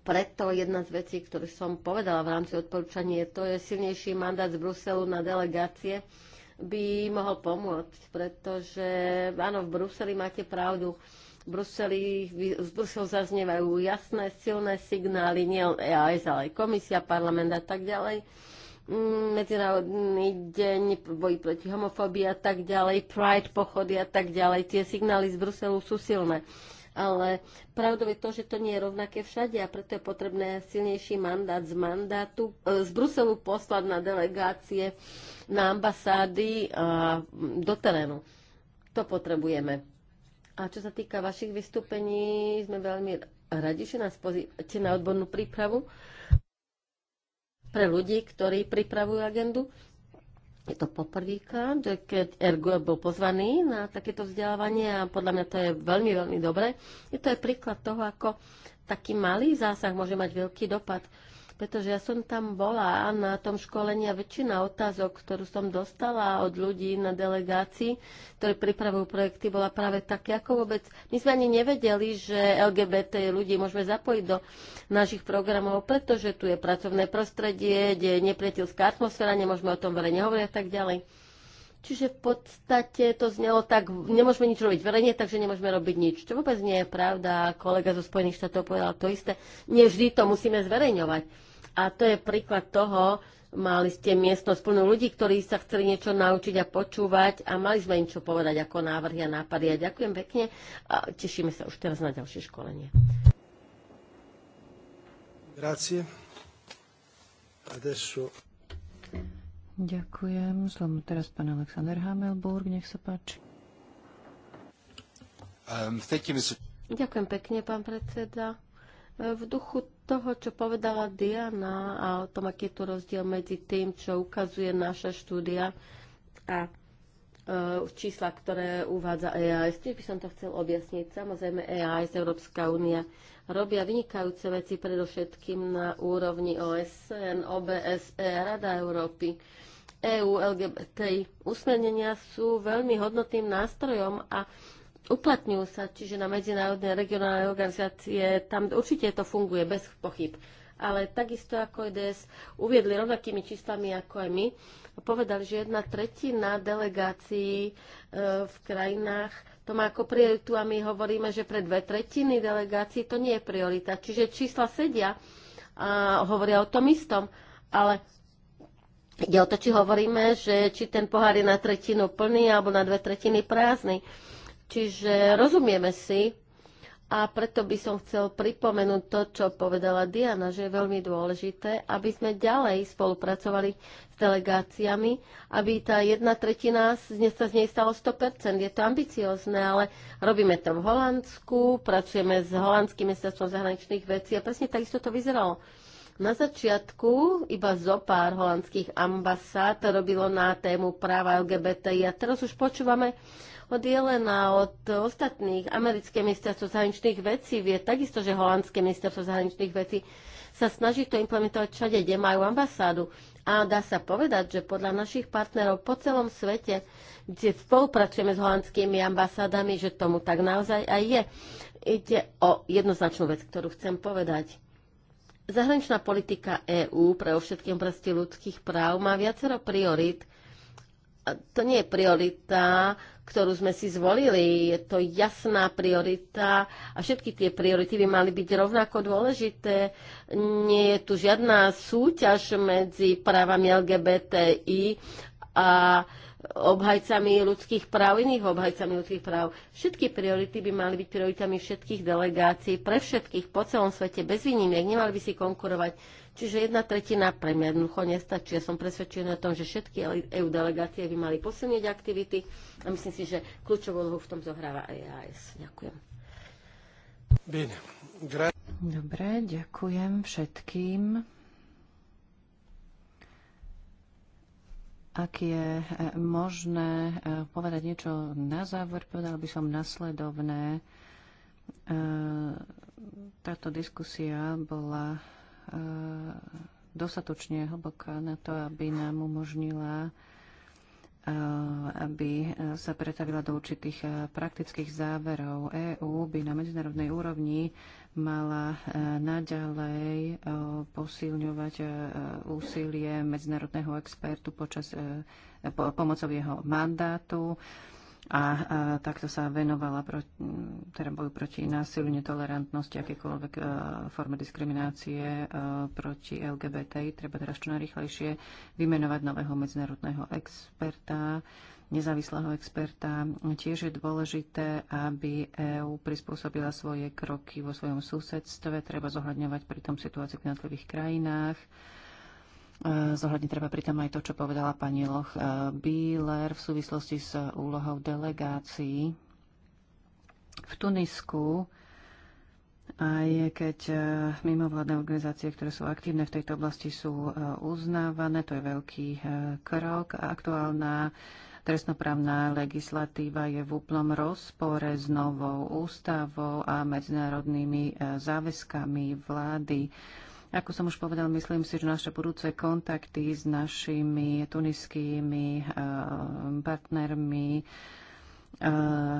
preto jedna z vecí, ktoré som povedala v rámci odporúčania, je to je silnejší mandát z Bruselu na delegácie, by mohol pomôcť, pretože áno, v Bruseli máte pravdu, v Bruseli, z Brusel zaznievajú jasné, silné signály, nie EAS, ale aj komisia, parlament a tak ďalej. Mm, Medzinárodný deň boji proti homofóbii a tak ďalej, Pride pochody a tak ďalej. Tie signály z Bruselu sú silné. Ale pravdou je to, že to nie je rovnaké všade a preto je potrebné silnejší mandát z mandátu, e, z Bruselu poslať na delegácie, na ambasády a do terénu. To potrebujeme. A čo sa týka vašich vystúpení, sme veľmi radi, že nás pozývate na odbornú prípravu pre ľudí, ktorí pripravujú agendu. Je to poprvýkrát, že keď Ergo bol pozvaný na takéto vzdelávanie a podľa mňa to je veľmi, veľmi dobré. Je to aj príklad toho, ako taký malý zásah môže mať veľký dopad pretože ja som tam bola na tom školení a väčšina otázok, ktorú som dostala od ľudí na delegácii, ktorí pripravujú projekty, bola práve také, ako vôbec... My sme ani nevedeli, že LGBT ľudí môžeme zapojiť do našich programov, pretože tu je pracovné prostredie, kde je nepriateľská atmosféra, nemôžeme o tom verejne hovoriť a tak ďalej. Čiže v podstate to znelo tak, nemôžeme nič robiť verejne, takže nemôžeme robiť nič. Čo vôbec nie je pravda. Kolega zo Spojených štátov povedal to isté. Nevždy vždy to musíme zverejňovať. A to je príklad toho, mali ste miestnosť plnú ľudí, ktorí sa chceli niečo naučiť a počúvať a mali sme im čo povedať ako návrhy a nápady. A ďakujem pekne a tešíme sa už teraz na ďalšie školenie. Grazie. Adesso... Ďakujem. Slovo teraz pán Alexander Hamelburg, nech sa páči. Um, you, Ďakujem pekne, pán predseda. V duchu toho, čo povedala Diana a o tom, aký je tu rozdiel medzi tým, čo ukazuje naša štúdia a e, čísla, ktoré uvádza AI. S tým by som to chcel objasniť. Samozrejme, AI z Európska únia robia vynikajúce veci predovšetkým na úrovni OSN, OBSE, Rada Európy. EU, LGBT. Usmernenia sú veľmi hodnotným nástrojom a uplatňujú sa, čiže na medzinárodné regionálne organizácie, tam určite to funguje bez pochyb. Ale takisto ako EDS uviedli rovnakými číslami ako aj my, povedali, že jedna tretina delegácií e, v krajinách to má ako prioritu a my hovoríme, že pre dve tretiny delegácií to nie je priorita. Čiže čísla sedia a hovoria o tom istom, ale ide o to, či hovoríme, že či ten pohár je na tretinu plný alebo na dve tretiny prázdny. Čiže rozumieme si a preto by som chcel pripomenúť to, čo povedala Diana, že je veľmi dôležité, aby sme ďalej spolupracovali s delegáciami, aby tá jedna tretina sa z nej stalo 100%. Je to ambiciozne, ale robíme to v Holandsku, pracujeme s holandským ministerstvom zahraničných vecí a presne takisto to vyzeralo. Na začiatku iba zo pár holandských ambasád robilo na tému práva LGBTI a teraz už počúvame oddelená od ostatných. Americké ministerstvo zahraničných vecí vie takisto, že holandské ministerstvo zahraničných vecí sa snaží to implementovať všade, kde majú ambasádu. A dá sa povedať, že podľa našich partnerov po celom svete, kde spolupracujeme s holandskými ambasádami, že tomu tak naozaj aj je. Ide o jednoznačnú vec, ktorú chcem povedať. Zahraničná politika EÚ pre všetky oblasti ľudských práv má viacero priorit. To nie je priorita ktorú sme si zvolili. Je to jasná priorita a všetky tie priority by mali byť rovnako dôležité. Nie je tu žiadna súťaž medzi právami LGBTI a obhajcami ľudských práv, iných obhajcami ľudských práv. Všetky priority by mali byť prioritami všetkých delegácií, pre všetkých po celom svete, bez výnimiek. Nemali by si konkurovať Čiže jedna tretina pre mňa jednoducho nestačí. Ja som presvedčená o tom, že všetky EU delegácie by mali posilniť aktivity a myslím si, že kľúčovú úlohu v tom zohráva aj EAS. Ďakujem. Dobre, ďakujem všetkým. Ak je e, možné e, povedať niečo na záver, povedal by som nasledovné. E, táto diskusia bola E, dostatočne hlboká na to, aby nám umožnila e, aby sa pretavila do určitých e, praktických záverov. EÚ by na medzinárodnej úrovni mala naďalej posilňovať úsilie medzinárodného expertu počas, pomocou jeho mandátu a, a takto sa venovala proti, teda boju proti násiliu, netolerantnosti, akékoľvek a, e, forme diskriminácie a, e, proti LGBT. Treba teraz čo najrychlejšie vymenovať nového medzinárodného experta, nezávislého experta. Tiež je dôležité, aby EÚ prispôsobila svoje kroky vo svojom susedstve. Treba zohľadňovať pritom situáciu v jednotlivých krajinách. Eh, zohľadne treba pritom aj to, čo povedala pani Loch eh, Bíler v súvislosti s úlohou delegácií v Tunisku, aj keď eh, mimovládne organizácie, ktoré sú aktívne v tejto oblasti, sú uznávané, to je veľký krok. Aktuálna trestnoprávna legislatíva je v úplnom rozpore s novou ústavou a medzinárodnými záväzkami vlády. Ako som už povedal, myslím si, že naše budúce kontakty s našimi tuniskými eh, partnermi eh,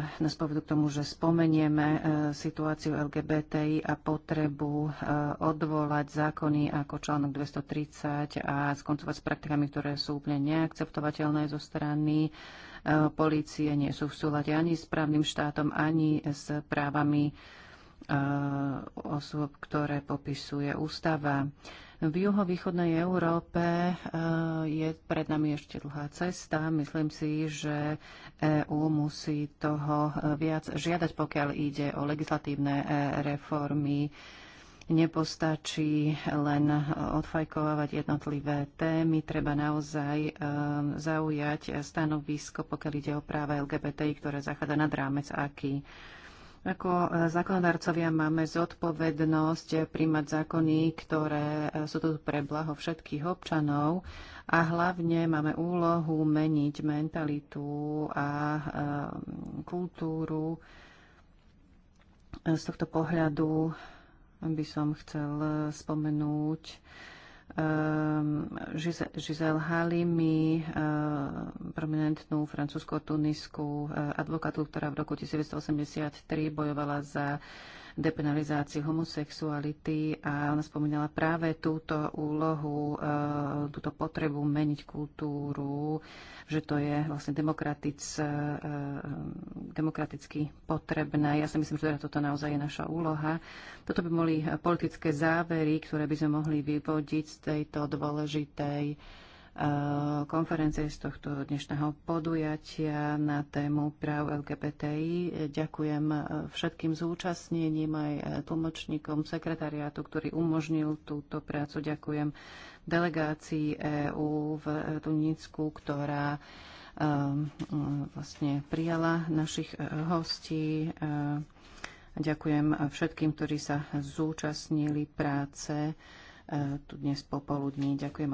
nás povedú k tomu, že spomenieme eh, situáciu LGBTI a potrebu odvolať zákony ako článok 230 a skoncovať s praktikami, ktoré sú úplne neakceptovateľné zo strany polície, nie sú v súlade ani s právnym štátom, ani s právami osôb, ktoré popisuje ústava. V juhovýchodnej Európe je pred nami ešte dlhá cesta. Myslím si, že EÚ musí toho viac žiadať, pokiaľ ide o legislatívne e, reformy. Nepostačí len odfajkovávať jednotlivé témy, treba naozaj e, zaujať stanovisko, pokiaľ ide o práva LGBTI, ktoré zachádza nad rámec aký. Ako e, zákonodarcovia máme zodpovednosť príjmať zákony, ktoré e, sú tu pre blaho všetkých občanov a hlavne máme úlohu meniť mentalitu a e, kultúru. Z tohto pohľadu by som chcel spomenúť Ehm, Giselle Halimi, ehm, prominentnú francúzsko-tunisskú eh, advokátu, ktorá v roku 1983 bojovala za depenalizácii homosexuality a ona spomínala práve túto úlohu, e, túto potrebu meniť kultúru, že to je vlastne demokratic, e, e, demokraticky potrebné. Ja si myslím, že teda toto naozaj je naša úloha. Toto by boli politické závery, ktoré by sme mohli vyvodiť z tejto dôležitej Eh, konferencie z tohto dnešného podujatia na tému práv LGBTI. Ďakujem eh, všetkým zúčastnením aj eh, tlmočníkom sekretariátu, ktorý umožnil túto prácu. Ďakujem delegácii EÚ v Tunícku, ktorá vlastne prijala našich hostí. Ďakujem všetkým, ktorí sa zúčastnili práce tu dnes popoludní. Ďakujem a